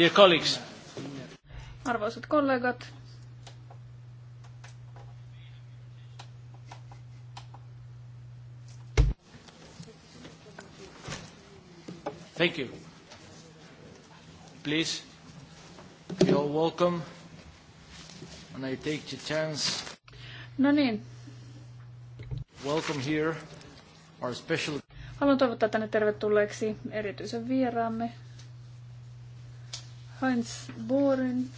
Dear colleagues. Arvoisat kollegat. Thank you. Please, you're welcome. And I take the chance. No niin. Welcome here, our special Haluan toivottaa tänne tervetulleeksi erityisen vieraamme, Heinz Boren.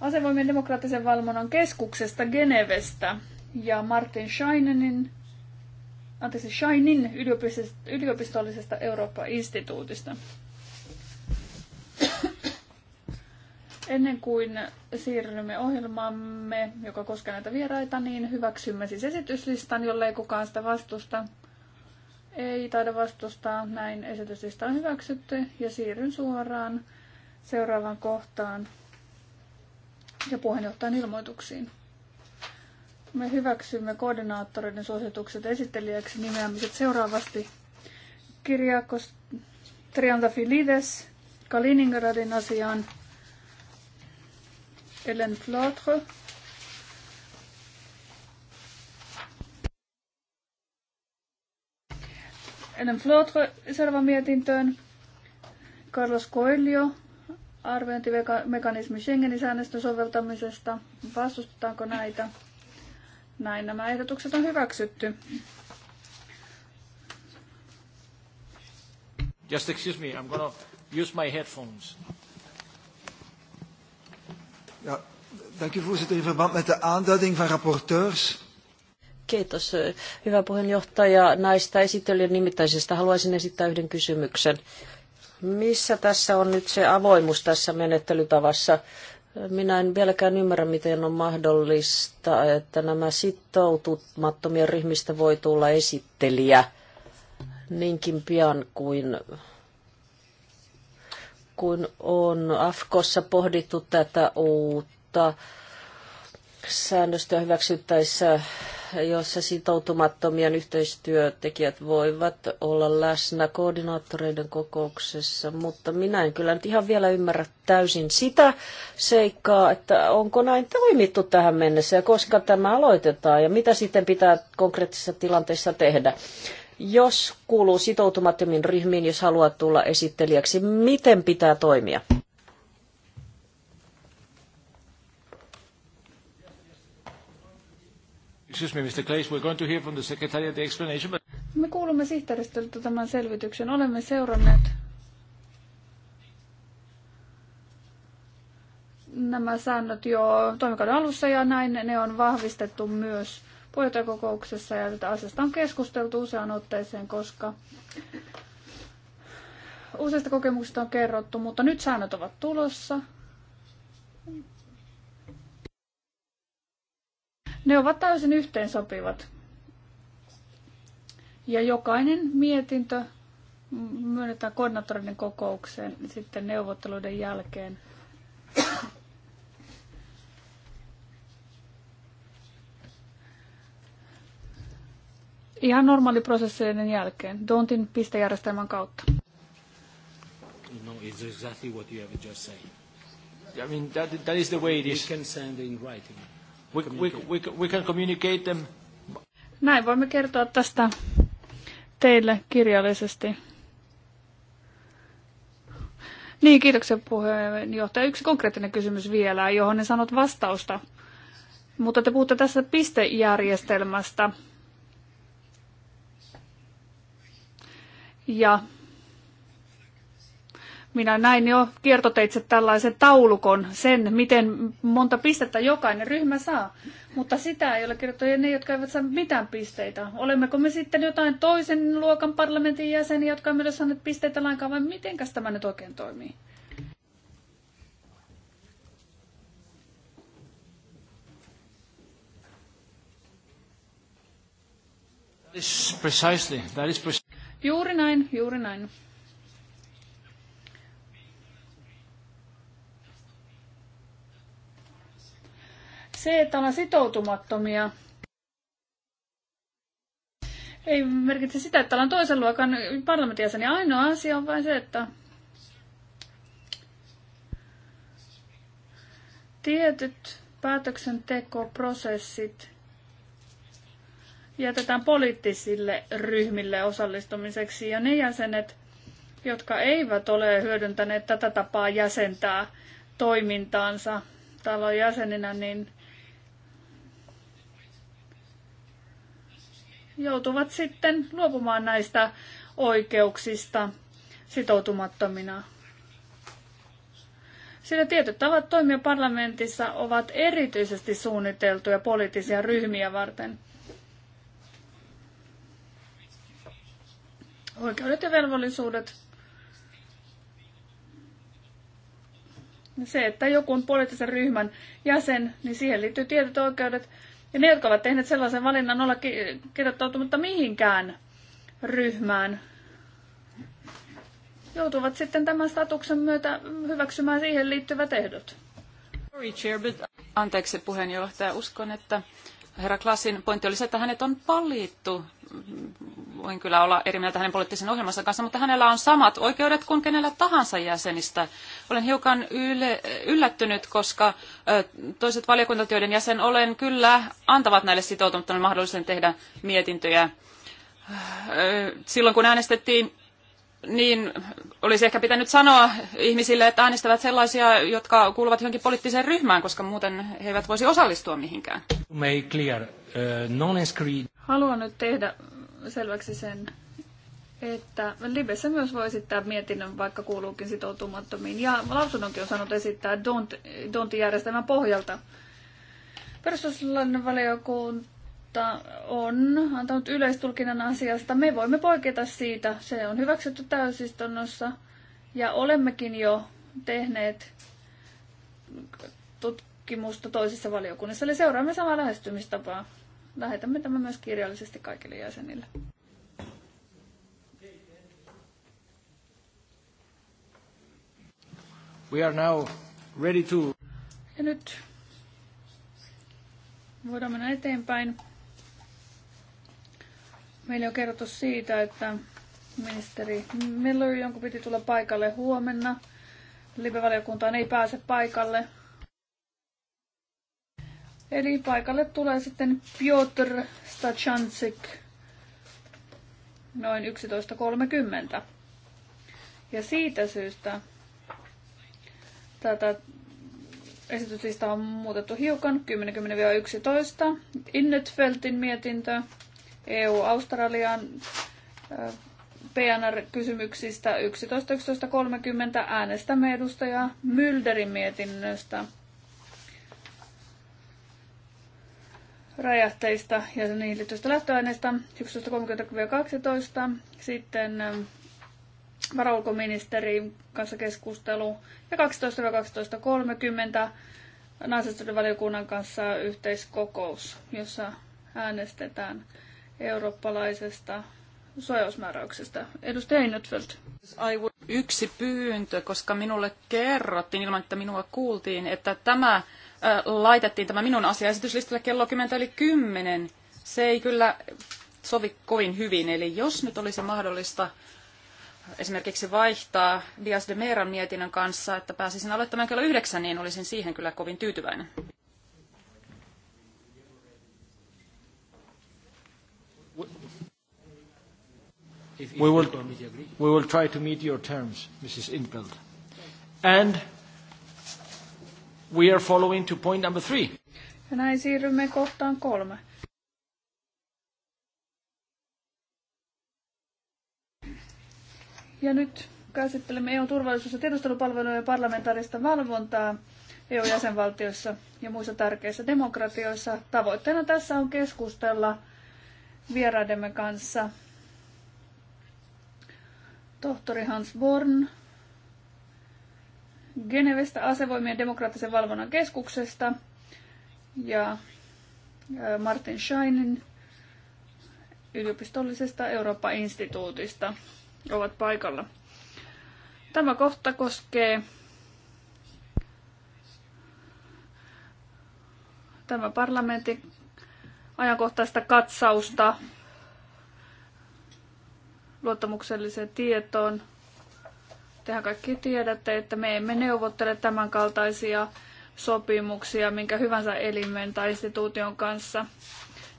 Asevoimien demokraattisen valvonnan keskuksesta Genevestä ja Martin Scheinenin, anteeksi, Scheinin yliopistollisesta, yliopistollisesta Eurooppa-instituutista. Ennen kuin siirrymme ohjelmaamme, joka koskee näitä vieraita, niin hyväksymme siis esityslistan, jollei kukaan sitä vastusta ei taida vastustaa. Näin esityslista on hyväksytty ja siirryn suoraan seuraavaan kohtaan ja puheenjohtajan ilmoituksiin. Me hyväksymme koordinaattoreiden suositukset esittelijäksi nimeämiset seuraavasti. Kirjakos Triantafilides Kaliningradin asiaan Ellen Flotre Ennen Flotro seuraava mietintöön. Carlos Coelho, arviointimekanismi Schengenin säännöstön soveltamisesta. Vastustetaanko näitä? Näin nämä ehdotukset on hyväksytty. Just excuse me, I'm gonna use my headphones. Ja, dank u voorzitter. In verband met de aanduiding van rapporteurs Kiitos, hyvä puheenjohtaja. Näistä esittelijän nimittäisistä haluaisin esittää yhden kysymyksen. Missä tässä on nyt se avoimuus tässä menettelytavassa? Minä en vieläkään ymmärrä, miten on mahdollista, että nämä sitoutumattomien ryhmistä voi tulla esittelijä niinkin pian kuin kun on Afkossa pohdittu tätä uutta säännöstöä hyväksyttäessä jossa sitoutumattomien yhteistyötekijät voivat olla läsnä koordinaattoreiden kokouksessa, mutta minä en kyllä nyt ihan vielä ymmärrä täysin sitä seikkaa, että onko näin toimittu tähän mennessä ja koska tämä aloitetaan ja mitä sitten pitää konkreettisissa tilanteissa tehdä. Jos kuuluu sitoutumattomiin ryhmiin, jos haluaa tulla esittelijäksi, miten pitää toimia? Excuse me, Mr. Claes, we're going to hear from the secretariat the explanation, but... Me kuulumme sihteeristöltä tämän selvityksen. Olemme seuranneet nämä säännöt jo toimikauden alussa ja näin ne on vahvistettu myös puheenjohtajakokouksessa ja tätä asiasta on keskusteltu useaan otteeseen, koska useista kokemuksista on kerrottu, mutta nyt säännöt ovat tulossa Ne ovat täysin yhteensopivat. Ja jokainen mietintö myönnetään koordinaattoreiden kokoukseen sitten neuvotteluiden jälkeen. Ihan normaali prosessien jälkeen, Dontin pistejärjestelmän kautta. No, it's exactly what you have just said. I mean, that, that is the way it is. We can send in writing. We, can communicate them. Näin voimme kertoa tästä teille kirjallisesti. Niin, kiitoksia puheenjohtaja. Yksi konkreettinen kysymys vielä, johon en sanot vastausta. Mutta te puhutte tässä pistejärjestelmästä. Ja minä näin jo kiertoteitse tällaisen taulukon, sen miten monta pistettä jokainen ryhmä saa. Mutta sitä ei ole kirjoittajia ne, jotka eivät saa mitään pisteitä. Olemmeko me sitten jotain toisen luokan parlamentin jäseniä, jotka eivät ole saaneet pisteitä lainkaan, vai miten tämä nyt oikein toimii? precisely, that is precisely. Juuri näin, juuri näin. Se, että ollaan sitoutumattomia, ei merkitse sitä, että ollaan toisen luokan parlamentin Ainoa asia on vain se, että tietyt päätöksentekoprosessit jätetään poliittisille ryhmille osallistumiseksi ja ne jäsenet, jotka eivät ole hyödyntäneet tätä tapaa jäsentää toimintaansa talon jäseninä, niin joutuvat sitten luopumaan näistä oikeuksista sitoutumattomina. Sillä tietyt tavat toimia parlamentissa ovat erityisesti suunniteltuja poliittisia ryhmiä varten. Oikeudet ja velvollisuudet. Se, että joku on poliittisen ryhmän jäsen, niin siihen liittyy tietyt oikeudet, ja ne, jotka ovat tehneet sellaisen valinnan olla kirjoittautumatta mihinkään ryhmään, joutuvat sitten tämän statuksen myötä hyväksymään siihen liittyvät ehdot. Anteeksi puheenjohtaja, uskon, että herra Klassin pointti oli se, että hänet on valittu. Voin kyllä olla eri mieltä hänen poliittisen ohjelmansa kanssa, mutta hänellä on samat oikeudet kuin kenellä tahansa jäsenistä. Olen hiukan yle, yllättynyt, koska toiset valiokunnat, joiden jäsen olen, kyllä antavat näille sitoutumattomille mahdollisuuden tehdä mietintöjä. Silloin kun äänestettiin niin olisi ehkä pitänyt sanoa ihmisille, että äänestävät sellaisia, jotka kuuluvat johonkin poliittiseen ryhmään, koska muuten he eivät voisi osallistua mihinkään. Uh, Haluan nyt tehdä selväksi sen, että Libessä myös voi esittää mietinnön, vaikka kuuluukin sitoutumattomiin. Ja lausunnonkin on saanut esittää Don't, Don't-järjestelmän pohjalta. Perustuslain valiokunta valiokunta on antanut yleistulkinnan asiasta. Me voimme poiketa siitä. Se on hyväksytty täysistunnossa ja olemmekin jo tehneet tutkimusta toisessa valiokunnassa. Eli seuraamme samaa lähestymistapaa. Lähetämme tämän myös kirjallisesti kaikille jäsenille. We are now ready to... Ja nyt voidaan mennä eteenpäin. Meillä on kerrottu siitä, että ministeri Miller, jonkun piti tulla paikalle huomenna. Libevaliokuntaan ei pääse paikalle. Eli paikalle tulee sitten Piotr Stachansik noin 11.30. Ja siitä syystä tätä esityslista on muutettu hiukan 10.11. Innetfeltin mietintö EU-Australian PNR-kysymyksistä 11.11.30 äänestämme edustaja Mylderin mietinnöstä räjähteistä ja niihin liittyvistä lähtöaineista 11.30-12. Sitten varaulkoministerin kanssa keskustelu ja 12.12.30 1230 naisestuuden valiokunnan kanssa yhteiskokous, jossa äänestetään eurooppalaisesta suojausmääräyksestä. Edustaja Innetfeldt. Yksi pyyntö, koska minulle kerrottiin ilman, että minua kuultiin, että tämä laitettiin tämä minun asiaesityslistalle kello 10 eli 10. Se ei kyllä sovi kovin hyvin. Eli jos nyt olisi mahdollista esimerkiksi vaihtaa Dias de Meran mietinnön kanssa, että pääsisin aloittamaan kello 9, niin olisin siihen kyllä kovin tyytyväinen. If, we will, we will try to meet your terms, Mrs. Inpelt. And we are following to point number three. Ja näin siirrymme kohtaan kolme. Ja nyt käsittelemme EUn turvallisuus- ja tiedustelupalvelujen parlamentaarista valvontaa EU-jäsenvaltioissa ja muissa tärkeissä demokratioissa. Tavoitteena tässä on keskustella vieraidemme kanssa tohtori Hans Born Genevestä asevoimien demokraattisen valvonnan keskuksesta ja Martin Scheinin yliopistollisesta Eurooppa-instituutista ovat paikalla. Tämä kohta koskee tämä parlamentin ajankohtaista katsausta luottamukselliseen tietoon. Tehän kaikki tiedätte, että me emme neuvottele tämänkaltaisia sopimuksia minkä hyvänsä elimen tai instituution kanssa,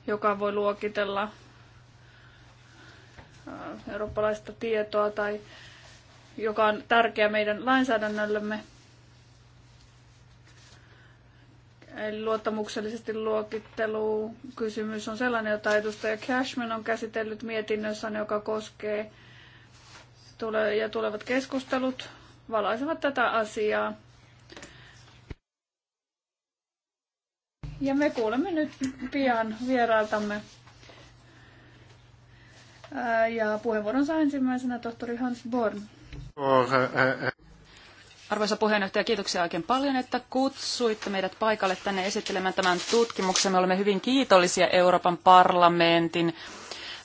joka voi luokitella äh, eurooppalaista tietoa tai joka on tärkeä meidän lainsäädännöllemme. Eli luottamuksellisesti luokittelu kysymys on sellainen, jota edustaja Cashman on käsitellyt mietinnössä, joka koskee tule- ja tulevat keskustelut valaisevat tätä asiaa. Ja me kuulemme nyt pian vierailtamme. Ja puheenvuoron saa ensimmäisenä tohtori Hans Born. Arvoisa puheenjohtaja, kiitoksia oikein paljon, että kutsuitte meidät paikalle tänne esittelemään tämän tutkimuksen. Me olemme hyvin kiitollisia Euroopan parlamentin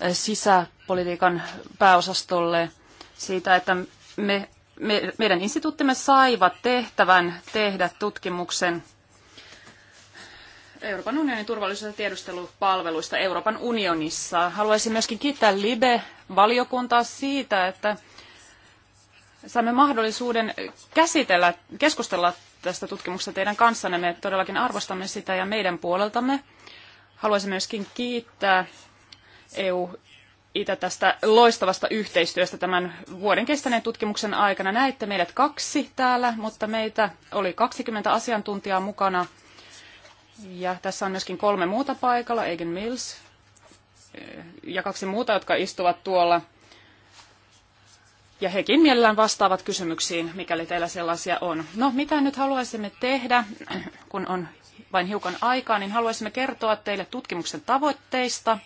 eh, sisäpolitiikan pääosastolle siitä, että me, me, meidän instituuttimme saivat tehtävän tehdä tutkimuksen Euroopan unionin turvallisuus- ja tiedustelupalveluista Euroopan unionissa. Haluaisin myöskin kiittää Libe-valiokuntaa siitä, että saimme mahdollisuuden käsitellä, keskustella tästä tutkimuksesta teidän kanssanne. Me todellakin arvostamme sitä ja meidän puoleltamme. Haluaisin myöskin kiittää EU Itä tästä loistavasta yhteistyöstä tämän vuoden kestäneen tutkimuksen aikana. Näitte meidät kaksi täällä, mutta meitä oli 20 asiantuntijaa mukana. Ja tässä on myöskin kolme muuta paikalla, Eigen Mills e, ja kaksi muuta, jotka istuvat tuolla – ja hekin mielellään vastaavat kysymyksiin, mikäli teillä sellaisia on. No, mitä nyt haluaisimme tehdä, kun on vain hiukan aikaa, niin haluaisimme kertoa teille tutkimuksen tavoitteista,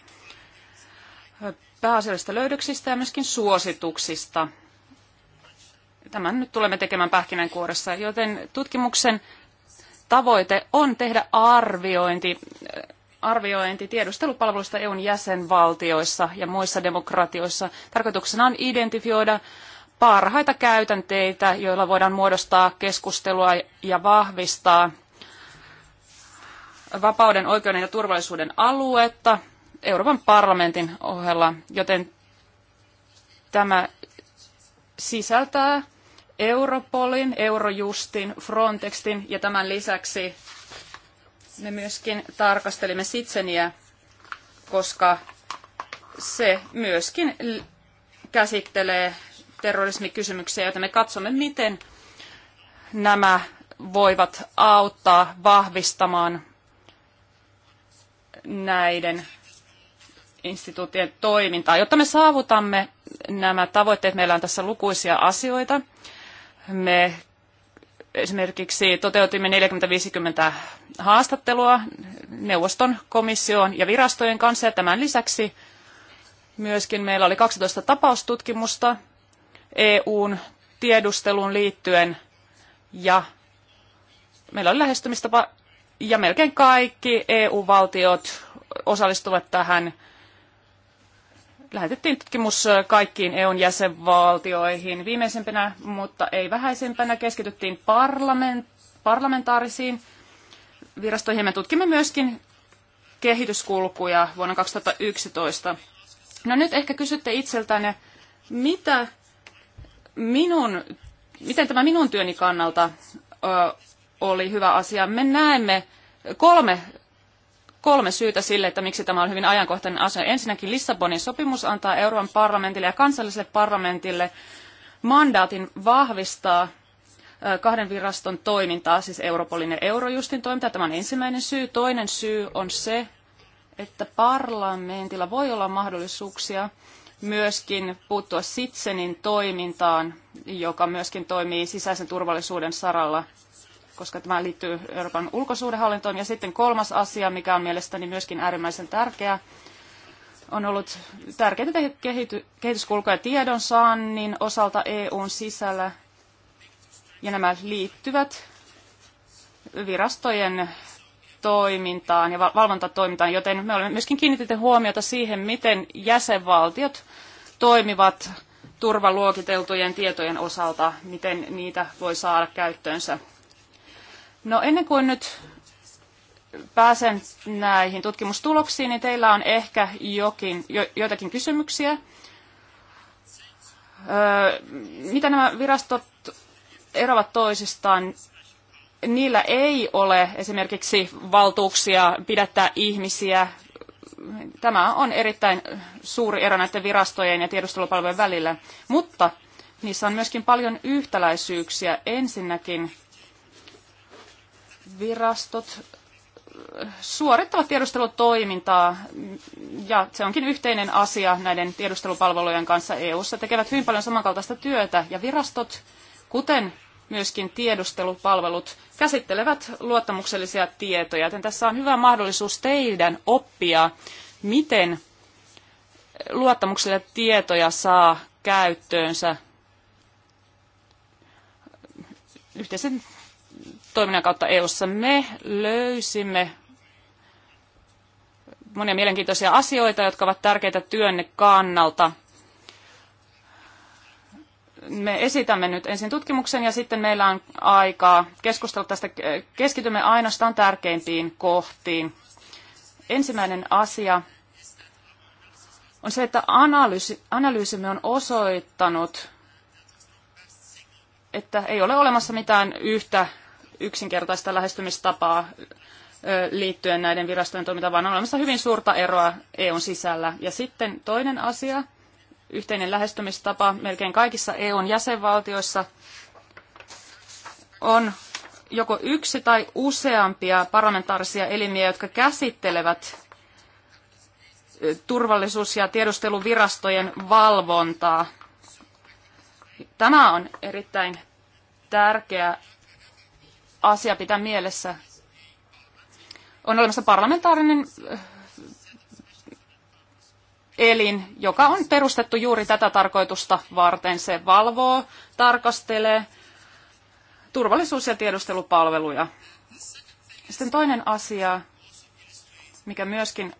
pääasiallisista löydöksistä ja myöskin suosituksista. Tämän nyt tulemme tekemään pähkinänkuoressa, joten tutkimuksen tavoite on tehdä arviointi arviointi tiedustelupalveluista EUn jäsenvaltioissa ja muissa demokratioissa. Tarkoituksena on identifioida parhaita käytänteitä, joilla voidaan muodostaa keskustelua ja vahvistaa vapauden, oikeuden ja turvallisuuden aluetta Euroopan parlamentin ohella, joten tämä sisältää Europolin, Eurojustin, Frontextin ja tämän lisäksi me myöskin tarkastelimme sitseniä, koska se myöskin käsittelee terrorismikysymyksiä, joten me katsomme, miten nämä voivat auttaa vahvistamaan näiden instituutien toimintaa. Jotta me saavutamme nämä tavoitteet, meillä on tässä lukuisia asioita. Me Esimerkiksi toteutimme 40-50 haastattelua neuvoston, komission ja virastojen kanssa ja tämän lisäksi myöskin meillä oli 12 tapaustutkimusta EUn tiedusteluun liittyen ja meillä oli lähestymistapa ja melkein kaikki EU-valtiot osallistuvat tähän lähetettiin tutkimus äh, kaikkiin EUn jäsenvaltioihin. Viimeisempänä, mutta ei vähäisempänä, keskityttiin parlament, parlamentaarisiin virastoihin. Me tutkimme myöskin kehityskulkuja vuonna 2011. No nyt ehkä kysytte itseltänne, mitä minun, miten tämä minun työni kannalta ö, oli hyvä asia. Me näemme kolme kolme syytä sille, että miksi tämä on hyvin ajankohtainen asia. Ensinnäkin Lissabonin sopimus antaa Euroopan parlamentille ja kansalliselle parlamentille mandaatin vahvistaa kahden viraston toimintaa, siis Europolin ja Eurojustin toimintaa. Tämä on ensimmäinen syy. Toinen syy on se, että parlamentilla voi olla mahdollisuuksia myöskin puuttua Sitsenin toimintaan, joka myöskin toimii sisäisen turvallisuuden saralla – koska tämä liittyy Euroopan ulkosuhdehallintoon. Ja sitten kolmas asia, mikä on mielestäni myöskin äärimmäisen tärkeä, on ollut tärkeää tehdä kehity, kehityskulkuja tiedon saannin osalta EUn sisällä. Ja nämä liittyvät virastojen toimintaan ja valvontatoimintaan, joten me olemme myöskin kiinnitetty huomiota siihen, miten jäsenvaltiot toimivat turvaluokiteltujen tietojen osalta, miten niitä voi saada käyttöönsä. No ennen kuin nyt pääsen näihin tutkimustuloksiin, niin teillä on ehkä jokin, jo, joitakin kysymyksiä. Öö, mitä nämä virastot eroavat toisistaan? Niillä ei ole esimerkiksi valtuuksia pidättää ihmisiä. Tämä on erittäin suuri ero näiden virastojen ja tiedustelupalvelujen välillä, mutta niissä on myöskin paljon yhtäläisyyksiä. Ensinnäkin virastot äh, suorittavat tiedustelutoimintaa ja se onkin yhteinen asia näiden tiedustelupalvelujen kanssa EU:ssa tekevät hyvin paljon samankaltaista työtä ja virastot, kuten myöskin tiedustelupalvelut, käsittelevät luottamuksellisia tietoja. Joten tässä on hyvä mahdollisuus teidän oppia, miten luottamuksellisia tietoja saa käyttöönsä yhteisen toiminnan kautta EU:ssa me löysimme monia mielenkiintoisia asioita, jotka ovat tärkeitä työnne kannalta. Me esitämme nyt ensin tutkimuksen ja sitten meillä on aikaa keskustella tästä. Keskitymme ainoastaan tärkeimpiin kohtiin. Ensimmäinen asia on se, että analyysi, analyysimme on osoittanut, että ei ole olemassa mitään yhtä yksinkertaista lähestymistapaa liittyen näiden virastojen toimintaan, vaan on olemassa hyvin suurta eroa EUn sisällä. Ja sitten toinen asia, yhteinen lähestymistapa melkein kaikissa EUn jäsenvaltioissa on joko yksi tai useampia parlamentaarisia elimiä, jotka käsittelevät turvallisuus- ja tiedusteluvirastojen valvontaa. Tämä on erittäin tärkeä asia pitää mielessä. On olemassa parlamentaarinen eh, elin, joka on perustettu juuri tätä tarkoitusta varten. Se valvoo, tarkastelee turvallisuus- ja tiedustelupalveluja. Sitten toinen asia, mikä myöskin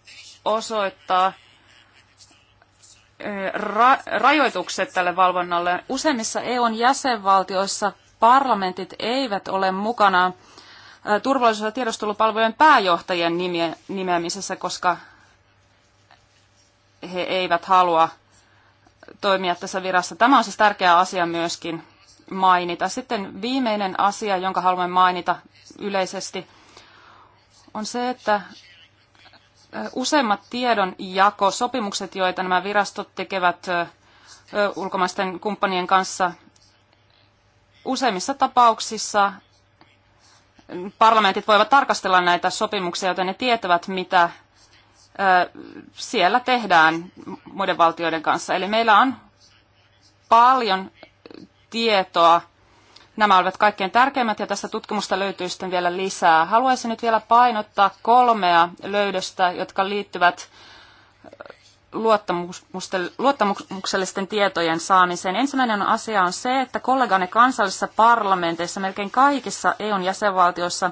osoittaa eh, ra- rajoitukset tälle valvonnalle. Useimmissa EUn jäsenvaltioissa parlamentit eivät ole mukana turvallisuus- ja tiedostelupalvelujen pääjohtajien nimeämisessä, koska he eivät halua toimia tässä virassa. Tämä on siis tärkeä asia myöskin mainita. Sitten viimeinen asia, jonka haluan mainita yleisesti, on se, että useimmat tiedonjakosopimukset, joita nämä virastot tekevät ulkomaisten kumppanien kanssa, useimmissa tapauksissa parlamentit voivat tarkastella näitä sopimuksia, joten ne tietävät, mitä siellä tehdään muiden valtioiden kanssa. Eli meillä on paljon tietoa. Nämä olivat kaikkein tärkeimmät ja tästä tutkimusta löytyy sitten vielä lisää. Haluaisin nyt vielä painottaa kolmea löydöstä, jotka liittyvät luottamuksellisten tietojen saamiseen. Ensimmäinen asia on se, että kolleganne kansallisissa parlamenteissa, melkein kaikissa EUn jäsenvaltioissa,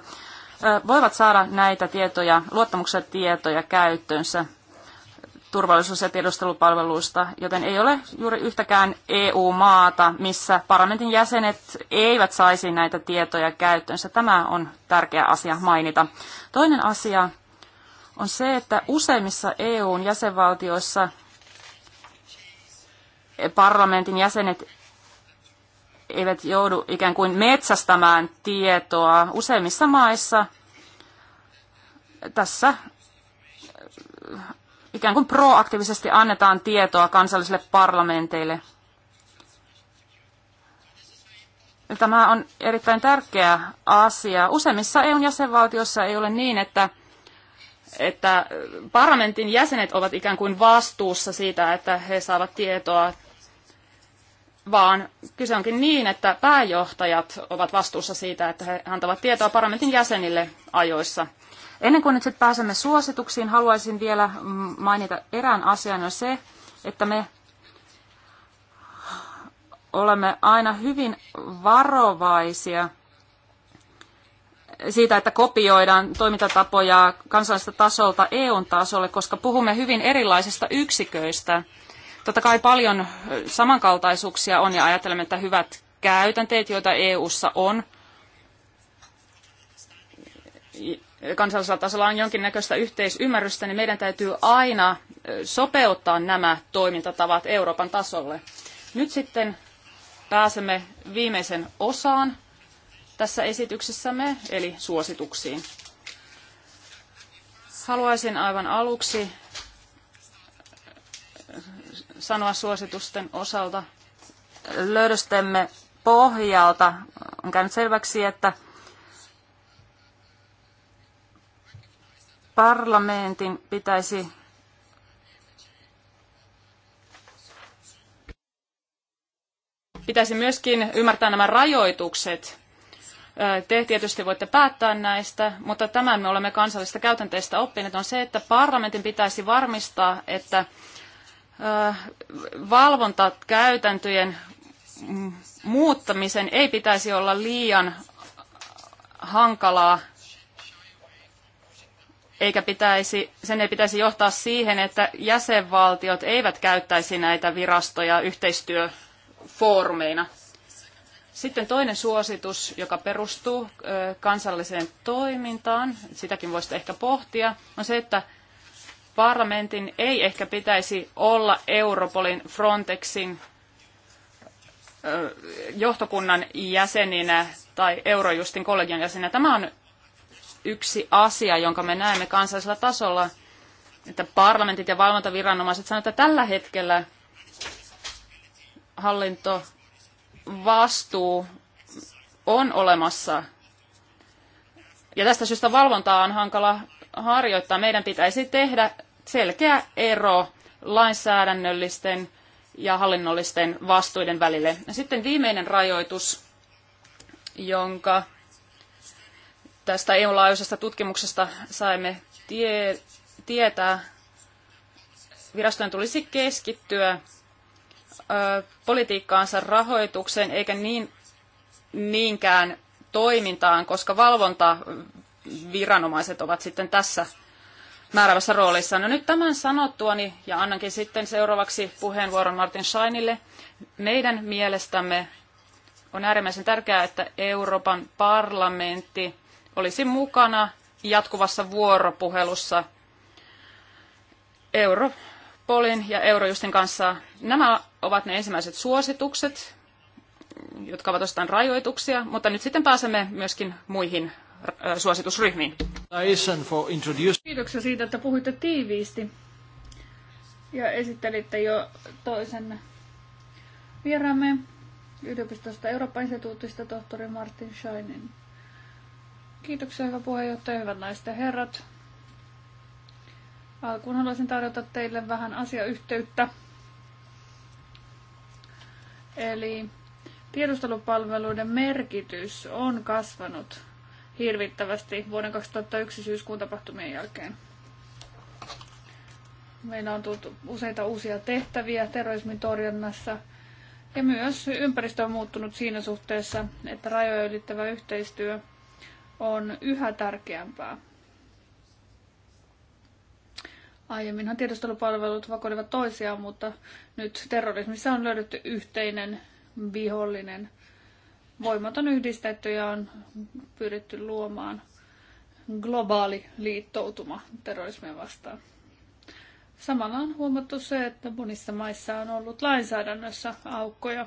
voivat saada näitä tietoja, luottamuksellisia tietoja käyttöönsä turvallisuus- ja tiedustelupalveluista, joten ei ole juuri yhtäkään EU-maata, missä parlamentin jäsenet eivät saisi näitä tietoja käyttöönsä. Tämä on tärkeä asia mainita. Toinen asia on se, että useimmissa EUn jäsenvaltioissa parlamentin jäsenet eivät joudu ikään kuin metsästämään tietoa. Useimmissa maissa tässä äh, ikään kuin proaktiivisesti annetaan tietoa kansallisille parlamenteille. Tämä on erittäin tärkeä asia. Useimmissa EUn jäsenvaltioissa ei ole niin, että että parlamentin jäsenet ovat ikään kuin vastuussa siitä, että he saavat tietoa, vaan kyse onkin niin, että pääjohtajat ovat vastuussa siitä, että he antavat tietoa parlamentin jäsenille ajoissa. Ennen kuin nyt sitten pääsemme suosituksiin, haluaisin vielä mainita erään asian on se, että me olemme aina hyvin varovaisia – siitä, että kopioidaan toimintatapoja kansallista tasolta EUn tasolle, koska puhumme hyvin erilaisista yksiköistä. Totta kai paljon samankaltaisuuksia on ja ajattelemme, että hyvät käytänteet, joita EUssa on, kansallisella tasolla on jonkinnäköistä yhteisymmärrystä, niin meidän täytyy aina sopeuttaa nämä toimintatavat Euroopan tasolle. Nyt sitten pääsemme viimeisen osaan tässä esityksessämme, eli suosituksiin. Haluaisin aivan aluksi äh, sanoa suositusten osalta löydöstemme pohjalta. On käynyt selväksi, että parlamentin pitäisi pitäisi myöskin ymmärtää nämä rajoitukset, te tietysti voitte päättää näistä, mutta tämän me olemme kansallisista käytänteistä oppineet on se, että parlamentin pitäisi varmistaa, että valvontakäytäntöjen muuttamisen ei pitäisi olla liian hankalaa, eikä pitäisi, sen ei pitäisi johtaa siihen, että jäsenvaltiot eivät käyttäisi näitä virastoja yhteistyöfoorumeina. Sitten toinen suositus, joka perustuu kansalliseen toimintaan, sitäkin voisi ehkä pohtia, on se, että parlamentin ei ehkä pitäisi olla Europolin, Frontexin johtokunnan jäseninä tai Eurojustin kollegion jäseninä. Tämä on yksi asia, jonka me näemme kansallisella tasolla, että parlamentit ja valvontaviranomaiset sanovat, että tällä hetkellä hallinto vastuu on olemassa. Ja tästä syystä valvontaa on hankala harjoittaa. Meidän pitäisi tehdä selkeä ero lainsäädännöllisten ja hallinnollisten vastuiden välille. Sitten viimeinen rajoitus, jonka tästä EU-laajuisesta tutkimuksesta saimme tie- tietää, virastojen tulisi keskittyä politiikkaansa rahoitukseen eikä niin, niinkään toimintaan, koska valvontaviranomaiset ovat sitten tässä määrävässä roolissa. No nyt tämän sanottuani, ja annankin sitten seuraavaksi puheenvuoron Martin Scheinille, meidän mielestämme on äärimmäisen tärkeää, että Euroopan parlamentti olisi mukana jatkuvassa vuoropuhelussa Europolin ja Eurojustin kanssa. Nämä ovat ne ensimmäiset suositukset, jotka ovat osittain rajoituksia, mutta nyt sitten pääsemme myöskin muihin äh, suositusryhmiin. Kiitoksia siitä, että puhuitte tiiviisti ja esittelitte jo toisen vieraamme yliopistosta Euroopan instituutista tohtori Martin Scheinin. Kiitoksia, hyvä puheenjohtaja, hyvät naiset ja herrat. Alkuun haluaisin tarjota teille vähän asiayhteyttä Eli tiedustelupalveluiden merkitys on kasvanut hirvittävästi vuoden 2001 syyskuun tapahtumien jälkeen. Meillä on tullut useita uusia tehtäviä terrorismin torjunnassa ja myös ympäristö on muuttunut siinä suhteessa, että rajoja ylittävä yhteistyö on yhä tärkeämpää Aiemminhan tiedustelupalvelut vakoilivat toisiaan, mutta nyt terrorismissa on löydetty yhteinen vihollinen. Voimat on yhdistetty ja on pyritty luomaan globaali liittoutuma terrorismia vastaan. Samalla on huomattu se, että monissa maissa on ollut lainsäädännössä aukkoja,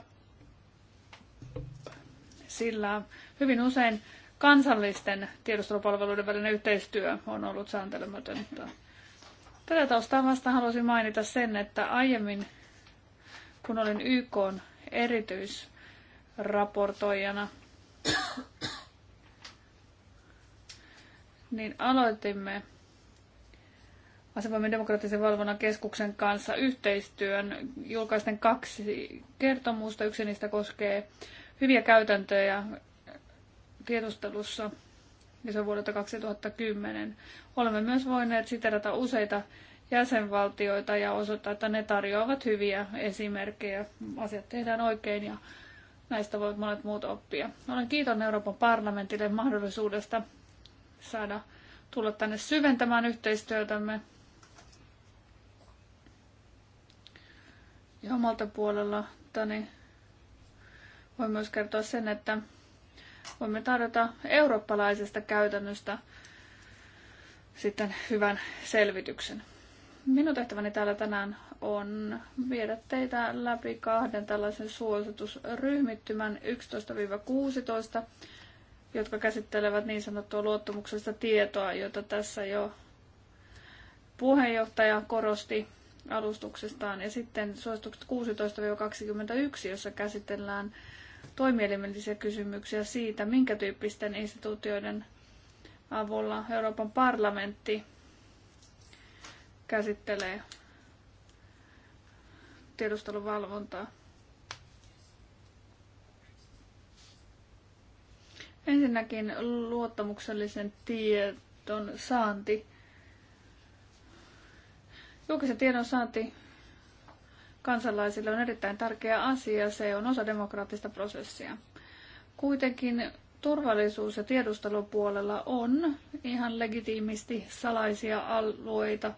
sillä hyvin usein kansallisten tiedustelupalveluiden välinen yhteistyö on ollut sääntelemätöntä. Tätä taustaa vasta halusin mainita sen, että aiemmin kun olin YK erityisraportoijana, niin aloitimme Asevoimien demokraattisen valvonnan keskuksen kanssa yhteistyön. Julkaisten kaksi kertomusta. Yksi niistä koskee hyviä käytäntöjä tiedustelussa ja se on vuodelta 2010. Olemme myös voineet siterata useita jäsenvaltioita ja osoittaa, että ne tarjoavat hyviä esimerkkejä. Asiat tehdään oikein ja näistä voivat monet muut oppia. Olen kiitollinen Euroopan parlamentille mahdollisuudesta saada tulla tänne syventämään yhteistyötämme. Ja omalta puoleltani voin myös kertoa sen, että voimme tarjota eurooppalaisesta käytännöstä sitten hyvän selvityksen. Minun tehtäväni täällä tänään on viedä teitä läpi kahden tällaisen suositusryhmittymän 11-16, jotka käsittelevät niin sanottua luottamuksesta tietoa, jota tässä jo puheenjohtaja korosti alustuksestaan. Ja sitten suositukset 16-21, jossa käsitellään toimielimellisiä kysymyksiä siitä, minkä tyyppisten instituutioiden avulla Euroopan parlamentti käsittelee tiedusteluvalvontaa. Ensinnäkin luottamuksellisen tiedon saanti. Julkisen tiedon saanti kansalaisille on erittäin tärkeä asia. Se on osa demokraattista prosessia. Kuitenkin turvallisuus- ja tiedustelupuolella on ihan legitiimisti salaisia alueita,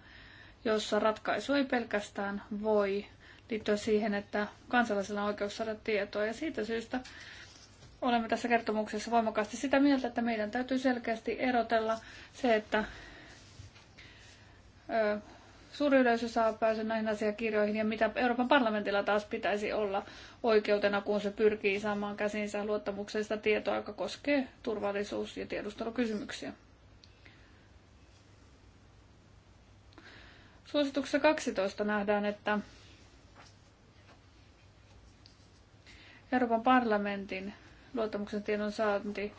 jossa ratkaisu ei pelkästään voi liittyä siihen, että kansalaisilla on oikeus saada tietoa. Ja siitä syystä olemme tässä kertomuksessa voimakkaasti sitä mieltä, että meidän täytyy selkeästi erotella se, että suuri yleisö saa pääsyn näihin asiakirjoihin ja mitä Euroopan parlamentilla taas pitäisi olla oikeutena, kun se pyrkii saamaan käsinsä luottamuksellista tietoa, joka koskee turvallisuus- ja tiedustelukysymyksiä. Suosituksessa 12 nähdään, että Euroopan parlamentin luottamuksen tiedon saanti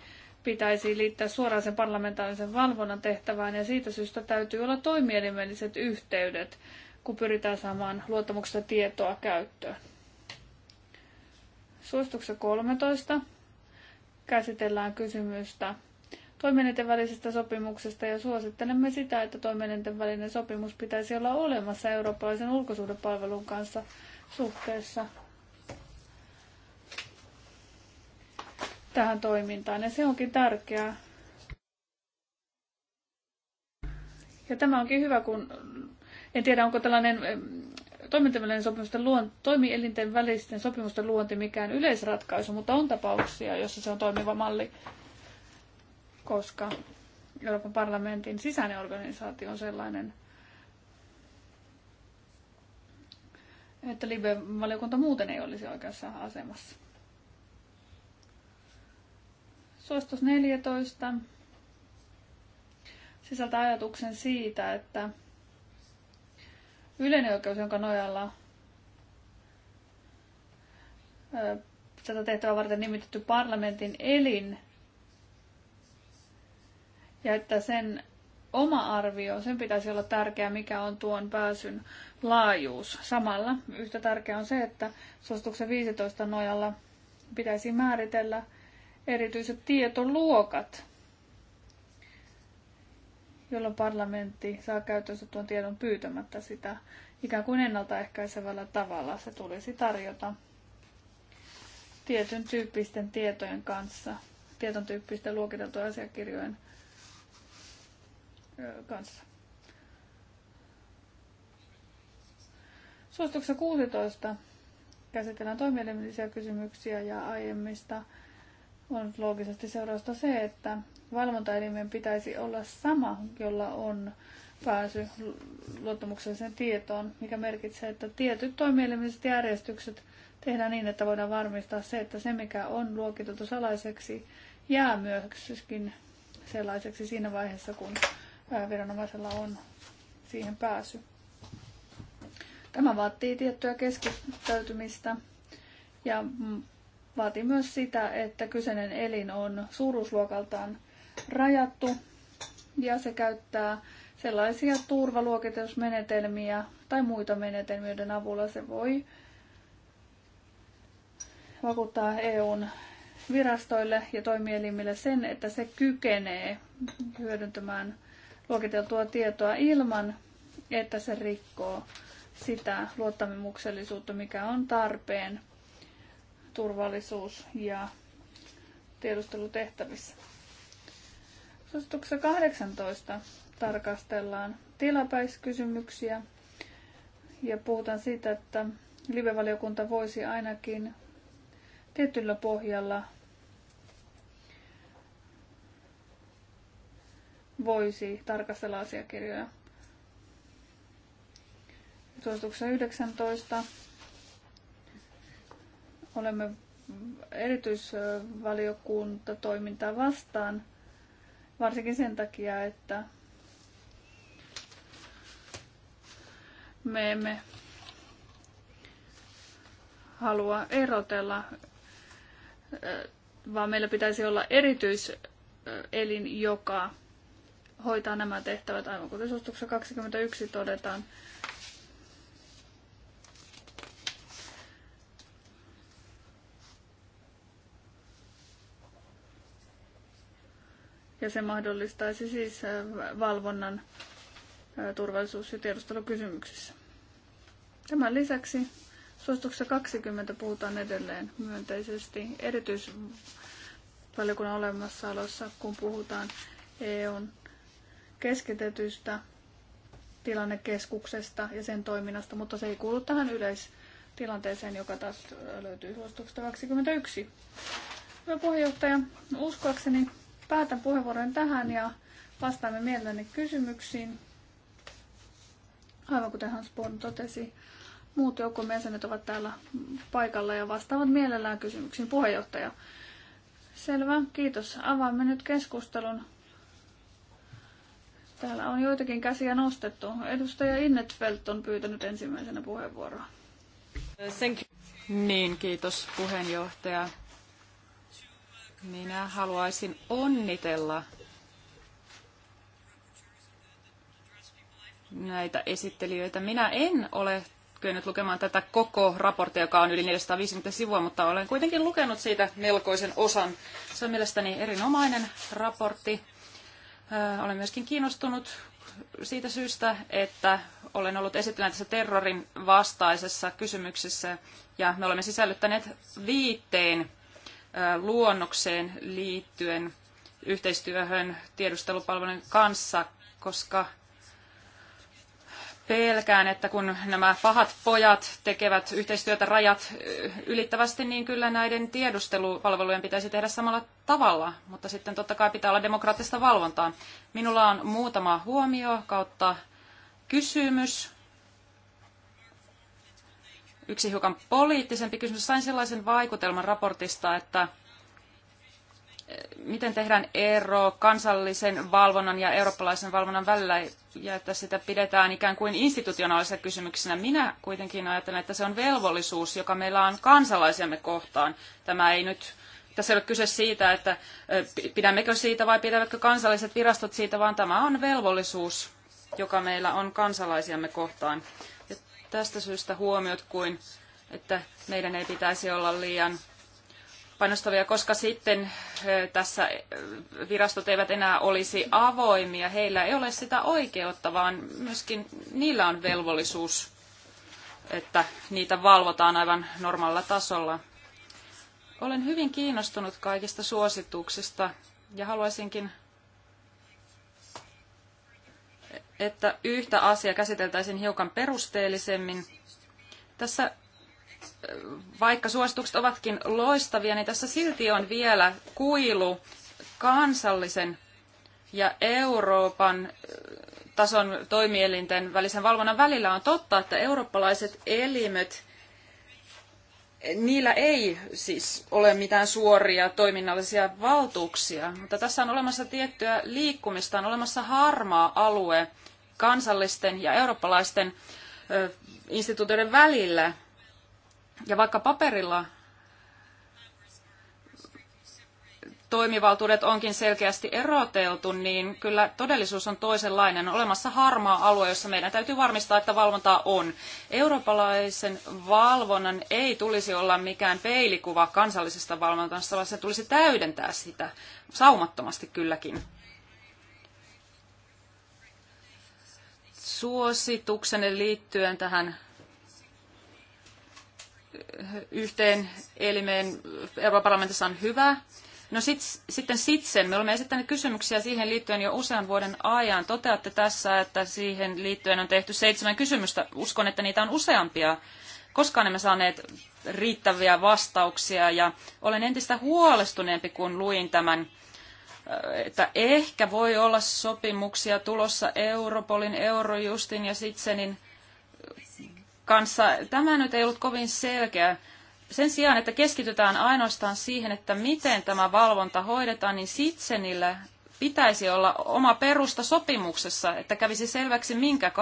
pitäisi liittää suoraan sen parlamentaarisen valvonnan tehtävään ja siitä syystä täytyy olla toimielimelliset yhteydet, kun pyritään saamaan luottamuksesta tietoa käyttöön. Suosituksessa 13 käsitellään kysymystä toimielinten välisestä sopimuksesta ja suosittelemme sitä, että toimielinten välinen sopimus pitäisi olla olemassa eurooppalaisen ulkosuhdepalvelun kanssa suhteessa tähän toimintaan ja se onkin tärkeää. Ja tämä onkin hyvä, kun en tiedä, onko tällainen toimintavälinen sopimusten luon, toimielinten välisten sopimusten luonti mikään yleisratkaisu, mutta on tapauksia, joissa se on toimiva malli, koska Euroopan parlamentin sisäinen organisaatio on sellainen, että Libe-valiokunta muuten ei olisi oikeassa asemassa. Suositus sisältää ajatuksen siitä, että yleinen oikeus, jonka nojalla tätä tehtävää varten nimitetty parlamentin elin ja että sen oma arvio, sen pitäisi olla tärkeä, mikä on tuon pääsyn laajuus. Samalla yhtä tärkeää on se, että suosituksen 15 nojalla pitäisi määritellä erityiset tietoluokat, jolloin parlamentti saa käytössä tuon tiedon pyytämättä sitä ikään kuin ennaltaehkäisevällä tavalla. Se tulisi tarjota tietyn tyyppisten tietojen kanssa, tietyn tyyppisten luokiteltujen asiakirjojen kanssa. Suosituksessa 16 käsitellään toimielimellisiä kysymyksiä ja aiemmista on loogisesti seurausta se, että valvontaelimen pitäisi olla sama, jolla on pääsy luottamukselliseen tietoon, mikä merkitsee, että tietyt toimielimiset järjestykset tehdään niin, että voidaan varmistaa se, että se mikä on luokiteltu salaiseksi jää myöskin sellaiseksi siinä vaiheessa, kun viranomaisella on siihen pääsy. Tämä vaatii tiettyä keskittäytymistä ja vaati myös sitä, että kyseinen elin on suuruusluokaltaan rajattu ja se käyttää sellaisia turvaluokitusmenetelmiä tai muita menetelmiä, joiden avulla se voi vakuuttaa EUn virastoille ja toimielimille sen, että se kykenee hyödyntämään luokiteltua tietoa ilman, että se rikkoo sitä luottamuksellisuutta, mikä on tarpeen – turvallisuus- ja tiedustelutehtävissä. Suosituksessa 18 tarkastellaan tilapäiskysymyksiä ja puhutaan siitä, että livevaliokunta voisi ainakin tietyllä pohjalla voisi tarkastella asiakirjoja. Suosituksessa 19 olemme erityisvaliokunta toimintaa vastaan, varsinkin sen takia, että me emme halua erotella, vaan meillä pitäisi olla erityiselin, joka hoitaa nämä tehtävät, aivan kuten suosituksessa 21 todetaan. ja se mahdollistaisi siis äh, valvonnan äh, turvallisuus- ja tiedustelukysymyksissä. Tämän lisäksi suosituksessa 20 puhutaan edelleen myönteisesti erityisvaliokunnan olemassaolossa, kun puhutaan EUn keskitetystä tilannekeskuksesta ja sen toiminnasta, mutta se ei kuulu tähän yleistilanteeseen, joka taas löytyy suosituksesta 21. Hyvä puheenjohtaja, uskoakseni Päätän puheenvuoron tähän ja vastaamme mielelläni kysymyksiin. Aivan kuten Hans Born totesi, muut joukkomme jäsenet ovat täällä paikalla ja vastaavat mielellään kysymyksiin. Puheenjohtaja. Selvä, kiitos. Avaamme nyt keskustelun. Täällä on joitakin käsiä nostettu. Edustaja Innetfeldt on pyytänyt ensimmäisenä puheenvuoroa. Thank you. Niin, kiitos puheenjohtaja. Minä haluaisin onnitella näitä esittelijöitä. Minä en ole kyennyt lukemaan tätä koko raporttia, joka on yli 450 sivua, mutta olen kuitenkin lukenut siitä melkoisen osan. Se on mielestäni erinomainen raportti. Olen myöskin kiinnostunut siitä syystä, että olen ollut esittelen tässä terrorin vastaisessa kysymyksessä ja me olemme sisällyttäneet viitteen luonnokseen liittyen yhteistyöhön tiedustelupalvelujen kanssa, koska pelkään, että kun nämä pahat pojat tekevät yhteistyötä rajat ylittävästi, niin kyllä näiden tiedustelupalvelujen pitäisi tehdä samalla tavalla, mutta sitten totta kai pitää olla demokraattista valvontaa. Minulla on muutama huomio kautta kysymys yksi hiukan poliittisempi kysymys. Sain sellaisen vaikutelman raportista, että eh, miten tehdään ero kansallisen valvonnan ja eurooppalaisen valvonnan välillä, ja että sitä pidetään ikään kuin institutionaalisena kysymyksenä. Minä kuitenkin ajattelen, että se on velvollisuus, joka meillä on kansalaisiamme kohtaan. Tämä ei nyt tässä ei ole kyse siitä, että eh, pidämmekö siitä vai pidävätkö kansalliset virastot siitä, vaan tämä on velvollisuus, joka meillä on kansalaisiamme kohtaan tästä syystä huomiot kuin, että meidän ei pitäisi olla liian panostavia, koska sitten eh, tässä eh, virastot eivät enää olisi avoimia. Heillä ei ole sitä oikeutta, vaan myöskin niillä on velvollisuus, että niitä valvotaan aivan normaalla tasolla. Olen hyvin kiinnostunut kaikista suosituksista ja haluaisinkin että yhtä asiaa käsiteltäisiin hiukan perusteellisemmin. Tässä, vaikka suositukset ovatkin loistavia, niin tässä silti on vielä kuilu kansallisen ja Euroopan tason toimielinten välisen valvonnan välillä on totta, että eurooppalaiset elimet, niillä ei siis ole mitään suoria toiminnallisia valtuuksia, mutta tässä on olemassa tiettyä liikkumista, on olemassa harmaa alue, kansallisten ja eurooppalaisten instituutioiden välillä. Ja vaikka paperilla toimivaltuudet onkin selkeästi eroteltu, niin kyllä todellisuus on toisenlainen. On olemassa harmaa alue, jossa meidän täytyy varmistaa, että valvontaa on. Eurooppalaisen valvonnan ei tulisi olla mikään peilikuva kansallisesta valvonnasta, vaan se tulisi täydentää sitä saumattomasti kylläkin. suosituksenne liittyen tähän yhteen elimeen Euroopan parlamentissa on hyvä. No sit, sitten sitsen. Me olemme esittäneet kysymyksiä siihen liittyen jo usean vuoden ajan. Toteatte tässä, että siihen liittyen on tehty seitsemän kysymystä. Uskon, että niitä on useampia. Koskaan emme saaneet riittäviä vastauksia ja olen entistä huolestuneempi, kun luin tämän että ehkä voi olla sopimuksia tulossa Europolin, Eurojustin ja Sitsenin kanssa. Tämä nyt ei ollut kovin selkeä. Sen sijaan, että keskitytään ainoastaan siihen, että miten tämä valvonta hoidetaan, niin Sitsenillä pitäisi olla oma perusta sopimuksessa, että kävisi selväksi, minkä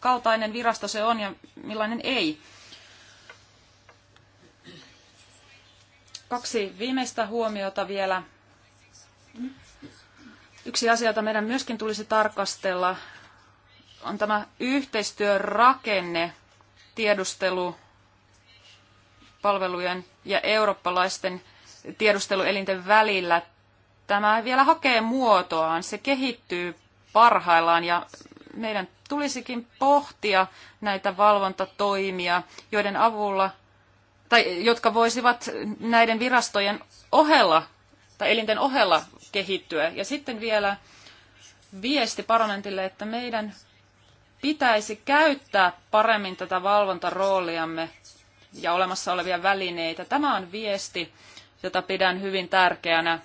kaltainen virasto se on ja millainen ei. Kaksi viimeistä huomiota vielä Yksi asia, jota meidän myöskin tulisi tarkastella, on tämä yhteistyörakenne tiedustelupalvelujen ja eurooppalaisten tiedusteluelinten välillä. Tämä vielä hakee muotoaan, se kehittyy parhaillaan ja meidän tulisikin pohtia näitä valvontatoimia, joiden avulla tai jotka voisivat näiden virastojen ohella tai elinten ohella kehittyä. Ja sitten vielä viesti parlamentille, että meidän pitäisi käyttää paremmin tätä valvontarooliamme ja olemassa olevia välineitä. Tämä on viesti, jota pidän hyvin tärkeänä.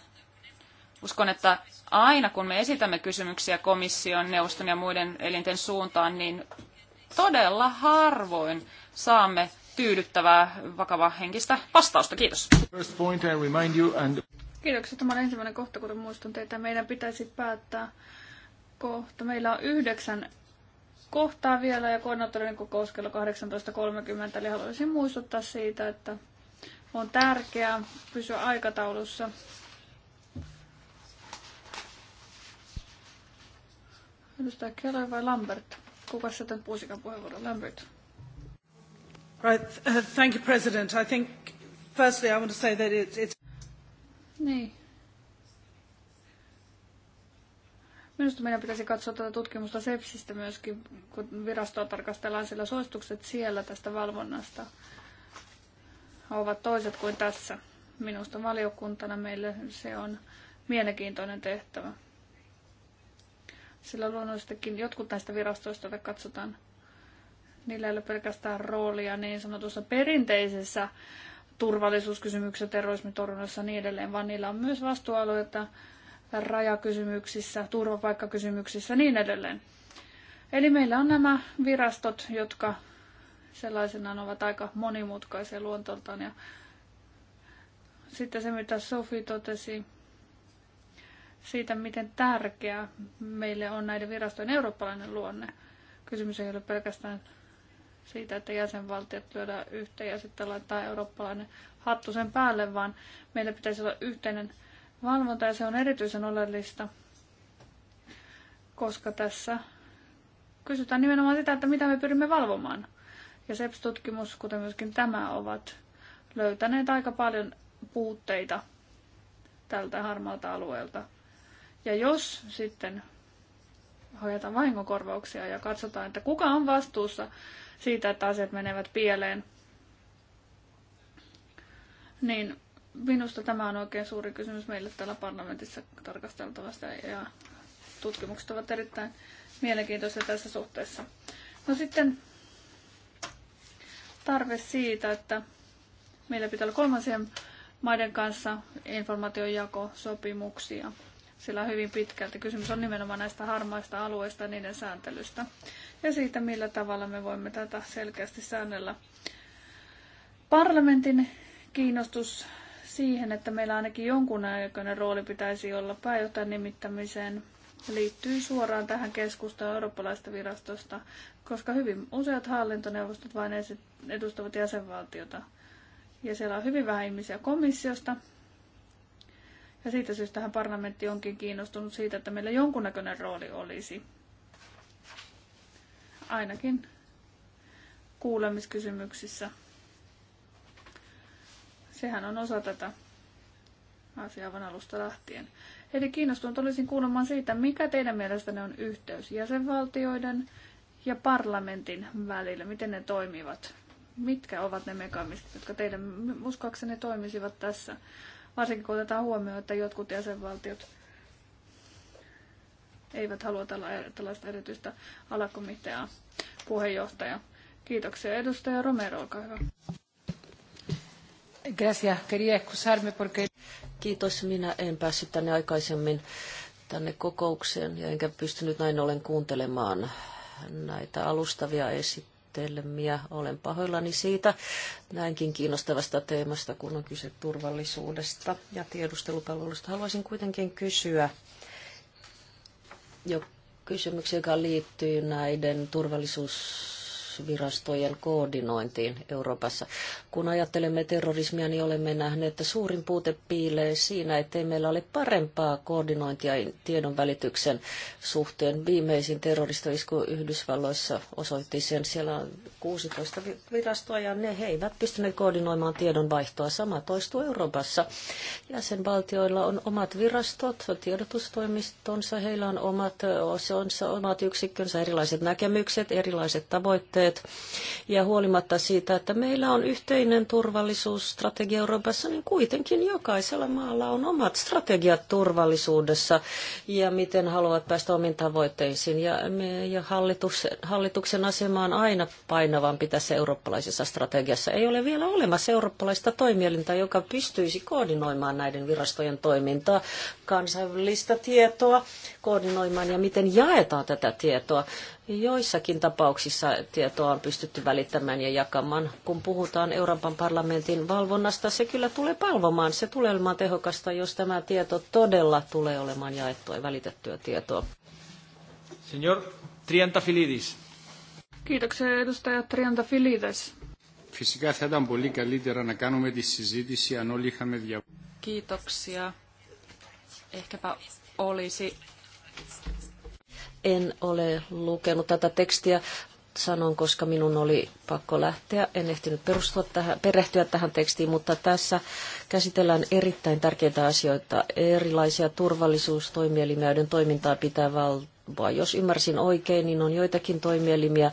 Uskon, että aina kun me esitämme kysymyksiä komission, neuvoston ja muiden elinten suuntaan, niin todella harvoin saamme tyydyttävää, vakava henkistä vastausta. Kiitos. Kiitoksia. Tämä on ensimmäinen kohta, kun muistun teitä. Meidän pitäisi päättää kohta. Meillä on yhdeksän kohtaa vielä ja koordinaattorin kokous kello 18.30. Eli haluaisin muistuttaa siitä, että on tärkeää pysyä aikataulussa. Edustaja Keller vai Lambert? Kuka sitten puusikan puheenvuoro? Lambert. Right. Uh, thank you, President. I think, firstly, I want to say that it, it's... Niin. Minusta meidän pitäisi katsoa tätä tutkimusta sepsistä myöskin, kun virastoa tarkastellaan, sillä suositukset siellä tästä valvonnasta ovat toiset kuin tässä. Minusta valiokuntana meille se on mielenkiintoinen tehtävä. Sillä luonnollisestikin jotkut näistä virastoista, joita katsotaan, niillä ei ole pelkästään roolia niin sanotussa perinteisessä turvallisuuskysymyksissä, terrorismin torjunnassa ja niin edelleen, vaan niillä on myös vastuualueita rajakysymyksissä, turvapaikkakysymyksissä ja niin edelleen. Eli meillä on nämä virastot, jotka sellaisenaan ovat aika monimutkaisia luontoiltaan. Ja sitten se, mitä Sofi totesi siitä, miten tärkeä meille on näiden virastojen eurooppalainen luonne. Kysymys ei ole pelkästään siitä, että jäsenvaltiot lyödään yhteen ja sitten laittaa eurooppalainen hattu sen päälle, vaan meillä pitäisi olla yhteinen valvonta ja se on erityisen oleellista, koska tässä kysytään nimenomaan sitä, että mitä me pyrimme valvomaan. Ja SEPS-tutkimus, kuten myöskin tämä, ovat löytäneet aika paljon puutteita tältä harmaalta alueelta. Ja jos sitten hoidetaan vahingokorvauksia ja katsotaan, että kuka on vastuussa siitä, että asiat menevät pieleen. Niin minusta tämä on oikein suuri kysymys meille täällä parlamentissa tarkasteltavasta ja tutkimukset ovat erittäin mielenkiintoisia tässä suhteessa. No sitten tarve siitä, että meillä pitää olla kolmansien maiden kanssa informaatiojakosopimuksia, sillä hyvin pitkälti kysymys on nimenomaan näistä harmaista alueista ja niiden sääntelystä ja siitä, millä tavalla me voimme tätä selkeästi säännellä. Parlamentin kiinnostus siihen, että meillä ainakin jonkun aikainen rooli pitäisi olla pääjohtajan nimittämiseen, liittyy suoraan tähän keskusteluun eurooppalaista virastosta, koska hyvin useat hallintoneuvostot vain edustavat jäsenvaltiota. Ja siellä on hyvin vähän ihmisiä komissiosta. Ja siitä syystä parlamentti onkin kiinnostunut siitä, että meillä jonkunnäköinen rooli olisi ainakin kuulemiskysymyksissä. Sehän on osa tätä asiavan alusta lähtien. Eli kiinnostunut olisin kuulemaan siitä, mikä teidän mielestänne on yhteys jäsenvaltioiden ja parlamentin välillä, miten ne toimivat. Mitkä ovat ne mekanismit, jotka teidän uskoakseni toimisivat tässä, varsinkin kun otetaan huomioon, että jotkut jäsenvaltiot – eivät halua er-, tällaista erityistä alakomiteaa puheenjohtaja. Kiitoksia. Edustaja Romero, olkaa hyvä. Kiitos. Minä en päässyt tänne aikaisemmin tänne kokoukseen ja enkä pystynyt näin ollen kuuntelemaan näitä alustavia esittelmiä. Olen pahoillani siitä näinkin kiinnostavasta teemasta, kun on kyse turvallisuudesta ja tiedustelupalvelusta. Haluaisin kuitenkin kysyä jo kysymyksiä, joka liittyy näiden turvallisuus virastojen koordinointiin Euroopassa. Kun ajattelemme terrorismia, niin olemme nähneet, että suurin puute piilee siinä, ettei meillä ole parempaa koordinointia tiedonvälityksen suhteen. Viimeisin terroristoisku Yhdysvalloissa osoitti sen. Siellä on 16 virastoa ja ne he eivät pystyneet koordinoimaan tiedonvaihtoa. Sama toistuu Euroopassa. Jäsenvaltioilla on omat virastot, tiedotustoimistonsa, heillä on omat osionsa, omat yksikkönsä, erilaiset näkemykset, erilaiset tavoitteet kysymykset. Ja huolimatta siitä, että meillä on yhteinen turvallisuusstrategia Euroopassa, niin kuitenkin jokaisella maalla on omat strategiat turvallisuudessa ja miten haluat päästä omiin tavoitteisiin. Ja, me, ja hallituksen, hallituksen asema on aina painavampi tässä eurooppalaisessa strategiassa. Ei ole vielä olemassa eurooppalaista toimielintä, joka pystyisi koordinoimaan näiden virastojen toimintaa, kansainvälistä tietoa koordinoimaan ja miten jaetaan tätä tietoa. Joissakin tapauksissa tietoa on pystytty välittämään ja jakamaan. Kun puhutaan Euroopan parlamentin valvonnasta, se kyllä tulee palvomaan. Se tulee olemaan tehokasta, jos tämä tieto todella tulee olemaan jaettua ja välitettyä tietoa. Signor Triantafilidis. Kiitoksia edustaja Triantafilides. Φυσικά θα ήταν πολύ καλύτερα να κάνουμε τη συζήτηση αν όλοι είχαμε διαβάσει. Kiitoksia. Ehkäpä olisi en ole lukenut tätä tekstiä, sanon, koska minun oli pakko lähteä. En ehtinyt perustua tähän, perehtyä tähän tekstiin, mutta tässä käsitellään erittäin tärkeitä asioita. Erilaisia turvallisuustoimielimiäiden toimintaa pitää valvoa. Jos ymmärsin oikein, niin on joitakin toimielimiä,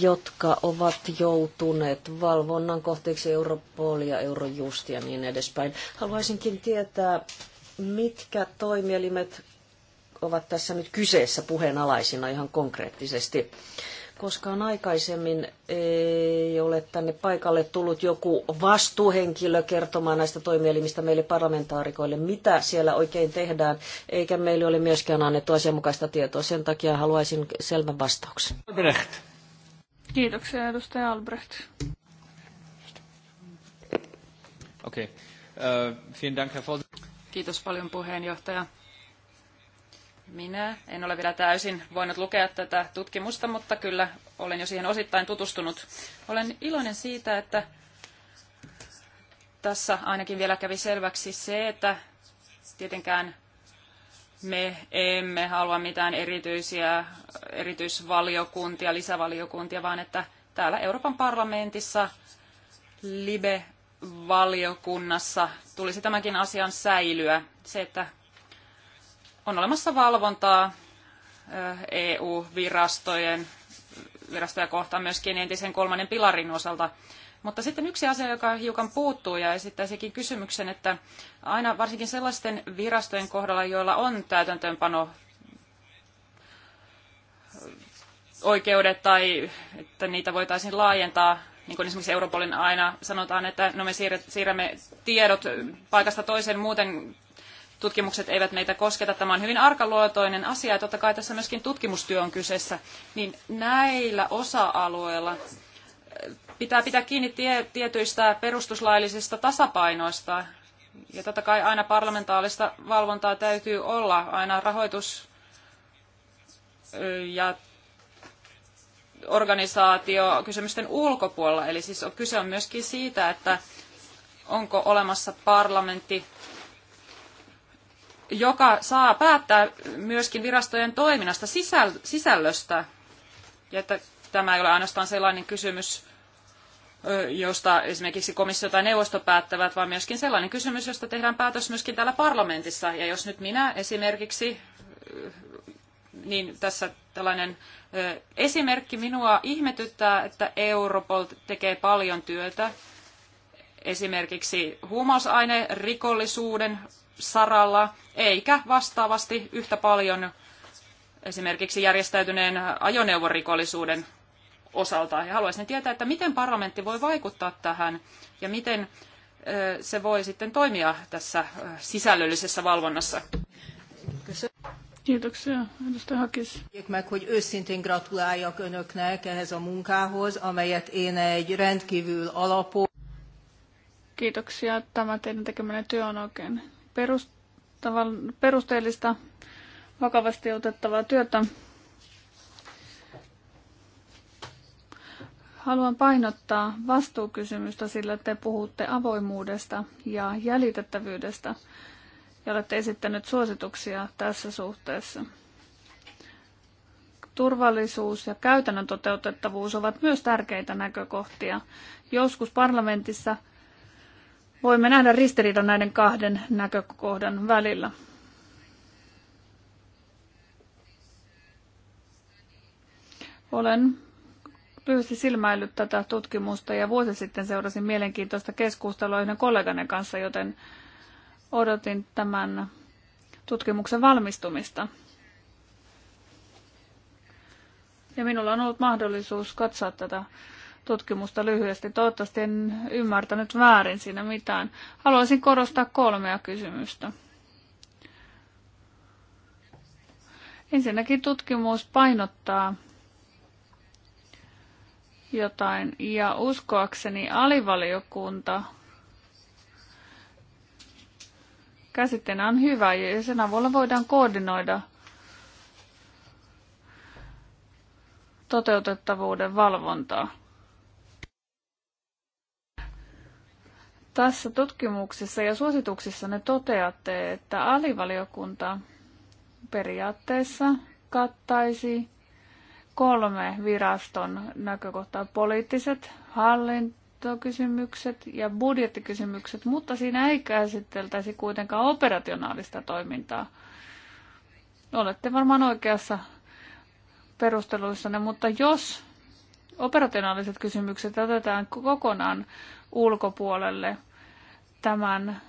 jotka ovat joutuneet valvonnan kohteeksi Europol ja Eurojust ja niin edespäin. Haluaisinkin tietää, mitkä toimielimet ovat tässä nyt kyseessä puheenalaisina ihan konkreettisesti. Koskaan aikaisemmin ei ole tänne paikalle tullut joku vastuuhenkilö kertomaan näistä toimielimistä meille parlamentaarikoille, mitä siellä oikein tehdään, eikä meille ole myöskään annettu asianmukaista tietoa. Sen takia haluaisin selvän vastauksen. Albrecht. Kiitoksia, edustaja Albrecht. Okei. Okay. Kiitos paljon puheenjohtaja. Minä en ole vielä täysin voinut lukea tätä tutkimusta, mutta kyllä olen jo siihen osittain tutustunut. Olen iloinen siitä, että tässä ainakin vielä kävi selväksi se, että tietenkään me emme halua mitään erityisiä erityisvaliokuntia, lisävaliokuntia, vaan että täällä Euroopan parlamentissa LIBE-valiokunnassa tulisi tämänkin asian säilyä. Se, että on olemassa valvontaa EU-virastojen eh, e virastoja kohtaan myöskin entisen kolmannen pilarin osalta. Mutta sitten yksi asia, joka hiukan puuttuu ja sekin kysymyksen, että aina varsinkin sellaisten virastojen kohdalla, joilla on täytäntöönpano oikeudet tai että niitä voitaisiin laajentaa, niin kuin esimerkiksi Europolin aina sanotaan, että no me siirrämme tiedot paikasta toiseen, muuten tutkimukset eivät meitä kosketa. Tämä on hyvin arkaluotoinen asia ja totta kai tässä myöskin tutkimustyö on kyseessä. Niin näillä osa-alueilla eh, pitää pitää kiinni tie, tietyistä perustuslaillisista tasapainoista. Ja totta kai aina parlamentaalista valvontaa täytyy olla, aina rahoitus eh, ja organisaatio kysymysten ulkopuolella. Eli siis on, kyse on myöskin siitä, että onko olemassa parlamentti joka saa päättää myöskin virastojen toiminnasta sisällöstä. Ja että tämä ei ole ainoastaan sellainen kysymys, josta esimerkiksi komissio tai neuvosto päättävät, vaan myöskin sellainen kysymys, josta tehdään päätös myöskin täällä parlamentissa. Ja jos nyt minä esimerkiksi, niin tässä tällainen esimerkki minua ihmetyttää, että Europol tekee paljon työtä esimerkiksi huumausainerikollisuuden rikollisuuden saralla, eikä vastaavasti yhtä paljon esimerkiksi järjestäytyneen ajoneuvorikollisuuden osalta. Ja haluaisin tietää, että miten parlamentti voi vaikuttaa tähän ja miten se voi sitten toimia tässä sisällöllisessä valvonnassa. Kiitoksia, edustaja Hakis. meg, hogy őszintén gratuláljak önöknek ehhez a munkához, amelyet én egy rendkívül alapos... Kiitoksia. Tämä teidän tekemänne työ on oikein perusteellista, vakavasti otettavaa työtä. Haluan painottaa vastuukysymystä, sillä te puhutte avoimuudesta ja jäljitettävyydestä ja olette esittänyt suosituksia tässä suhteessa. Turvallisuus ja käytännön toteutettavuus ovat myös tärkeitä näkökohtia. Joskus parlamentissa – voimme nähdä ristiriidan näiden kahden näkökohdan välillä. Olen lyhyesti silmäillyt tätä tutkimusta ja vuosi sitten seurasin mielenkiintoista keskustelua yhden kolleganne kanssa, joten odotin tämän tutkimuksen valmistumista. Ja minulla on ollut mahdollisuus katsoa tätä tutkimusta lyhyesti. Toivottavasti en ymmärtänyt väärin siinä mitään. Haluaisin korostaa kolmea kysymystä. Ensinnäkin tutkimus painottaa jotain ja uskoakseni alivaliokunta käsitteenä on hyvä ja sen avulla voidaan koordinoida toteutettavuuden valvontaa. Tässä tutkimuksessa ja suosituksissa ne toteatte, että alivaliokunta periaatteessa kattaisi kolme viraston näkökohtaa, poliittiset, hallintokysymykset ja budjettikysymykset, mutta siinä ei käsiteltäisi kuitenkaan operationaalista toimintaa. Olette varmaan oikeassa perusteluissanne, mutta jos operationaaliset kysymykset otetaan kokonaan ulkopuolelle tämän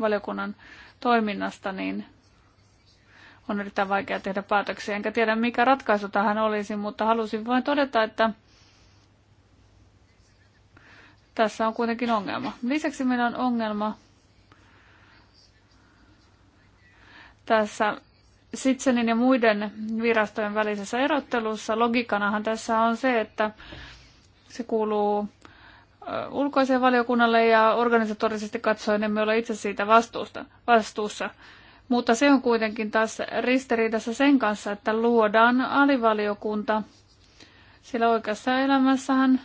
valiokunnan toiminnasta, niin on erittäin vaikea tehdä päätöksiä. Enkä tiedä, mikä ratkaisu tähän olisi, mutta halusin vain todeta, että tässä on kuitenkin ongelma. Lisäksi meillä on ongelma tässä Sitsenin ja muiden virastojen välisessä erottelussa. Logiikanahan tässä on se, että se kuuluu ulkoiseen valiokunnalle ja organisatorisesti katsoen emme ole itse siitä vastuusta, vastuussa. Mutta se on kuitenkin taas ristiriidassa sen kanssa, että luodaan alivaliokunta, sillä oikeassa elämässähän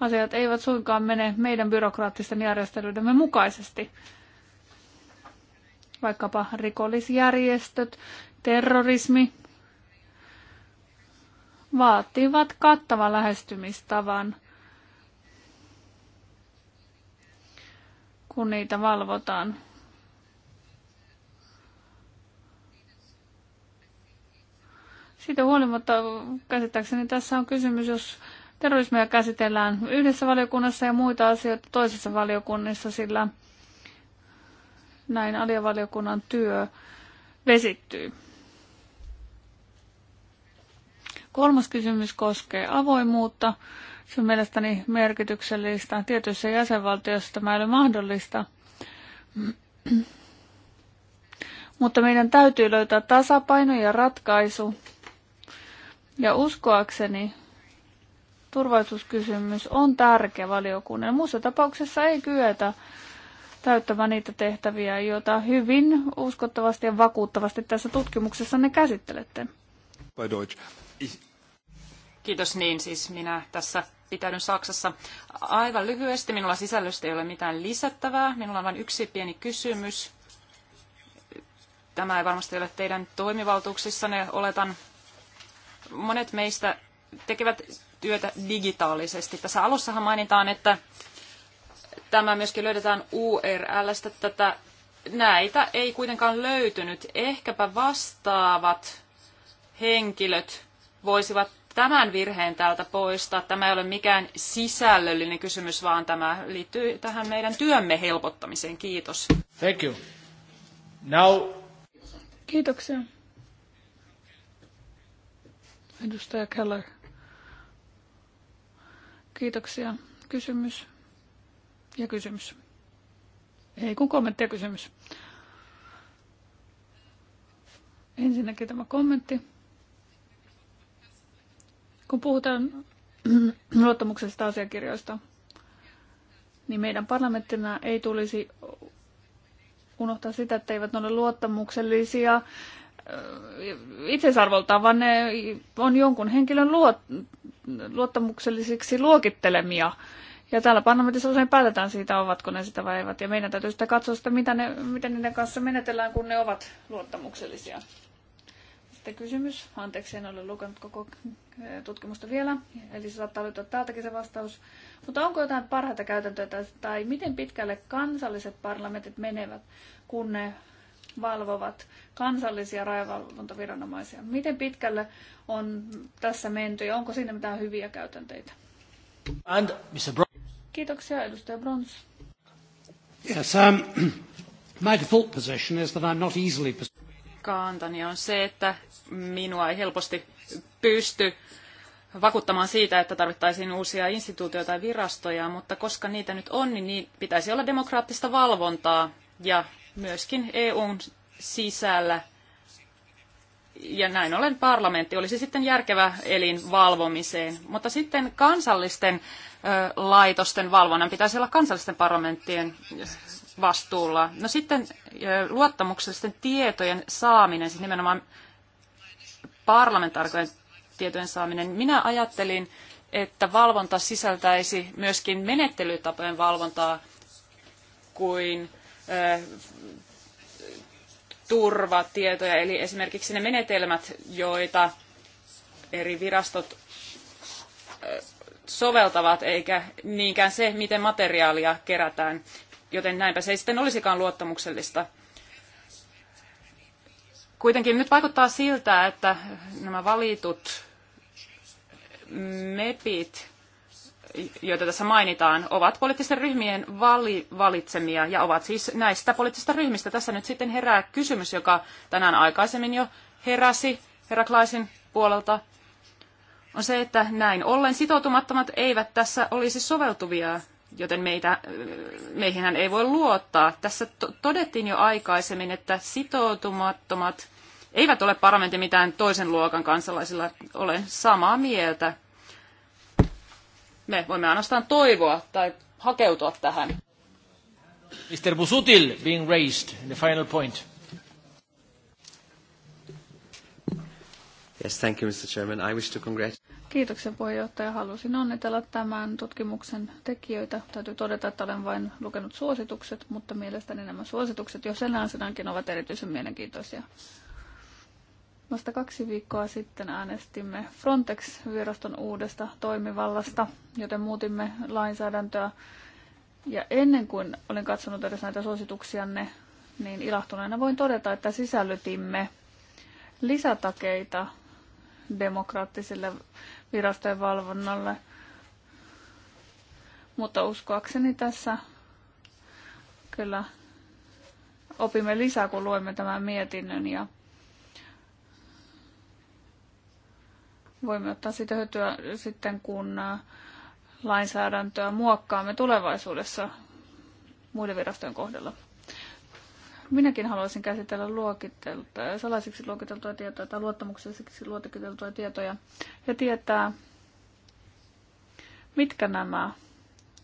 asiat eivät suinkaan mene meidän byrokraattisten järjestelyidemme mukaisesti. Vaikkapa rikollisjärjestöt, terrorismi vaativat kattavan lähestymistavan – kun niitä valvotaan. Siitä huolimatta käsittääkseni tässä on kysymys, jos terrorismia käsitellään yhdessä valiokunnassa ja muita asioita toisessa valiokunnassa, sillä näin aliavaliokunnan työ vesittyy. Kolmas kysymys koskee avoimuutta. Se on mielestäni merkityksellistä. Tietyissä jäsenvaltioissa tämä ei ole mahdollista. Mutta meidän täytyy löytää tasapaino ja ratkaisu. Ja uskoakseni turvallisuuskysymys on tärkeä valiokunnan. Muussa tapauksessa ei kyetä täyttämään niitä tehtäviä, joita hyvin uskottavasti ja vakuuttavasti tässä tutkimuksessa ne käsittelette. Kiitos niin, siis minä tässä pitäydyn Saksassa. Aivan lyhyesti, minulla sisällöstä ei ole mitään lisättävää. Minulla on vain yksi pieni kysymys. Tämä ei varmasti ole teidän toimivaltuuksissanne, oletan. Monet meistä tekevät työtä digitaalisesti. Tässä alussahan mainitaan, että tämä myöskin löydetään URLstä. Tätä, näitä ei kuitenkaan löytynyt. Ehkäpä vastaavat henkilöt voisivat tämän virheen täältä poistaa. Tämä ei ole mikään sisällöllinen kysymys, vaan tämä liittyy tähän meidän työmme helpottamiseen. Kiitos. Thank you. Now... Kiitoksia. Edustaja Keller. Kiitoksia. Kysymys ja kysymys. Ei kun kommentti ja kysymys. Ensinnäkin tämä kommentti. Kun puhutaan luottamuksesta asiakirjoista, niin meidän parlamenttina ei tulisi unohtaa sitä, että eivät ole luottamuksellisia äh, itsesarvoltaan, vaan ne on jonkun henkilön luot, luottamuksellisiksi luokittelemia. Ja täällä parlamentissa usein päätetään siitä, ovatko ne sitä vai eivät. Ja meidän täytyy sitä katsoa sitä, mitä ne, miten niiden kanssa menetellään, kun ne ovat luottamuksellisia. Sitten kysymys. Anteeksi, en ole lukenut koko eh, tutkimusta vielä, eli se saattaa löytyä täältäkin se vastaus. Mutta onko jotain parhaita käytäntöjä tai miten pitkälle kansalliset parlamentit menevät, kun ne valvovat kansallisia rajavalvontaviranomaisia? Miten pitkälle on tässä menty ja onko siinä mitään hyviä käytänteitä? And Mr. Bron- Kiitoksia, edustaja Brons. Yes, um, my default position is that I'm not easily kantani on se, että minua ei helposti pysty vakuuttamaan siitä, että tarvittaisiin uusia instituutioita tai virastoja, mutta koska niitä nyt on, niin, niin pitäisi olla demokraattista valvontaa ja myöskin EUn sisällä. Ja näin ollen parlamentti olisi sitten järkevä elin valvomiseen. Mutta sitten kansallisten laitosten valvonnan pitäisi olla kansallisten parlamenttien vastuulla. No sitten luottamuksellisten tietojen saaminen, siis nimenomaan parlamentaarikojen tietojen saaminen. Minä ajattelin, että valvonta sisältäisi myöskin menettelytapojen valvontaa kuin turvatietoja, eli esimerkiksi ne menetelmät, joita eri virastot soveltavat, eikä niinkään se, miten materiaalia kerätään joten näinpä se ei sitten olisikaan luottamuksellista. Kuitenkin nyt vaikuttaa siltä, että nämä valitut MEPit, joita tässä mainitaan, ovat poliittisten ryhmien vali, valitsemia ja ovat siis näistä poliittisista ryhmistä. Tässä nyt sitten herää kysymys, joka tänään aikaisemmin jo heräsi Heraklaisin puolelta, on se, että näin ollen sitoutumattomat eivät tässä olisi soveltuvia joten meitä, meihinhän ei voi luottaa. Tässä to- todettiin jo aikaisemmin, että sitoutumattomat eivät ole parlamentin mitään toisen luokan kansalaisilla. Olen samaa mieltä. Me voimme ainoastaan toivoa tai hakeutua tähän. Mr. Busutil being raised in the final point. Yes, thank you, Mr. Chairman. I wish to congratulate. Kiitoksia puheenjohtaja. Halusin onnitella tämän tutkimuksen tekijöitä. Täytyy todeta, että olen vain lukenut suositukset, mutta mielestäni nämä suositukset jo sellaisenaankin ovat erityisen mielenkiintoisia. Vasta kaksi viikkoa sitten äänestimme Frontex-viraston uudesta toimivallasta, joten muutimme lainsäädäntöä. Ja ennen kuin olen katsonut edes näitä suosituksianne, niin ilahtuneena voin todeta, että sisällytimme lisätakeita demokraattisille virastojen valvonnalle. Mutta uskoakseni tässä kyllä opimme lisää, kun luemme tämän mietinnön ja voimme ottaa sitä hyötyä sitten, kun äh, lainsäädäntöä muokkaamme tulevaisuudessa muiden virastojen kohdalla minäkin haluaisin käsitellä luokiteltua, salaisiksi luokiteltua tietoa tai luottamukselliseksi luokiteltua tietoja ja tietää, mitkä nämä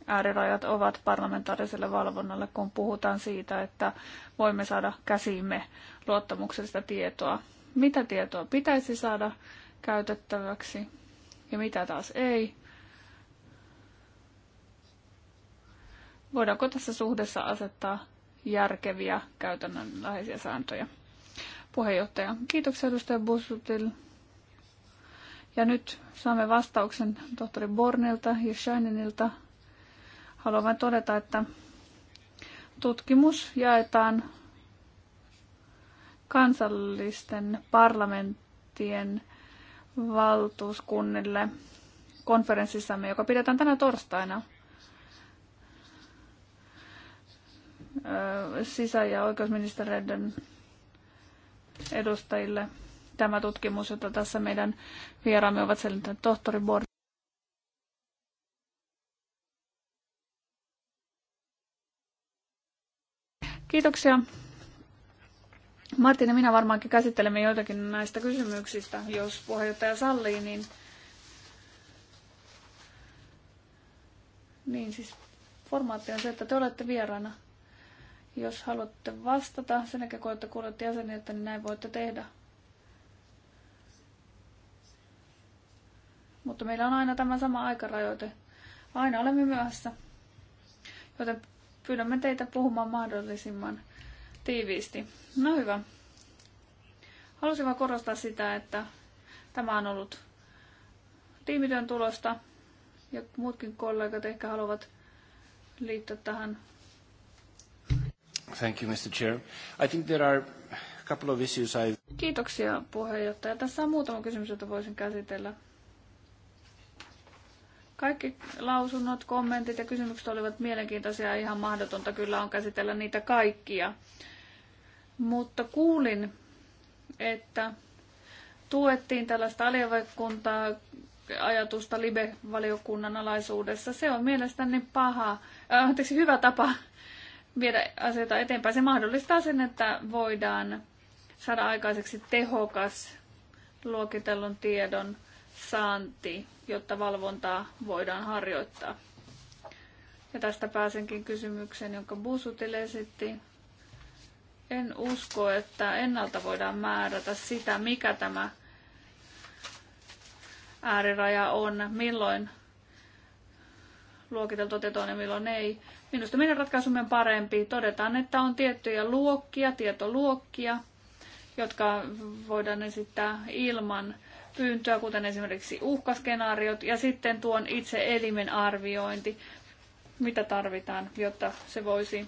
äärirajat ovat parlamentaariselle valvonnalle, kun puhutaan siitä, että voimme saada käsiimme luottamuksellista tietoa. Mitä tietoa pitäisi saada käytettäväksi ja mitä taas ei. Voidaanko tässä suhdessa asettaa järkeviä käytännönläheisiä sääntöjä. Puheenjohtaja, kiitoksia edustaja Bussutil. Ja nyt saamme vastauksen tohtori Bornilta ja Shininilta. Haluan vain todeta, että tutkimus jaetaan kansallisten parlamenttien valtuuskunnille konferenssissamme, joka pidetään tänä torstaina – sisä- ja oikeusministeriöiden edustajille tämä tutkimus, jota tässä meidän vieraamme ovat selittäneet tohtori Bord. Kiitoksia. Martin ja minä varmaankin käsittelemme joitakin näistä kysymyksistä, jos puheenjohtaja sallii, niin, niin siis formaatti on se, että te olette vieraana jos haluatte vastata sen jälkeen, kun olette kuulleet jäseniltä, niin näin voitte tehdä. Mutta meillä on aina tämä sama aikarajoite. Aina olemme myöhässä. Joten pyydämme teitä puhumaan mahdollisimman tiiviisti. No hyvä. Halusin vain korostaa sitä, että tämä on ollut tiimityön tulosta ja muutkin kollegat ehkä haluavat liittyä tähän Thank you, Mr. Chair. I think there are a couple of issues I... Kiitoksia puheenjohtaja. Tässä on muutama kysymys, jota voisin käsitellä. Kaikki lausunnot, kommentit ja kysymykset olivat mielenkiintoisia. Ihan mahdotonta kyllä on käsitellä niitä kaikkia. Mutta kuulin, että tuettiin tällaista aliavekuntaa ajatusta Libe-valiokunnan alaisuudessa. Se on mielestäni paha, äh, anteeksi, hyvä tapa viedä asioita eteenpäin. Se mahdollistaa sen, että voidaan saada aikaiseksi tehokas luokitellun tiedon saanti, jotta valvontaa voidaan harjoittaa. Ja tästä pääsenkin kysymykseen, jonka Busutille esitti. En usko, että ennalta voidaan määrätä sitä, mikä tämä ääriraja on, milloin luokiteltu tieto on ja milloin ei. Minusta meidän ratkaisumme on parempi. Todetaan, että on tiettyjä luokkia, tietoluokkia, jotka voidaan esittää ilman pyyntöä, kuten esimerkiksi uhkaskenaariot, ja sitten tuon itse elimen arviointi, mitä tarvitaan, jotta se voisi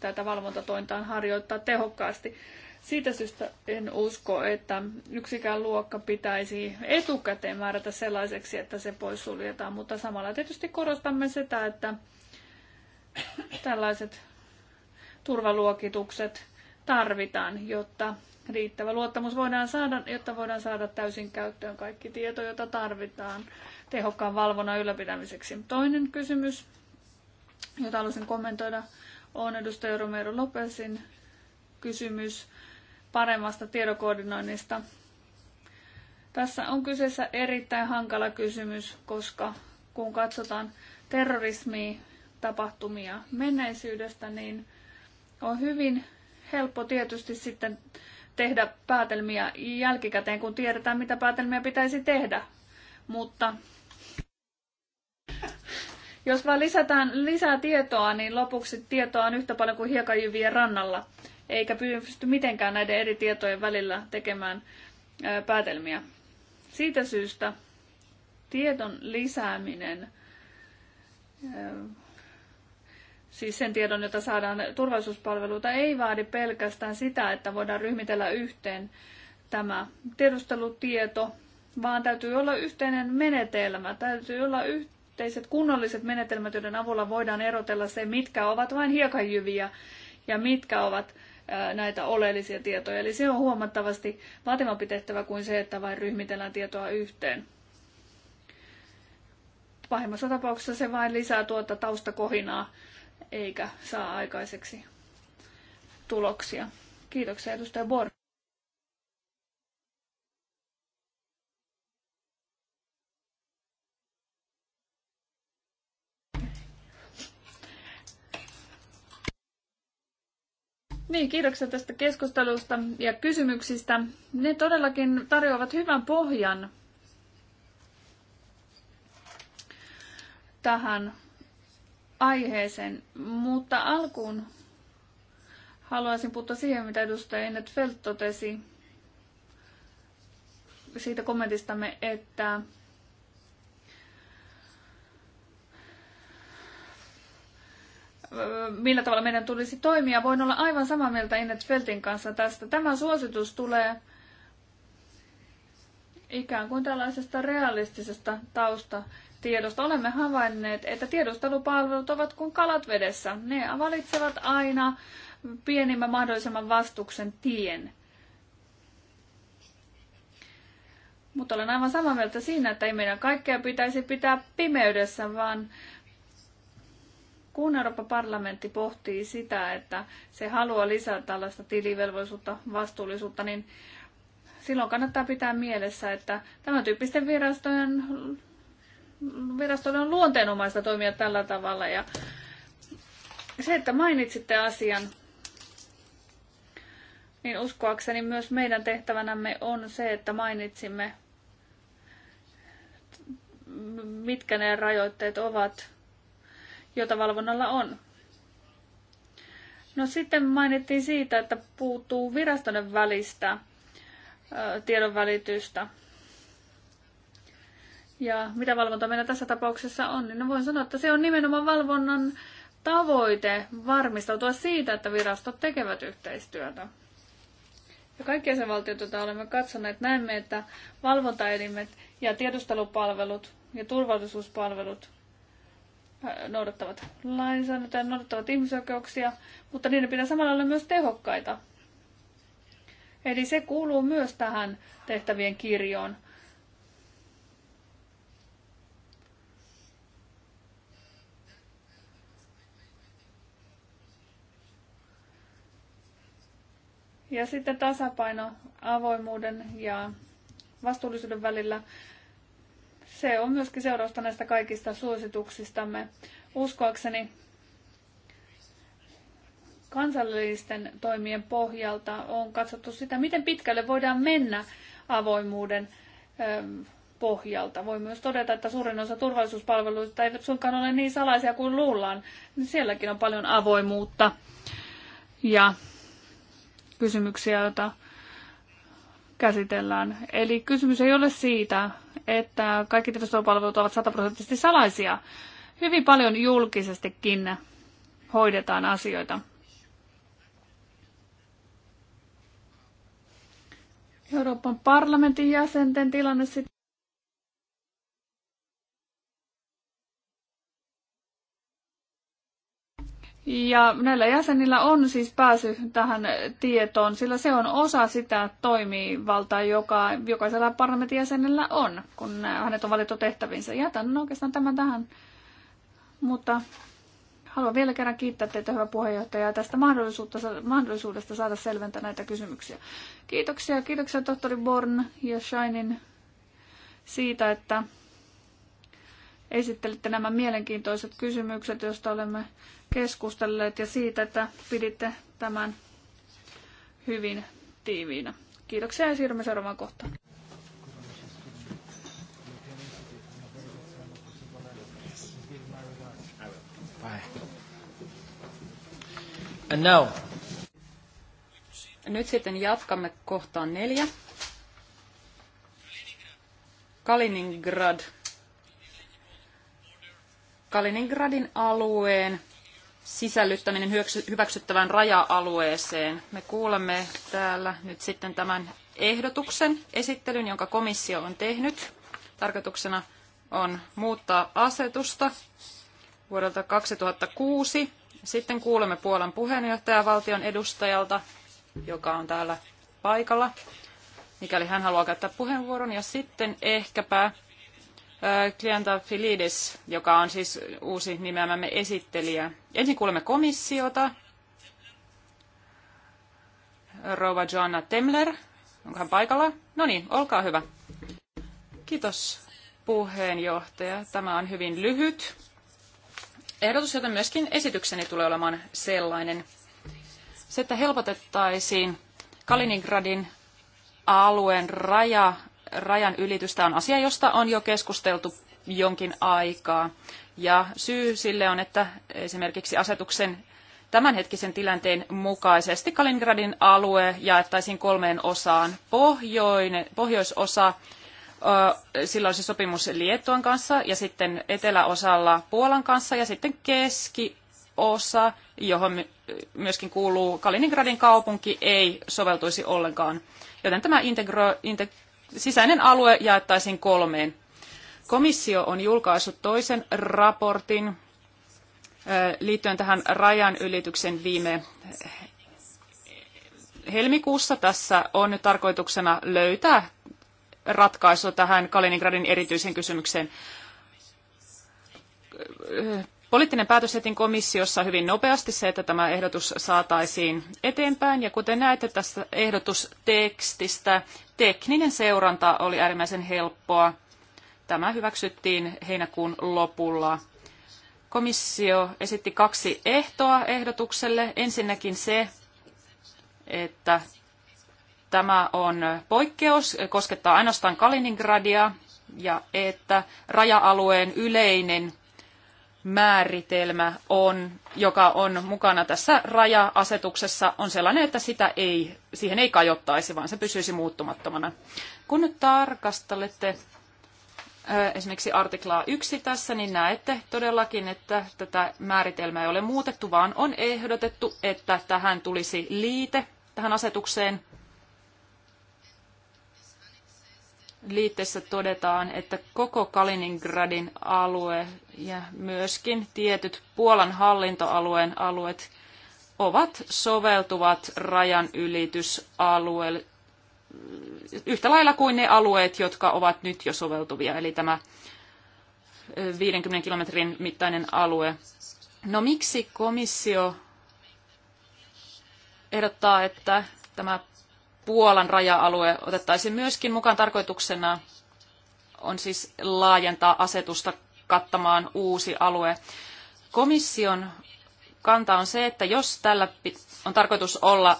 tätä valvontatointaan harjoittaa tehokkaasti. Siitä syystä en usko, että yksikään luokka pitäisi etukäteen määrätä sellaiseksi, että se poissuljetaan, mutta samalla tietysti korostamme sitä, että tällaiset turvaluokitukset tarvitaan, jotta riittävä luottamus voidaan saada, jotta voidaan saada täysin käyttöön kaikki tieto, jota tarvitaan tehokkaan valvonnan ylläpitämiseksi. Toinen kysymys, jota haluaisin kommentoida, on edustaja Romero Lopesin kysymys paremmasta tiedokoordinoinnista. Tässä on kyseessä erittäin hankala kysymys, koska kun katsotaan terrorismia tapahtumia menneisyydestä, niin on hyvin helppo tietysti sitten tehdä päätelmiä jälkikäteen, kun tiedetään, mitä päätelmiä pitäisi tehdä. Mutta jos vaan lisätään lisää tietoa, niin lopuksi tietoa on yhtä paljon kuin hiekajyvien rannalla, eikä pysty mitenkään näiden eri tietojen välillä tekemään päätelmiä. Siitä syystä tieton lisääminen siis sen tiedon, jota saadaan turvallisuuspalveluita, ei vaadi pelkästään sitä, että voidaan ryhmitellä yhteen tämä tiedustelutieto, vaan täytyy olla yhteinen menetelmä, täytyy olla yhteiset kunnolliset menetelmät, joiden avulla voidaan erotella se, mitkä ovat vain hiekanjyviä ja mitkä ovat näitä oleellisia tietoja. Eli se on huomattavasti vaatimampi tehtävä kuin se, että vain ryhmitellään tietoa yhteen. Pahimmassa tapauksessa se vain lisää tuota taustakohinaa, eikä saa aikaiseksi tuloksia. Kiitoksia edustaja Borg. Niin, kiitoksia tästä keskustelusta ja kysymyksistä. Ne todellakin tarjoavat hyvän pohjan tähän aiheeseen, mutta alkuun haluaisin puuttua siihen, mitä edustaja Ennet Felt totesi siitä kommentistamme, että millä tavalla meidän tulisi toimia. Voin olla aivan samaa mieltä Ennet Feltin kanssa tästä. Tämä suositus tulee ikään kuin tällaisesta realistisesta tausta tiedosta olemme havainneet, että tiedustelupalvelut ovat kuin kalat vedessä. Ne valitsevat aina pienimmän mahdollisimman vastuksen tien. Mutta olen aivan samaa mieltä siinä, että ei meidän kaikkea pitäisi pitää pimeydessä, vaan kun Euroopan parlamentti pohtii sitä, että se haluaa lisää tällaista tilivelvollisuutta, vastuullisuutta, niin silloin kannattaa pitää mielessä, että tämän tyyppisten virastojen virastolle on luonteenomaista toimia tällä tavalla. Ja se, että mainitsitte asian, niin uskoakseni myös meidän tehtävänämme on se, että mainitsimme, mitkä ne rajoitteet ovat, joita valvonnalla on. No sitten mainittiin siitä, että puuttuu virastonen välistä tiedonvälitystä ja mitä valvonta meillä tässä tapauksessa on, niin no voin sanoa, että se on nimenomaan valvonnan tavoite varmistautua siitä, että virastot tekevät yhteistyötä. Ja kaikki jäsenvaltiot, joita olemme katsoneet, näemme, että valvontaelimet ja tiedustelupalvelut ja turvallisuuspalvelut äh, noudattavat lainsäädäntöä, noudattavat ihmisoikeuksia, mutta niiden pitää samalla olla myös tehokkaita. Eli se kuuluu myös tähän tehtävien kirjoon. Ja sitten tasapaino avoimuuden ja vastuullisuuden välillä. Se on myöskin seurausta näistä kaikista suosituksistamme. Uskoakseni kansallisten toimien pohjalta on katsottu sitä, miten pitkälle voidaan mennä avoimuuden ähm, pohjalta. Voi myös todeta, että suurin osa turvallisuuspalveluista ei suinkaan ole niin salaisia kuin luullaan. Sielläkin on paljon avoimuutta. Ja kysymyksiä, joita käsitellään. Eli kysymys ei ole siitä, että kaikki tiedostopalvelut ovat sataprosenttisesti salaisia. Hyvin paljon julkisestikin hoidetaan asioita. Euroopan parlamentin jäsenten tilanne sitten. Ja näillä jäsenillä on siis pääsy tähän tietoon, sillä se on osa sitä toimivaltaa, joka jokaisella parlamentin jäsenellä on, kun hänet on valittu tehtävinsä. Jätän oikeastaan tämän tähän. Mutta haluan vielä kerran kiittää teitä, hyvä puheenjohtaja, tästä mahdollisuudesta saada selventää näitä kysymyksiä. Kiitoksia, kiitoksia tohtori Born ja Shinin siitä, että esittelitte nämä mielenkiintoiset kysymykset, joista olemme keskustelleet ja siitä, että piditte tämän hyvin tiiviinä. Kiitoksia ja siirrymme seuraavaan kohtaan. And now. Nyt sitten jatkamme kohtaan neljä. Kaliningrad Kaliningradin alueen sisällyttäminen hyväksyttävään raja-alueeseen. Me kuulemme täällä nyt sitten tämän ehdotuksen esittelyn, jonka komissio on tehnyt. Tarkoituksena on muuttaa asetusta vuodelta 2006. Sitten kuulemme Puolan puheenjohtajavaltion edustajalta, joka on täällä paikalla, mikäli hän haluaa käyttää puheenvuoron. Ja sitten ehkäpä Kliantafilidis, joka on siis uusi nimeämämme esittelijä. Ensin kuulemme komissiota. Rouva Joanna Temler, onko hän paikalla? No niin, olkaa hyvä. Kiitos puheenjohtaja. Tämä on hyvin lyhyt ehdotus, joten myöskin esitykseni tulee olemaan sellainen. Se, että helpotettaisiin Kaliningradin alueen raja rajan ylitystä on asia, josta on jo keskusteltu jonkin aikaa. Ja syy sille on, että esimerkiksi asetuksen tämänhetkisen tilanteen mukaisesti Kaliningradin alue jaettaisiin kolmeen osaan. Pohjoin, pohjoisosa, sillä olisi sopimus Liettuan kanssa, ja sitten eteläosalla Puolan kanssa, ja sitten keskiosa, johon myöskin kuuluu Kaliningradin kaupunki, ei soveltuisi ollenkaan. Joten tämä integro, integ- sisäinen alue jaettaisiin kolmeen. Komissio on julkaissut toisen raportin liittyen tähän rajan ylityksen viime helmikuussa. Tässä on nyt tarkoituksena löytää ratkaisu tähän Kaliningradin erityisen kysymykseen. Poliittinen päätös heti komissiossa hyvin nopeasti se, että tämä ehdotus saataisiin eteenpäin. Ja kuten näette tästä ehdotustekstistä, tekninen seuranta oli äärimmäisen helppoa. Tämä hyväksyttiin heinäkuun lopulla. Komissio esitti kaksi ehtoa ehdotukselle. Ensinnäkin se, että tämä on poikkeus, koskettaa ainoastaan Kaliningradia ja että raja-alueen yleinen määritelmä on, joka on mukana tässä raja-asetuksessa, on sellainen, että sitä ei, siihen ei kajottaisi, vaan se pysyisi muuttumattomana. Kun nyt tarkastelette esimerkiksi artiklaa 1 tässä, niin näette todellakin, että tätä määritelmää ei ole muutettu, vaan on ehdotettu, että tähän tulisi liite tähän asetukseen, liitteessä todetaan, että koko Kaliningradin alue ja myöskin tietyt Puolan hallintoalueen alueet ovat soveltuvat rajan ylitysalueelle yhtä lailla kuin ne alueet, jotka ovat nyt jo soveltuvia, eli tämä 50 kilometrin mittainen alue. No miksi komissio ehdottaa, että tämä Puolan raja-alue otettaisiin myöskin mukaan. Tarkoituksena on siis laajentaa asetusta kattamaan uusi alue. Komission kanta on se, että jos tällä on tarkoitus olla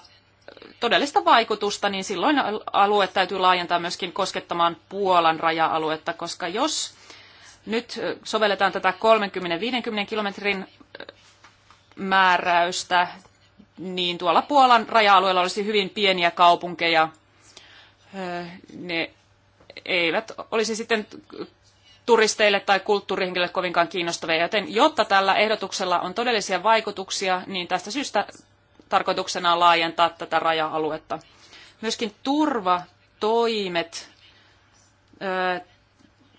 todellista vaikutusta, niin silloin alue täytyy laajentaa myöskin koskettamaan Puolan raja-aluetta, koska jos nyt sovelletaan tätä 30-50 kilometrin määräystä niin tuolla Puolan raja-alueella olisi hyvin pieniä kaupunkeja. Ne eivät olisi sitten turisteille tai kulttuurihenkilöille kovinkaan kiinnostavia, joten jotta tällä ehdotuksella on todellisia vaikutuksia, niin tästä syystä tarkoituksena on laajentaa tätä raja-aluetta. Myöskin turvatoimet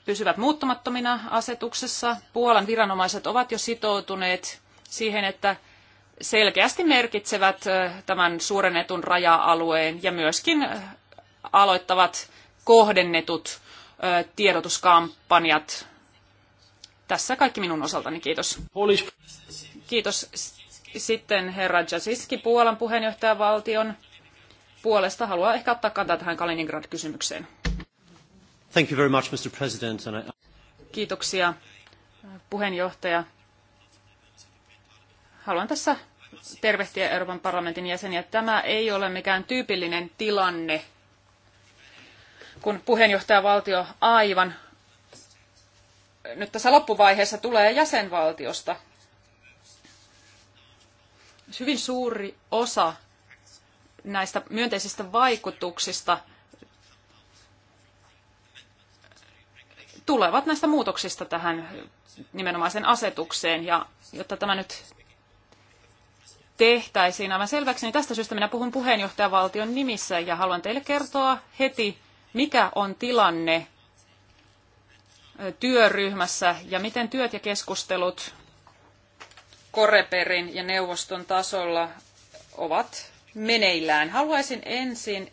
pysyvät muuttumattomina asetuksessa. Puolan viranomaiset ovat jo sitoutuneet siihen, että selkeästi merkitsevät tämän suurennetun raja-alueen ja myöskin aloittavat kohdennetut tiedotuskampanjat. Tässä kaikki minun osaltani. Kiitos. Kiitos sitten herra Jasiski Puolan puheenjohtajavaltion puolesta. Haluaa ehkä ottaa kantaa tähän Kaliningrad-kysymykseen. Thank you very much, Mr. President. Kiitoksia puheenjohtaja haluan tässä tervehtiä Euroopan parlamentin jäseniä. Tämä ei ole mikään tyypillinen tilanne, kun puheenjohtajavaltio aivan nyt tässä loppuvaiheessa tulee jäsenvaltiosta. Hyvin suuri osa näistä myönteisistä vaikutuksista tulevat näistä muutoksista tähän nimenomaiseen asetukseen. Ja jotta tämä nyt tehtäisiin aivan selväksi, niin tästä syystä minä puhun puheenjohtajavaltion nimissä ja haluan teille kertoa heti, mikä on tilanne työryhmässä ja miten työt ja keskustelut Koreperin ja neuvoston tasolla ovat meneillään. Haluaisin ensin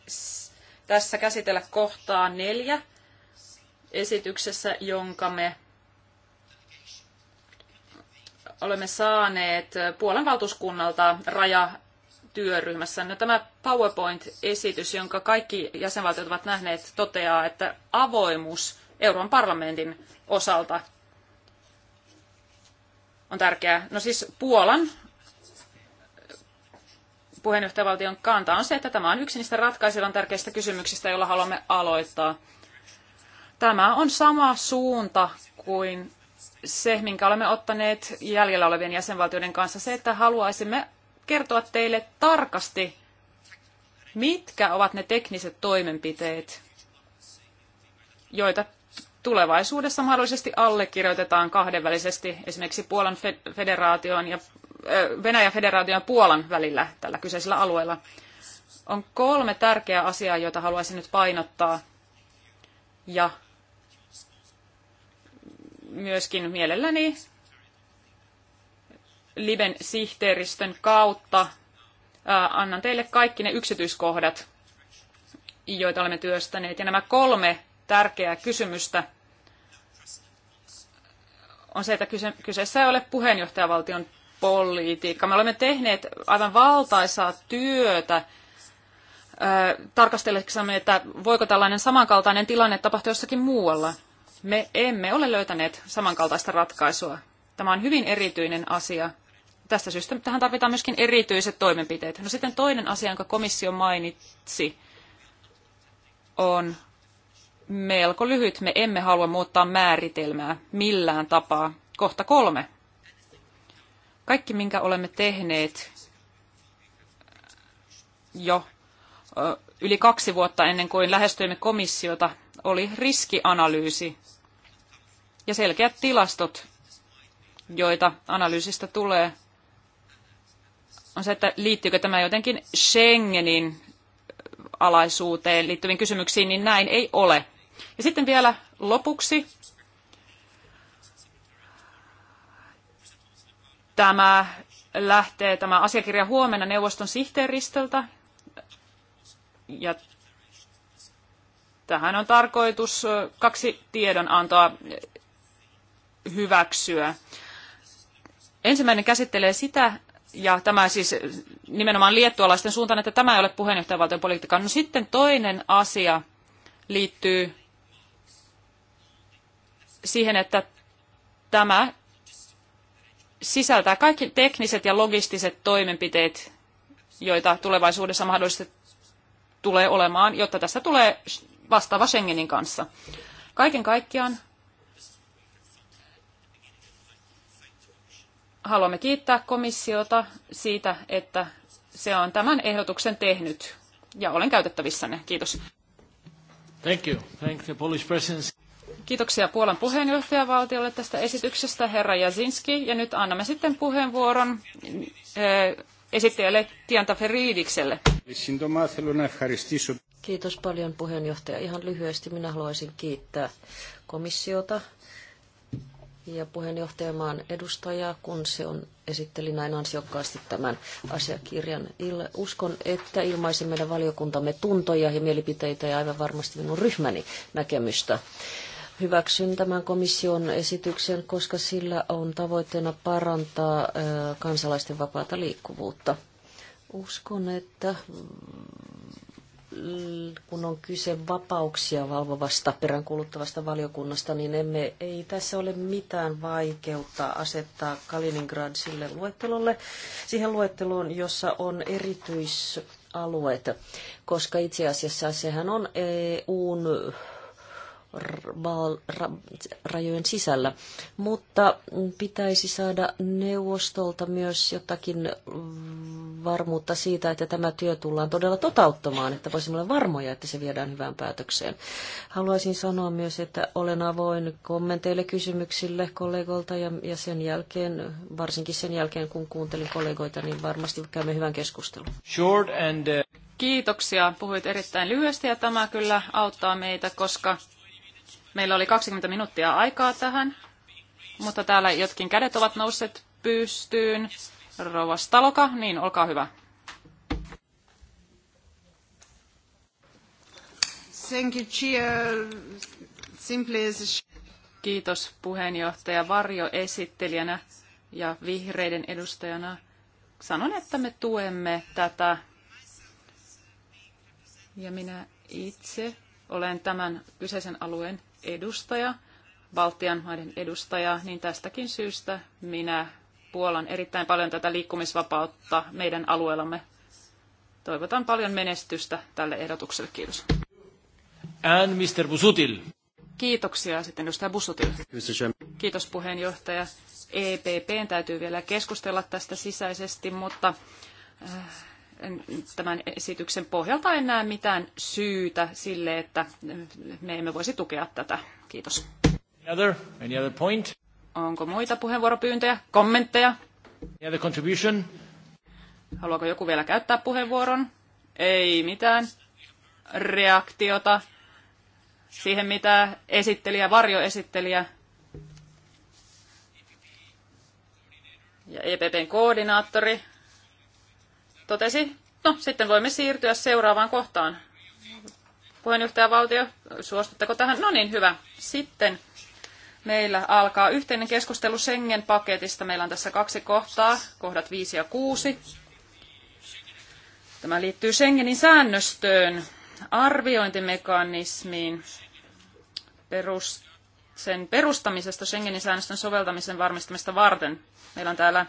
tässä käsitellä kohtaa neljä esityksessä, jonka me olemme saaneet Puolan valtuuskunnalta rajatyöryhmässä. No, tämä PowerPoint-esitys, jonka kaikki jäsenvaltiot ovat nähneet, toteaa, että avoimuus Euroopan parlamentin osalta on tärkeää. No siis Puolan puheenjohtajavaltion kanta on se, että tämä on yksi niistä ratkaisevan tärkeistä kysymyksistä, jolla haluamme aloittaa. Tämä on sama suunta kuin se, minkä olemme ottaneet jäljellä olevien jäsenvaltioiden kanssa, se, että haluaisimme kertoa teille tarkasti, mitkä ovat ne tekniset toimenpiteet, joita tulevaisuudessa mahdollisesti allekirjoitetaan kahdenvälisesti esimerkiksi Puolan federaation ja Venäjän federaation ja Puolan välillä tällä kyseisellä alueella. On kolme tärkeää asiaa, joita haluaisin nyt painottaa ja myöskin mielelläni Liben sihteeristön kautta annan teille kaikki ne yksityiskohdat, joita olemme työstäneet. Ja nämä kolme tärkeää kysymystä on se, että kyseessä ei ole puheenjohtajavaltion politiikka. Me olemme tehneet aivan valtaisaa työtä tarkastellessamme, että voiko tällainen samankaltainen tilanne tapahtua jossakin muualla me emme ole löytäneet samankaltaista ratkaisua. Tämä on hyvin erityinen asia. Tästä syystä tähän tarvitaan myöskin erityiset toimenpiteet. No sitten toinen asia, jonka komissio mainitsi, on melko lyhyt. Me emme halua muuttaa määritelmää millään tapaa. Kohta kolme. Kaikki, minkä olemme tehneet jo yli kaksi vuotta ennen kuin lähestyimme komissiota, oli riskianalyysi ja selkeät tilastot, joita analyysistä tulee, on se, että liittyykö tämä jotenkin Schengenin alaisuuteen liittyviin kysymyksiin, niin näin ei ole. Ja sitten vielä lopuksi tämä lähtee tämä asiakirja huomenna neuvoston sihteeristöltä. Ja tähän on tarkoitus kaksi tiedonantoa hyväksyä. Ensimmäinen käsittelee sitä, ja tämä siis nimenomaan liettualaisten suuntaan, että tämä ei ole puheenjohtajavaltion politiikkaa. No sitten toinen asia liittyy siihen, että tämä sisältää kaikki tekniset ja logistiset toimenpiteet, joita tulevaisuudessa mahdollisesti tulee olemaan, jotta tässä tulee vastaava Schengenin kanssa. Kaiken kaikkiaan haluamme kiittää komissiota siitä, että se on tämän ehdotuksen tehnyt. Ja olen käytettävissänne. Kiitos. Thank you. Thank the Polish presence. Kiitoksia Puolan puheenjohtajavaltiolle tästä esityksestä, herra Jasinski. Ja nyt annamme sitten puheenvuoron eh, esittäjälle Tianta Feridikselle. Kiitos paljon puheenjohtaja. Ihan lyhyesti minä haluaisin kiittää komissiota ja puheenjohtajamaan edustajaa, kun se on esitteli näin ansiokkaasti tämän asiakirjan. Uskon, että ilmaisin meidän valiokuntamme tuntoja ja mielipiteitä ja aivan varmasti minun ryhmäni näkemystä. Hyväksyn tämän komission esityksen, koska sillä on tavoitteena parantaa kansalaisten vapaata liikkuvuutta. Uskon, että kun on kyse vapauksia valvovasta peräänkuuluttavasta valiokunnasta, niin emme, ei tässä ole mitään vaikeutta asettaa Kaliningrad sille luettelolle, siihen luetteloon, jossa on erityisalueet, koska itse asiassa sehän on EUn rajojen sisällä. Mutta pitäisi saada neuvostolta myös jotakin varmuutta siitä, että tämä työ tullaan todella totauttamaan, että voisimme olla varmoja, että se viedään hyvään päätökseen. Haluaisin sanoa myös, että olen avoin kommenteille, kysymyksille kollegolta ja, ja sen jälkeen, varsinkin sen jälkeen kun kuuntelin kollegoita, niin varmasti käymme hyvän keskustelun. Short and, uh, Kiitoksia. Puhuit erittäin lyhyesti ja tämä kyllä auttaa meitä, koska Meillä oli 20 minuuttia aikaa tähän, mutta täällä jotkin kädet ovat nousseet pystyyn. Rouva Staloka, niin olkaa hyvä. Thank you, chair. Simply as Kiitos puheenjohtaja varjo esittelijänä ja vihreiden edustajana. Sanon, että me tuemme tätä. Ja minä itse olen tämän kyseisen alueen edustaja, Baltian maiden edustaja, niin tästäkin syystä minä puolan erittäin paljon tätä liikkumisvapautta meidän alueellamme. Toivotan paljon menestystä tälle ehdotukselle. Kiitos. And Mr. Busutil. Kiitoksia sitten edustaja Bussutil. Kiitos puheenjohtaja. EPP täytyy vielä keskustella tästä sisäisesti, mutta äh, tämän esityksen pohjalta en näe mitään syytä sille, että me emme voisi tukea tätä. Kiitos. Other, any other point? Onko muita puheenvuoropyyntöjä, kommentteja? Any other contribution? Haluaako joku vielä käyttää puheenvuoron? Ei mitään reaktiota siihen, mitä esittelijä, varjoesittelijä ja EPPn koordinaattori totesi, no sitten voimme siirtyä seuraavaan kohtaan. Valtio, suostutteko tähän? No niin, hyvä. Sitten meillä alkaa yhteinen keskustelu Schengen-paketista. Meillä on tässä kaksi kohtaa, kohdat 5 ja 6. Tämä liittyy Schengenin säännöstöön, arviointimekanismiin, perus, sen perustamisesta Schengenin säännöstön soveltamisen varmistamista varten. Meillä on täällä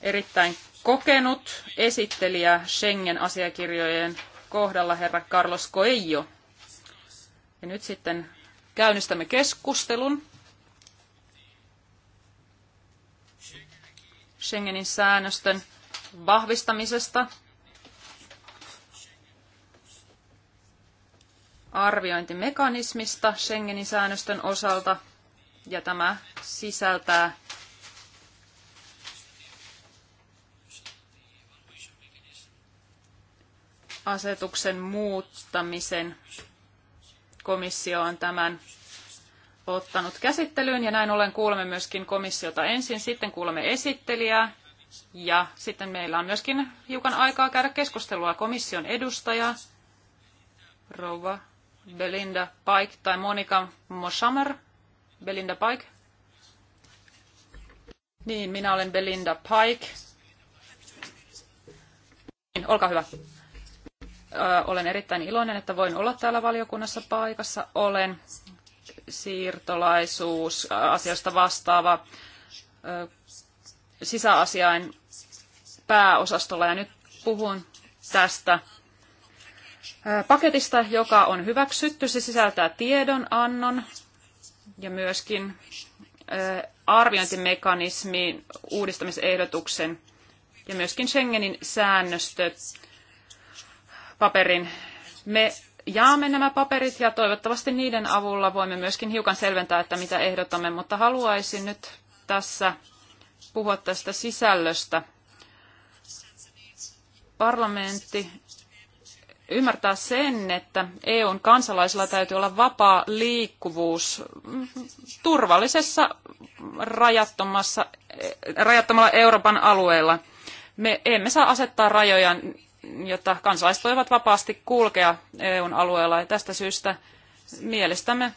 erittäin kokenut esittelijä Schengen-asiakirjojen kohdalla, herra Carlos Coelho. Ja nyt sitten käynnistämme keskustelun. Schengenin säännösten vahvistamisesta, arviointimekanismista Schengenin säännösten osalta, ja tämä sisältää asetuksen muuttamisen. Komissio on tämän ottanut käsittelyyn ja näin ollen kuulemme myöskin komissiota ensin, sitten kuulemme esittelijää ja sitten meillä on myöskin hiukan aikaa käydä keskustelua komission edustaja, rouva Belinda Pike tai Monika Moshammer. Belinda Pike. Niin, minä olen Belinda Pike. Niin, olkaa hyvä. Olen erittäin iloinen, että voin olla täällä valiokunnassa paikassa. Olen siirtolaisuus vastaava sisäasiain pääosastolla ja nyt puhun tästä paketista, joka on hyväksytty. Se sisältää tiedonannon ja myöskin arviointimekanismin uudistamisehdotuksen ja myöskin Schengenin säännöstöt paperin. Me jaamme nämä paperit ja toivottavasti niiden avulla voimme myöskin hiukan selventää, että mitä ehdotamme, mutta haluaisin nyt tässä puhua tästä sisällöstä. Parlamentti ymmärtää sen, että EUn kansalaisilla täytyy olla vapaa liikkuvuus turvallisessa rajattomassa, rajattomalla Euroopan alueella. Me emme saa asettaa rajoja jotta kansalaiset voivat vapaasti kulkea EUn alueella. Ja tästä syystä mielestämme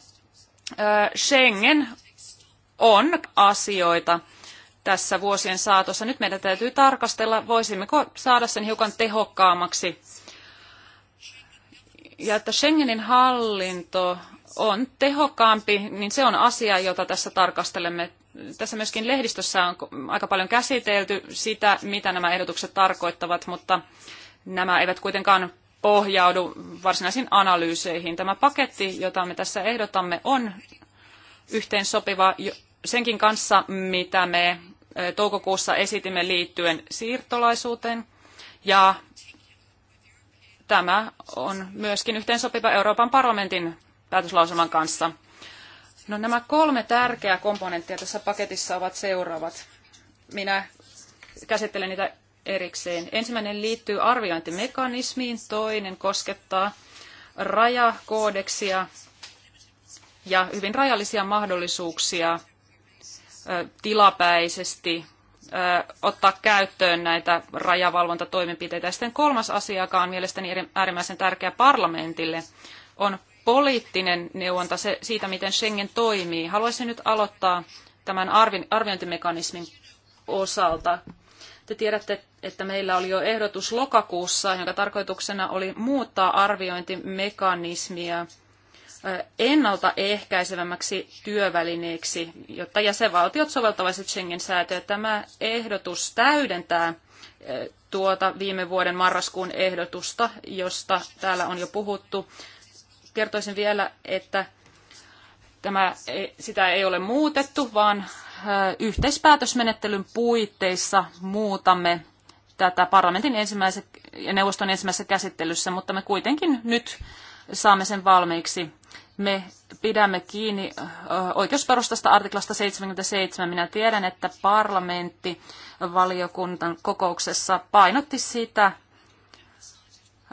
Schengen on asioita tässä vuosien saatossa. Nyt meidän täytyy tarkastella, voisimmeko saada sen hiukan tehokkaammaksi. Ja että Schengenin hallinto on tehokkaampi, niin se on asia, jota tässä tarkastelemme. Tässä myöskin lehdistössä on aika paljon käsitelty sitä, mitä nämä ehdotukset tarkoittavat, mutta nämä eivät kuitenkaan pohjaudu varsinaisiin analyyseihin. Tämä paketti, jota me tässä ehdotamme, on yhteensopiva senkin kanssa, mitä me toukokuussa esitimme liittyen siirtolaisuuteen. Ja tämä on myöskin yhteensopiva Euroopan parlamentin päätöslauselman kanssa. No, nämä kolme tärkeää komponenttia tässä paketissa ovat seuraavat. Minä käsittelen niitä erikseen. Ensimmäinen liittyy arviointimekanismiin, toinen koskettaa rajakoodeksia ja hyvin rajallisia mahdollisuuksia tilapäisesti ottaa käyttöön näitä rajavalvontatoimenpiteitä. Ja sitten kolmas asia, joka on mielestäni äärimmäisen tärkeä parlamentille, on poliittinen neuvonta se, siitä, miten Schengen toimii. Haluaisin nyt aloittaa tämän arviointimekanismin osalta. Te tiedätte, että meillä oli jo ehdotus lokakuussa, jonka tarkoituksena oli muuttaa arviointimekanismia ennaltaehkäisevämmäksi työvälineeksi, jotta jäsenvaltiot soveltavaiset Schengen-säätöjä. Tämä ehdotus täydentää tuota viime vuoden marraskuun ehdotusta, josta täällä on jo puhuttu. Kertoisin vielä, että tämä, sitä ei ole muutettu, vaan yhteispäätösmenettelyn puitteissa muutamme tätä parlamentin ensimmäisessä ja neuvoston ensimmäisessä käsittelyssä, mutta me kuitenkin nyt saamme sen valmiiksi. Me pidämme kiinni oikeusperustasta artiklasta 77. Minä tiedän, että parlamentti valiokunnan kokouksessa painotti sitä,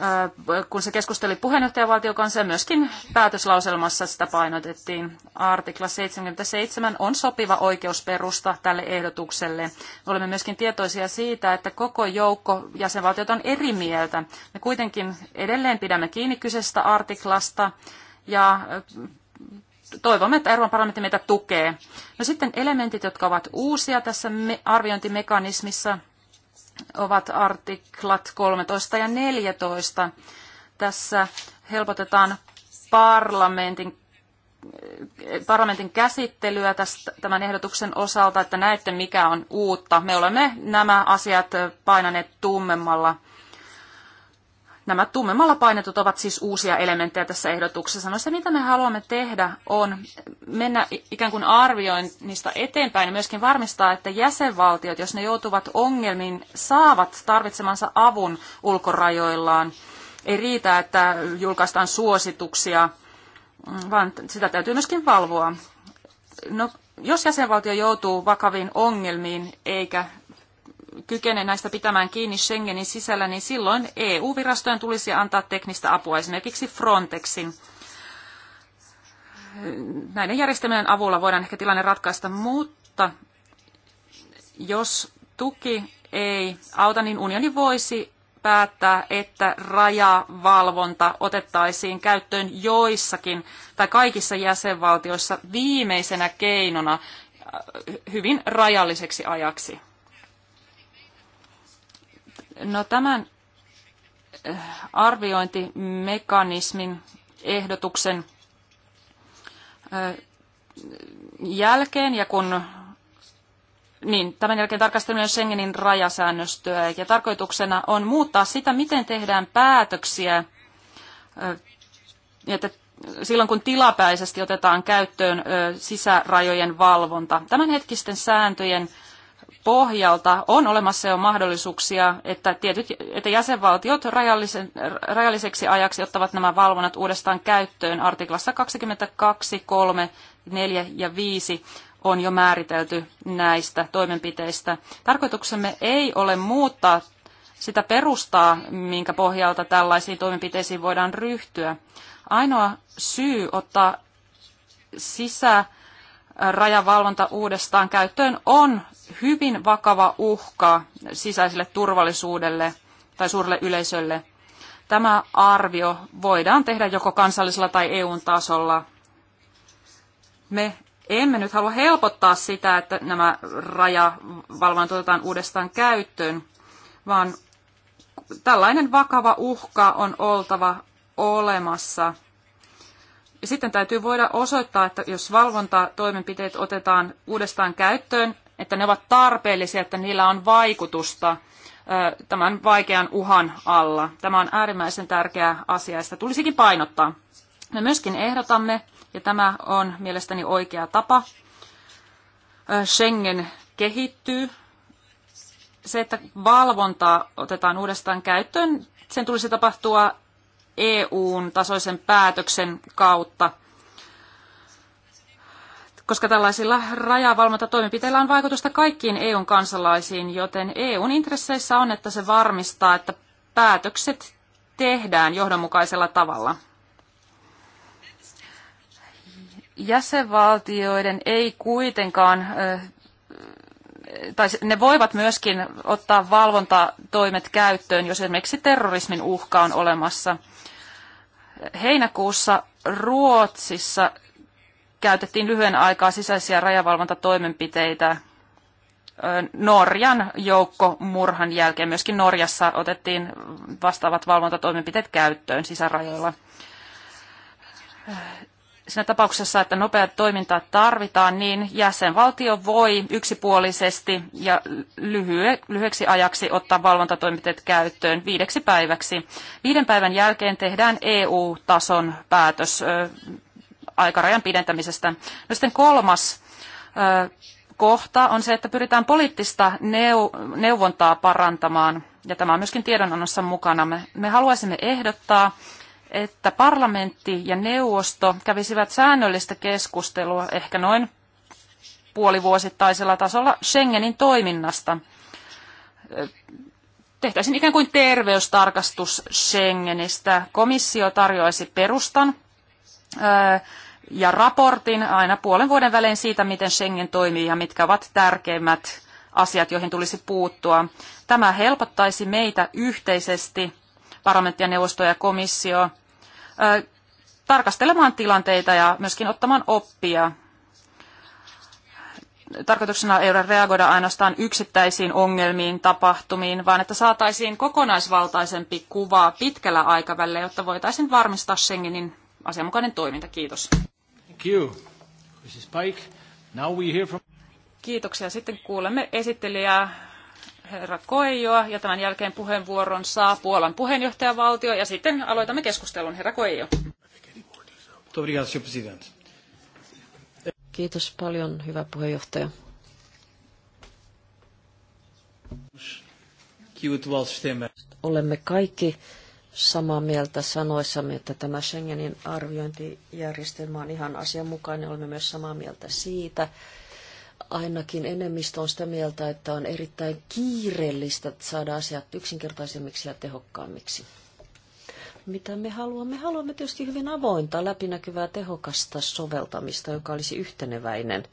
Äh, kun se keskusteli puheenjohtajavaltion kanssa ja myöskin päätöslauselmassa sitä painotettiin. Artikla 77 on sopiva oikeusperusta tälle ehdotukselle. Me Olemme myöskin tietoisia siitä, että koko joukko jäsenvaltiot on eri mieltä. Me kuitenkin edelleen pidämme kiinni kyseisestä artiklasta ja äh, toivomme, että Euroopan parlamentti meitä tukee. No sitten elementit, jotka ovat uusia tässä arviointimekanismissa – ovat artiklat 13 ja 14. Tässä helpotetaan parlamentin parlamentin käsittelyä tästä, tämän ehdotuksen osalta, että näette mikä on uutta. Me olemme nämä asiat painaneet tummemmalla Nämä tummemmalla painetut ovat siis uusia elementtejä tässä ehdotuksessa. No se, mitä me haluamme tehdä, on mennä ikään kuin arvioinnista eteenpäin ja myöskin varmistaa, että jäsenvaltiot, jos ne joutuvat ongelmiin, saavat tarvitsemansa avun ulkorajoillaan. Ei riitä, että julkaistaan suosituksia, mm, vaan sitä täytyy myöskin valvoa. No, jos jäsenvaltio joutuu vakaviin ongelmiin eikä kykene näistä pitämään kiinni Schengenin sisällä, niin silloin EU-virastojen tulisi antaa teknistä apua esimerkiksi Frontexin. Näiden järjestelmien avulla voidaan ehkä tilanne ratkaista, mutta jos tuki ei auta, niin unioni voisi päättää, että rajavalvonta otettaisiin käyttöön joissakin tai kaikissa jäsenvaltioissa viimeisenä keinona äh, hyvin rajalliseksi ajaksi. No tämän eh, arviointimekanismin ehdotuksen eh, jälkeen ja kun niin, tämän jälkeen tarkastelemme Schengenin rajasäännöstöä ja tarkoituksena on muuttaa sitä, miten tehdään päätöksiä, eh, että silloin kun tilapäisesti otetaan käyttöön sisärajojen valvonta. Tämänhetkisten sääntöjen pohjalta on olemassa jo mahdollisuuksia, että, tietyt, että jäsenvaltiot rajalliseksi ajaksi ottavat nämä valvonnat uudestaan käyttöön. Artiklassa 22, 3, 4 ja 5 on jo määritelty näistä toimenpiteistä. Tarkoituksemme ei ole muuttaa sitä perustaa, minkä pohjalta tällaisiin toimenpiteisiin voidaan ryhtyä. Ainoa syy ottaa sisä rajavalvonta uudestaan käyttöön on hyvin vakava uhka sisäiselle turvallisuudelle tai suurelle yleisölle. Tämä arvio voidaan tehdä joko kansallisella tai eu tasolla. Me emme nyt halua helpottaa sitä, että nämä rajavalvonnat otetaan uudestaan käyttöön, vaan tällainen vakava uhka on oltava olemassa – sitten täytyy voida osoittaa, että jos valvontatoimenpiteet otetaan uudestaan käyttöön, että ne ovat tarpeellisia, että niillä on vaikutusta tämän vaikean uhan alla. Tämä on äärimmäisen tärkeä asia ja sitä tulisikin painottaa. Me myöskin ehdotamme, ja tämä on mielestäni oikea tapa, Schengen kehittyy. Se, että valvontaa otetaan uudestaan käyttöön, sen tulisi tapahtua EUn tasoisen päätöksen kautta, koska tällaisilla rajavalvontatoimenpiteillä on vaikutusta kaikkiin EUn kansalaisiin, joten EUn intresseissä on, että se varmistaa, että päätökset tehdään johdonmukaisella tavalla. Jäsenvaltioiden ei kuitenkaan tai ne voivat myöskin ottaa valvontatoimet käyttöön, jos esimerkiksi terrorismin uhka on olemassa. Heinäkuussa Ruotsissa käytettiin lyhyen aikaa sisäisiä rajavalvontatoimenpiteitä Norjan joukkomurhan jälkeen. Myöskin Norjassa otettiin vastaavat valvontatoimenpiteet käyttöön sisärajoilla siinä tapauksessa, että nopeaa toimintaa tarvitaan, niin jäsenvaltio voi yksipuolisesti ja lyhye, lyhyeksi ajaksi ottaa valvontatoimenpiteet käyttöön viideksi päiväksi. Viiden päivän jälkeen tehdään EU-tason päätös ö, aikarajan pidentämisestä. No sitten kolmas ö, kohta on se, että pyritään poliittista neu- neuvontaa parantamaan, ja tämä on myöskin tiedonannossa mukana. Me, me haluaisimme ehdottaa, että parlamentti ja neuvosto kävisivät säännöllistä keskustelua ehkä noin puolivuosittaisella tasolla Schengenin toiminnasta. Tehtäisiin ikään kuin terveystarkastus Schengenistä. Komissio tarjoaisi perustan ja raportin aina puolen vuoden välein siitä, miten Schengen toimii ja mitkä ovat tärkeimmät asiat, joihin tulisi puuttua. Tämä helpottaisi meitä yhteisesti, parlamentti ja neuvosto ja komissio, tarkastelemaan tilanteita ja myöskin ottamaan oppia. Tarkoituksena ei ole reagoida ainoastaan yksittäisiin ongelmiin, tapahtumiin, vaan että saataisiin kokonaisvaltaisempi kuva pitkällä aikavälillä, jotta voitaisiin varmistaa Schengenin asianmukainen toiminta. Kiitos. Thank you. Mrs. Pike. Now we hear from... Kiitoksia. Sitten kuulemme esittelijää herra Koijoa ja tämän jälkeen puheenvuoron saa Puolan puheenjohtajavaltio ja sitten aloitamme keskustelun. Herra Koijo. Kiitos paljon, hyvä puheenjohtaja. Olemme kaikki samaa mieltä sanoissamme, että tämä Schengenin arviointijärjestelmä on ihan asianmukainen. Olemme myös samaa mieltä siitä, ainakin enemmistö on sitä mieltä, että on erittäin kiireellistä saada asiat yksinkertaisemmiksi ja tehokkaammiksi. Mitä me haluamme? Haluamme tietysti hyvin avointa, läpinäkyvää, tehokasta soveltamista, joka olisi yhteneväinen.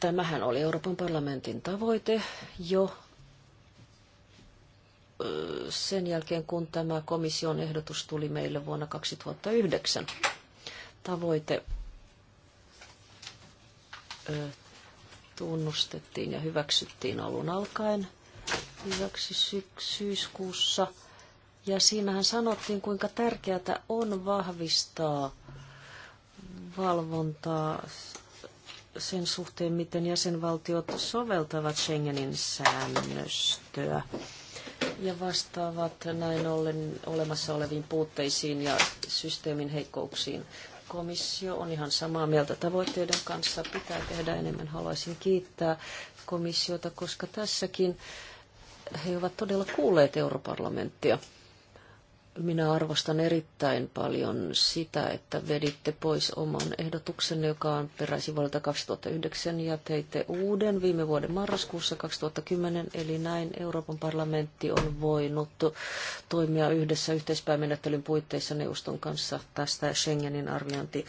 Tämähän oli Euroopan parlamentin tavoite jo sen jälkeen, kun tämä komission ehdotus tuli meille vuonna 2009. Tavoite tunnustettiin ja hyväksyttiin alun alkaen hyväksi sy- syyskuussa. Ja siinähän sanottiin, kuinka tärkeää on vahvistaa valvontaa sen suhteen, miten jäsenvaltiot soveltavat Schengenin säännöstöä ja vastaavat näin ollen olemassa oleviin puutteisiin ja systeemin heikkouksiin komissio on ihan samaa mieltä tavoitteiden kanssa. Pitää tehdä enemmän. Haluaisin kiittää komissiota, koska tässäkin he ovat todella kuulleet europarlamenttia. Minä arvostan erittäin paljon sitä, että veditte pois oman ehdotuksenne, joka on peräisin vuodelta 2009 ja teitte uuden viime vuoden marraskuussa 2010. Eli näin Euroopan parlamentti on voinut toimia yhdessä yhteispäämenettelyn puitteissa neuvoston kanssa tästä Schengenin arviointi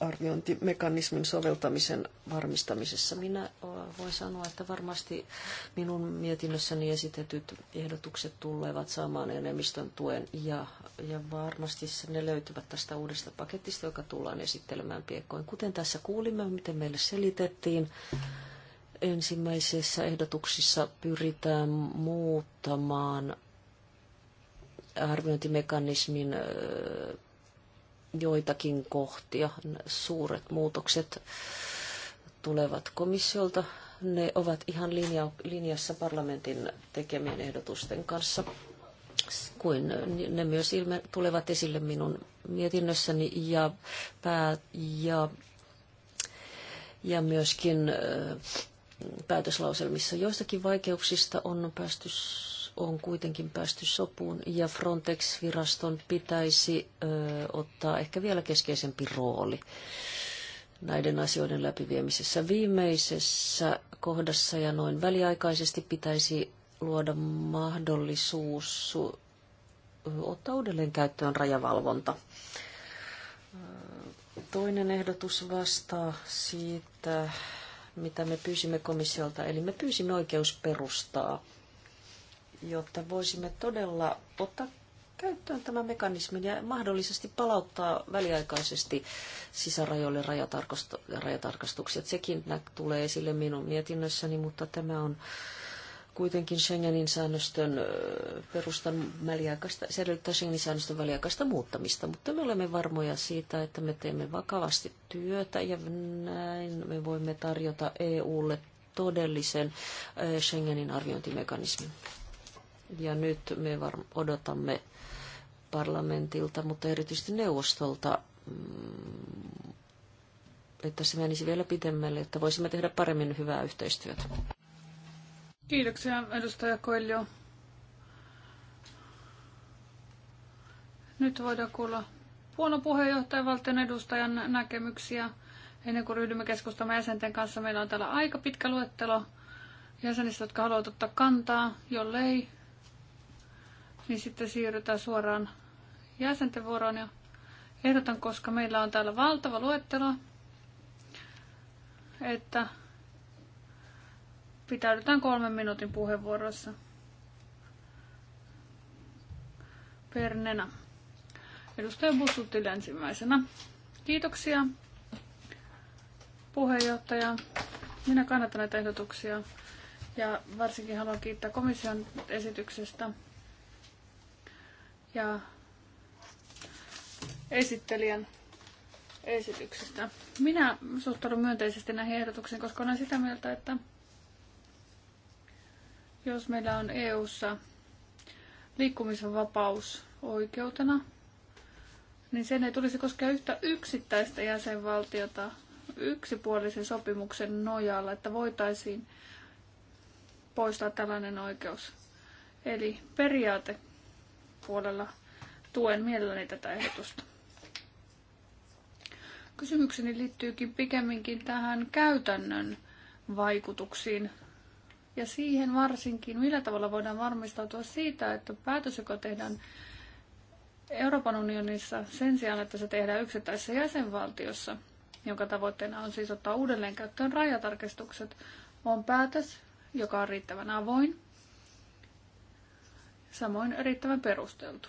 arviointimekanismin soveltamisen varmistamisessa. Minä voin sanoa, että varmasti minun mietinnössäni esitetyt ehdotukset tulevat saamaan enemmistön tuen ja, ja varmasti ne löytyvät tästä uudesta paketista, joka tullaan esittelemään piekkoin. Kuten tässä kuulimme, miten meille selitettiin, ensimmäisissä ehdotuksissa pyritään muuttamaan arviointimekanismin joitakin kohtia. Suuret muutokset tulevat komissiolta. Ne ovat ihan linja, linjassa parlamentin tekemien ehdotusten kanssa, kuin ne myös ilme, tulevat esille minun mietinnössäni ja, pää, ja, ja myöskin päätöslauselmissa. Joistakin vaikeuksista on päästy on kuitenkin päästy sopuun ja Frontex-viraston pitäisi ö, ottaa ehkä vielä keskeisempi rooli näiden asioiden läpiviemisessä. Viimeisessä kohdassa ja noin väliaikaisesti pitäisi luoda mahdollisuus ottaa uudelleen käyttöön rajavalvonta. Toinen ehdotus vastaa siitä, mitä me pyysimme komissiolta, eli me pyysimme oikeusperustaa jotta voisimme todella ottaa käyttöön tämän mekanismin ja mahdollisesti palauttaa väliaikaisesti sisärajoille rajatarkastukset. Sekin tulee esille minun mietinnössäni, mutta tämä on kuitenkin Schengenin säännöstön perustan väliaikaista, se edellyttää Schengenin säännöstön väliaikaista muuttamista, mutta me olemme varmoja siitä, että me teemme vakavasti työtä ja näin me voimme tarjota EUlle todellisen Schengenin arviointimekanismin. Ja nyt me varm- odotamme parlamentilta, mutta erityisesti neuvostolta, mm, että se menisi vielä pitemmälle, että voisimme tehdä paremmin hyvää yhteistyötä. Kiitoksia, edustaja Koelio. Nyt voidaan kuulla puolon puheenjohtajan valtion edustajan näkemyksiä. Ennen kuin ryhdymme keskustamaan jäsenten kanssa, meillä on täällä aika pitkä luettelo jäsenistä, jotka haluavat ottaa kantaa. Jollei niin sitten siirrytään suoraan jäsenten vuoroon ja ehdotan, koska meillä on täällä valtava luettelo, että pitäydytään kolmen minuutin puheenvuorossa. nenä. Edustaja Bussutti ensimmäisenä. Kiitoksia puheenjohtaja. Minä kannatan näitä ehdotuksia ja varsinkin haluan kiittää komission esityksestä ja esittelijän esityksestä. Minä suhtaudun myönteisesti näihin ehdotuksiin, koska olen sitä mieltä, että jos meillä on EU:ssa liikkumisen vapaus oikeutena, niin sen ei tulisi koskea yhtä yksittäistä jäsenvaltiota yksipuolisen sopimuksen nojalla, että voitaisiin poistaa tällainen oikeus. Eli periaate puolella. Tuen mielelläni tätä ehdotusta. Kysymykseni liittyykin pikemminkin tähän käytännön vaikutuksiin ja siihen varsinkin, millä tavalla voidaan varmistautua siitä, että päätös, joka tehdään Euroopan unionissa sen sijaan, että se tehdään yksittäisessä jäsenvaltiossa, jonka tavoitteena on siis ottaa uudelleen käyttöön rajatarkistukset, on päätös, joka on riittävän avoin, samoin erittäin perusteltu.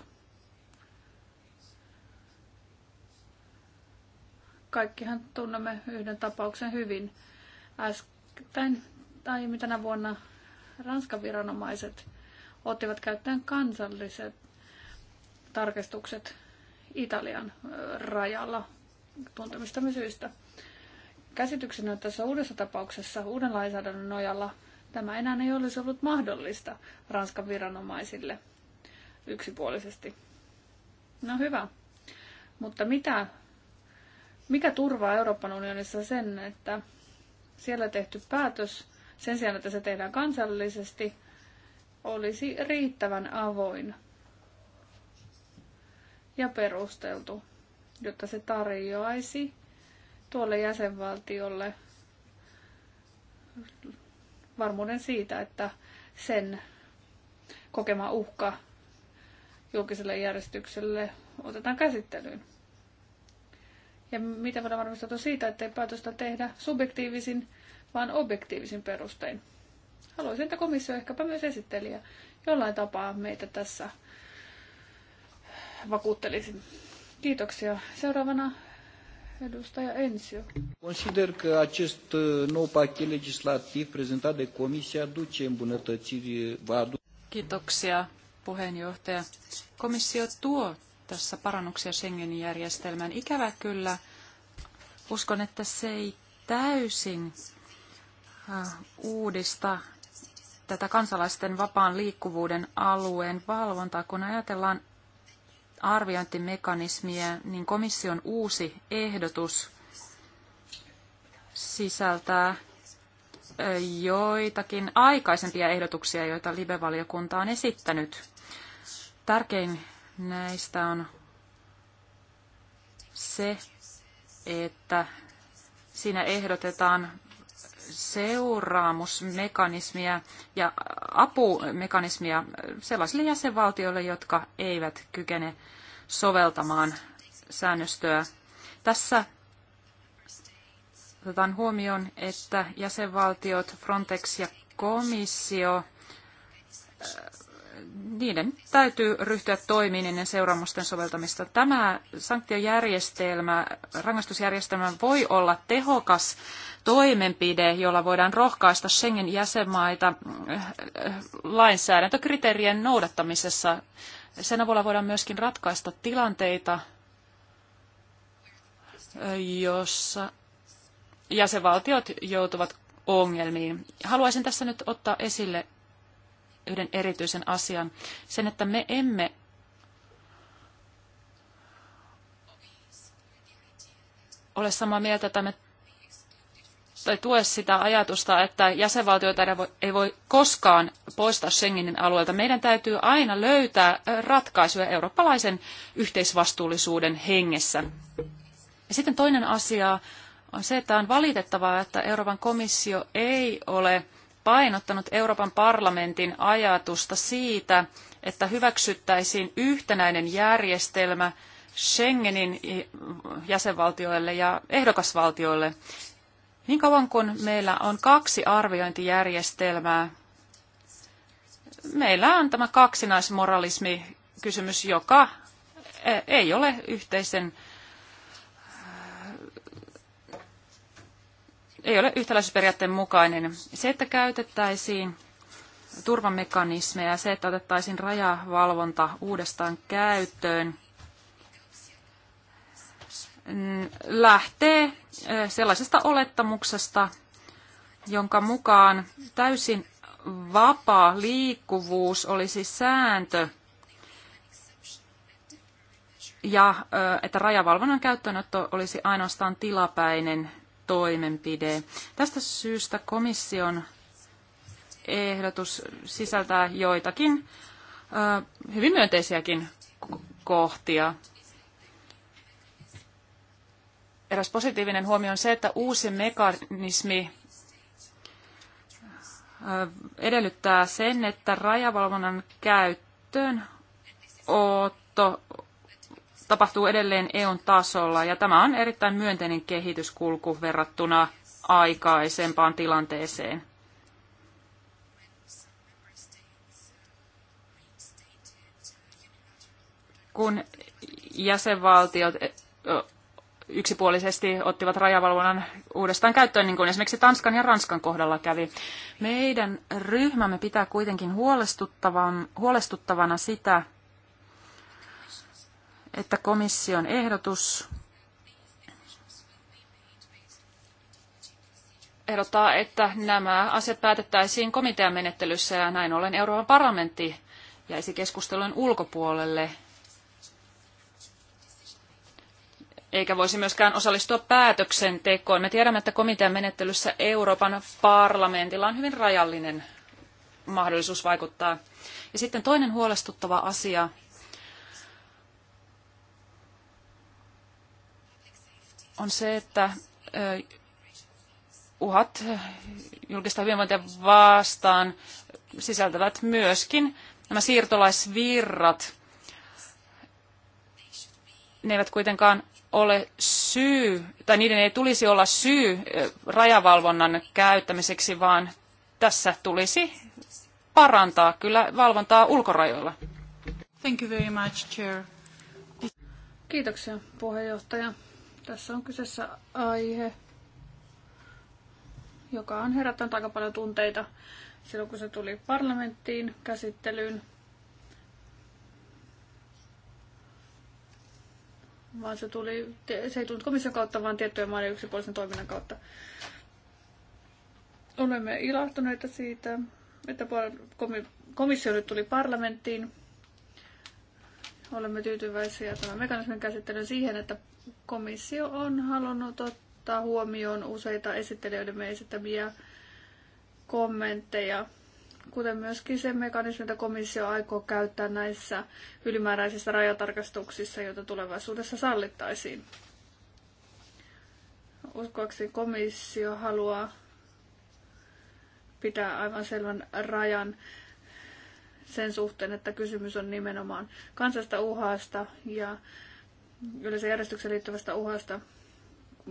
Kaikkihan tunnemme yhden tapauksen hyvin. Äskettäin mitä tänä vuonna Ranskan viranomaiset ottivat käyttöön kansalliset tarkastukset Italian rajalla tuntemistamme syistä. Käsityksenä tässä uudessa tapauksessa uuden lainsäädännön nojalla – Tämä enää ei olisi ollut mahdollista Ranskan viranomaisille yksipuolisesti. No hyvä. Mutta mitä, mikä turvaa Euroopan unionissa sen, että siellä tehty päätös, sen sijaan että se tehdään kansallisesti, olisi riittävän avoin ja perusteltu, jotta se tarjoaisi tuolle jäsenvaltiolle varmuuden siitä, että sen kokema uhka julkiselle järjestykselle otetaan käsittelyyn. Ja mitä voidaan varmistaa siitä, ettei päätöstä tehdä subjektiivisin, vaan objektiivisin perustein. Haluaisin, että komissio ehkäpä myös esittelijä jollain tapaa meitä tässä vakuuttelisi. Kiitoksia. Seuraavana Edustaja Ensio. Consider că acest uh, nou pachet legislativ prezentat de Comisie aduce îmbunătățiri, va aduce... Kiitoksia, puheenjohtaja. Komissio tuo tässä parannuksia Schengenin järjestelmään. Ikävä kyllä, uskon, että se ei täysin äh, uudista tätä kansalaisten vapaan liikkuvuuden alueen valvontaa, kun ajatellaan arviointimekanismia, niin komission uusi ehdotus sisältää joitakin aikaisempia ehdotuksia, joita live-valiokunta on esittänyt. Tärkein näistä on se, että siinä ehdotetaan seuraamusmekanismia ja apumekanismia sellaisille jäsenvaltioille, jotka eivät kykene soveltamaan säännöstöä. Tässä otetaan huomioon, että jäsenvaltiot, Frontex ja komissio niiden täytyy ryhtyä toimiin ennen seuraamusten soveltamista. Tämä sanktiojärjestelmä, rangaistusjärjestelmä voi olla tehokas toimenpide, jolla voidaan rohkaista Schengen-jäsenmaita eh, lainsäädäntökriteerien noudattamisessa. Sen avulla voidaan myöskin ratkaista tilanteita, eh, jossa jäsenvaltiot joutuvat ongelmiin. Haluaisin tässä nyt ottaa esille yhden erityisen asian. Sen, että me emme ole samaa mieltä, että me tai tue sitä ajatusta, että jäsenvaltioita ei voi koskaan poistaa Schengenin alueelta. Meidän täytyy aina löytää ratkaisuja eurooppalaisen yhteisvastuullisuuden hengessä. Ja sitten toinen asia on se, että on valitettavaa, että Euroopan komissio ei ole painottanut Euroopan parlamentin ajatusta siitä, että hyväksyttäisiin yhtenäinen järjestelmä Schengenin jäsenvaltioille ja ehdokasvaltioille. Niin kauan kun meillä on kaksi arviointijärjestelmää, meillä on tämä kaksinaismoralismi kysymys, joka ei ole yhteisen ei ole yhtäläisyysperiaatteen mukainen. Se, että käytettäisiin turvamekanismeja ja se, että otettaisiin rajavalvonta uudestaan käyttöön, mm, lähtee sellaisesta olettamuksesta, jonka mukaan täysin vapaa liikkuvuus olisi sääntö ja että rajavalvonnan käyttöönotto olisi ainoastaan tilapäinen toimenpide. Tästä syystä komission ehdotus sisältää joitakin hyvin myönteisiäkin kohtia. Eräs positiivinen huomio on se, että uusi mekanismi edellyttää sen, että rajavalvonnan käyttöön otto tapahtuu edelleen EUn tasolla ja tämä on erittäin myönteinen kehityskulku verrattuna aikaisempaan tilanteeseen. Kun jäsenvaltiot yksipuolisesti ottivat rajavalvonnan uudestaan käyttöön, niin kuin esimerkiksi Tanskan ja Ranskan kohdalla kävi. Meidän ryhmämme pitää kuitenkin huolestuttavan, huolestuttavana sitä, että komission ehdotus ehdottaa, että nämä asiat päätettäisiin komitean menettelyssä ja näin ollen Euroopan parlamentti jäisi keskustelun ulkopuolelle, eikä voisi myöskään osallistua päätöksentekoon. Me tiedämme, että komitean menettelyssä Euroopan parlamentilla on hyvin rajallinen mahdollisuus vaikuttaa. Ja sitten toinen huolestuttava asia on se, että uhat julkista hyvinvointia vastaan sisältävät myöskin nämä siirtolaisvirrat. Ne eivät kuitenkaan ole syy, tai niiden ei tulisi olla syy rajavalvonnan käyttämiseksi, vaan tässä tulisi parantaa kyllä valvontaa ulkorajoilla. Thank you very much, Chair. Kiitoksia puheenjohtaja. Tässä on kyseessä aihe, joka on herättänyt aika paljon tunteita silloin, kun se tuli parlamenttiin käsittelyyn. Vaan se, tuli, se ei tullut komission kautta, vaan tiettyjen maiden yksipuolisen toiminnan kautta. Olemme ilahtuneita siitä, että komissio nyt tuli parlamenttiin Olemme tyytyväisiä tämän mekanismin käsittelyyn siihen, että komissio on halunnut ottaa huomioon useita esittelijöidemme esittämiä kommentteja, kuten myöskin se mekanismi, jota komissio aikoo käyttää näissä ylimääräisissä rajatarkastuksissa, joita tulevaisuudessa sallittaisiin. Uskoakseni komissio haluaa pitää aivan selvän rajan sen suhteen, että kysymys on nimenomaan kansasta uhasta ja yleensä järjestykseen liittyvästä uhasta.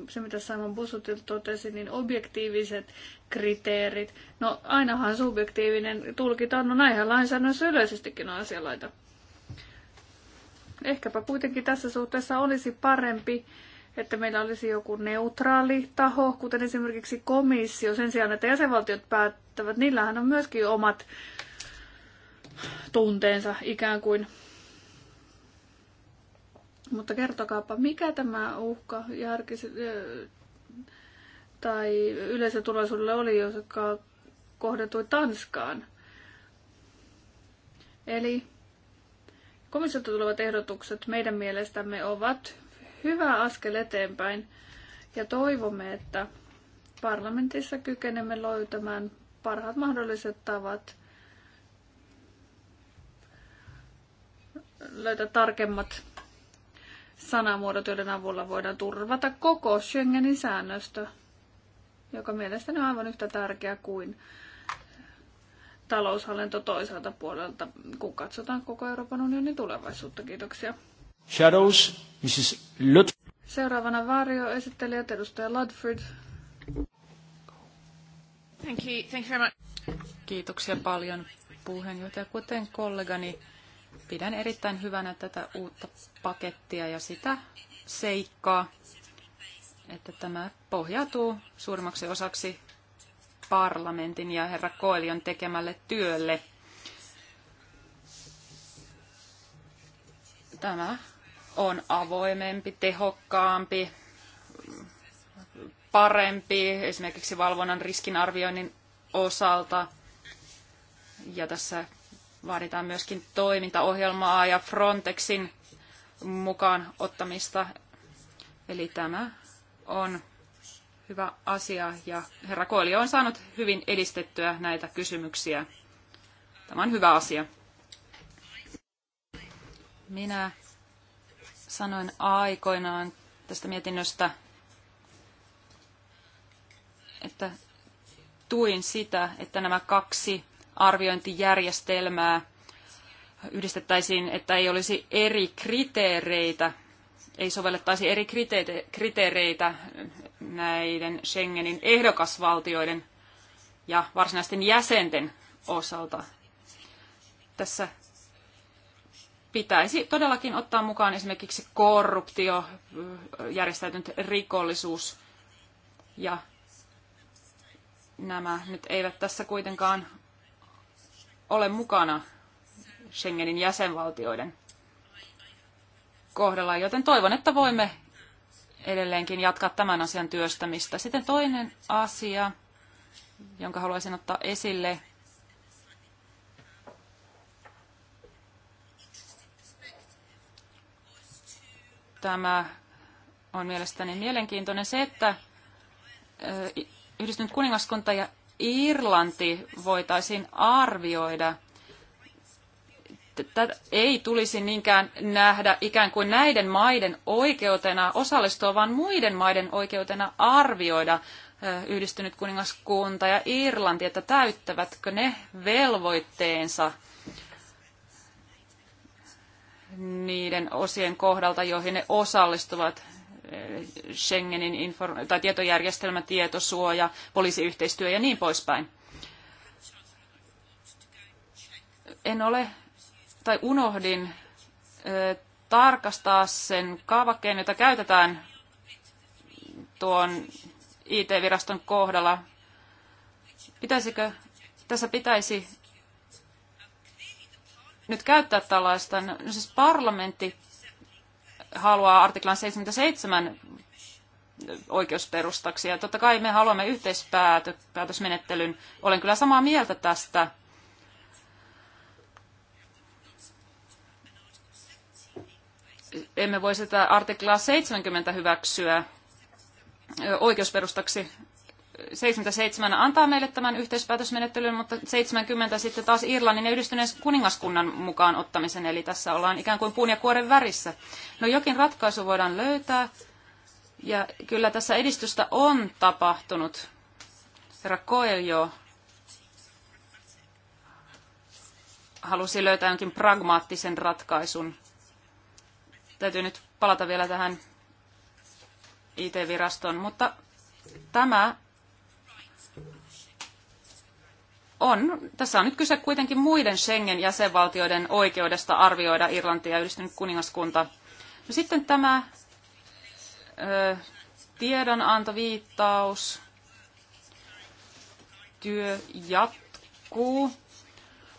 Se, mitä Simon Busutil totesi, niin objektiiviset kriteerit. No ainahan subjektiivinen tulkita no näinhän lainsäädännössä yleisestikin on asianlaita. Ehkäpä kuitenkin tässä suhteessa olisi parempi, että meillä olisi joku neutraali taho, kuten esimerkiksi komissio, sen sijaan, että jäsenvaltiot päättävät, niillähän on myöskin omat tunteensa ikään kuin. Mutta kertokaapa, mikä tämä uhka järkisi, tai yleisen turvallisuudelle oli, joka kohdentui Tanskaan. Eli komissiolta tulevat ehdotukset meidän mielestämme ovat hyvä askel eteenpäin ja toivomme, että parlamentissa kykenemme löytämään parhaat mahdolliset tavat löytää tarkemmat sanamuodot, joiden avulla voidaan turvata koko Schengenin säännöstö, joka mielestäni on aivan yhtä tärkeä kuin taloushallinto toiselta puolelta, kun katsotaan koko Euroopan unionin tulevaisuutta. Kiitoksia. Shadows, Mrs. Lut- Seuraavana Varjo, esittelijä edustaja Ludford. Thank you, thank you very much. Kiitoksia paljon puheenjohtaja. Kuten kollegani Pidän erittäin hyvänä tätä uutta pakettia ja sitä seikkaa, että tämä pohjautuu suurimmaksi osaksi parlamentin ja herra Koelion tekemälle työlle. Tämä on avoimempi, tehokkaampi, parempi esimerkiksi valvonnan riskinarvioinnin osalta. Ja tässä Vaaditaan myöskin toimintaohjelmaa ja Frontexin mukaan ottamista. Eli tämä on hyvä asia ja herra Koilio on saanut hyvin edistettyä näitä kysymyksiä. Tämä on hyvä asia. Minä sanoin aikoinaan tästä mietinnöstä, että tuin sitä, että nämä kaksi arviointijärjestelmää yhdistettäisiin, että ei olisi eri kriteereitä, ei sovellettaisi eri kriteereitä näiden Schengenin ehdokasvaltioiden ja varsinaisten jäsenten osalta. Tässä pitäisi todellakin ottaa mukaan esimerkiksi korruptio, järjestäytynyt rikollisuus ja nämä nyt eivät tässä kuitenkaan ole mukana Schengenin jäsenvaltioiden kohdalla, joten toivon, että voimme edelleenkin jatkaa tämän asian työstämistä. Sitten toinen asia, jonka haluaisin ottaa esille, tämä on mielestäni mielenkiintoinen se, että yhdistynyt kuningaskunta ja Irlanti voitaisiin arvioida – tätä ei tulisi niinkään nähdä ikään kuin näiden maiden oikeutena osallistua, vaan muiden maiden oikeutena arvioida yhdistynyt kuningaskunta ja Irlanti, että täyttävätkö ne velvoitteensa niiden osien kohdalta, joihin ne osallistuvat. Schengenin inform- tai tietojärjestelmä, tietosuoja, poliisiyhteistyö ja niin poispäin. En ole tai unohdin tarkastaa sen kaavakkeen, jota käytetään tuon IT-viraston kohdalla. Pitäisikö, tässä pitäisi nyt käyttää tällaista, no siis parlamentti haluaa artiklan 77 oikeusperustaksi. Ja totta kai me haluamme yhteispäätösmenettelyn. Olen kyllä samaa mieltä tästä. Emme voi sitä artiklaa 70 hyväksyä oikeusperustaksi, 77 antaa meille tämän yhteispäätösmenettelyn, mutta 70 sitten taas Irlannin ja yhdistyneen kuningaskunnan mukaan ottamisen, eli tässä ollaan ikään kuin puun ja kuoren värissä. No jokin ratkaisu voidaan löytää, ja kyllä tässä edistystä on tapahtunut. Herra Coelho halusi löytää jonkin pragmaattisen ratkaisun. Täytyy nyt palata vielä tähän it viraston, mutta tämä on, tässä on nyt kyse kuitenkin muiden Schengen-jäsenvaltioiden oikeudesta arvioida Irlantia ja yhdistynyt kuningaskunta. No sitten tämä ö, tiedonantoviittaus, työ jatkuu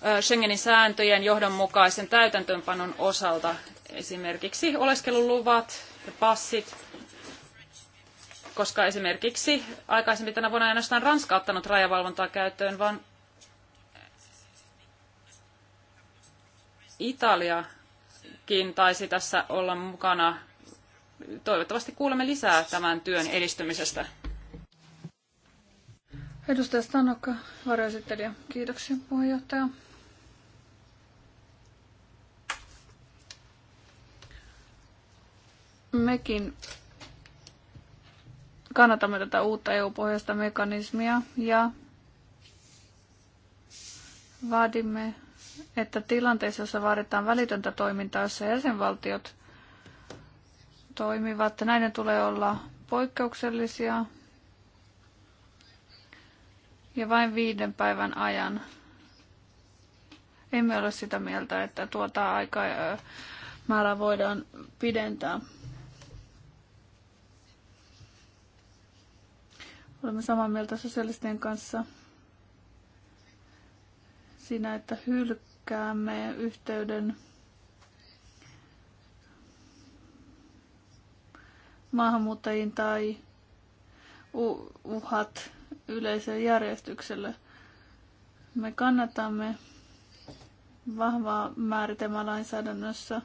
ö, Schengenin sääntöjen johdonmukaisen täytäntöönpanon osalta. Esimerkiksi oleskeluluvat ja passit koska esimerkiksi aikaisemmin tänä vuonna ei ainoastaan Ranska ottanut rajavalvontaa käyttöön, vaan Italiakin taisi tässä olla mukana. Toivottavasti kuulemme lisää tämän työn edistymisestä. Edustaja Stanokka, varjoesittelijä. Kiitoksia puheenjohtaja. Mekin kannatamme tätä uutta EU-pohjaista mekanismia ja vaadimme että tilanteessa, jossa vaaditaan välitöntä toimintaa, jossa jäsenvaltiot toimivat, näiden tulee olla poikkeuksellisia ja vain viiden päivän ajan. Emme ole sitä mieltä, että tuota aikaa määrää voidaan pidentää. Olemme samaa mieltä sosialistien kanssa siinä, että hyl- käymme yhteyden maahanmuuttajiin tai uhat yleiselle järjestykselle. Me kannatamme vahvaa määritelmää lainsäädännössä,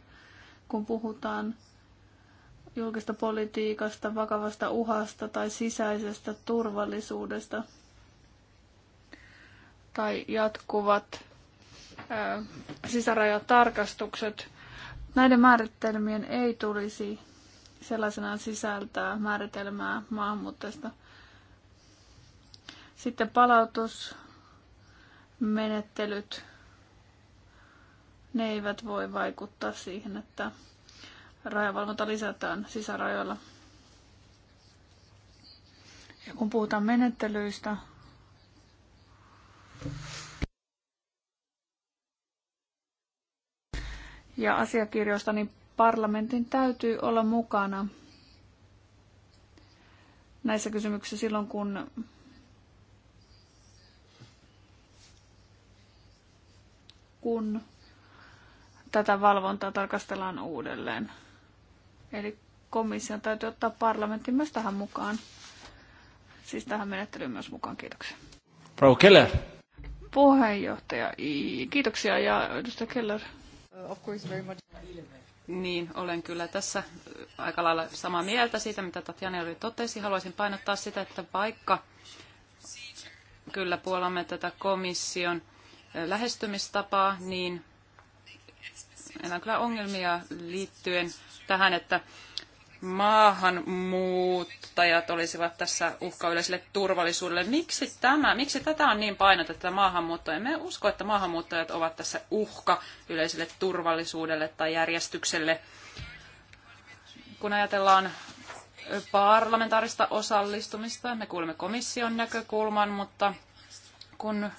kun puhutaan julkista politiikasta, vakavasta uhasta tai sisäisestä turvallisuudesta tai jatkuvat sisärajatarkastukset. Näiden määritelmien ei tulisi sellaisenaan sisältää määritelmää maahanmuuttajasta. Sitten palautusmenettelyt, ne eivät voi vaikuttaa siihen, että rajavalvonta lisätään sisärajoilla. Ja kun puhutaan menettelyistä, ja asiakirjoista, niin parlamentin täytyy olla mukana näissä kysymyksissä silloin, kun kun tätä valvontaa tarkastellaan uudelleen. Eli komission täytyy ottaa parlamentti myös tähän mukaan. Siis tähän menettelyyn myös mukaan. Kiitoksia. Frau Keller. Puheenjohtaja. Kiitoksia ja edustaja Keller. Niin, olen kyllä tässä aika lailla samaa mieltä siitä, mitä Tatjana oli totesi. Haluaisin painottaa sitä, että vaikka kyllä puolamme tätä komission lähestymistapaa, niin meillä on kyllä ongelmia liittyen tähän, että maahanmuuttajat olisivat tässä uhka yleiselle turvallisuudelle. Miksi tämä, miksi tätä on niin painotettu, tätä maahanmuuttoa? Me usko, että maahanmuuttajat ovat tässä uhka yleiselle turvallisuudelle tai järjestykselle. Kun ajatellaan parlamentaarista osallistumista, me kuulemme komission näkökulman, mutta kun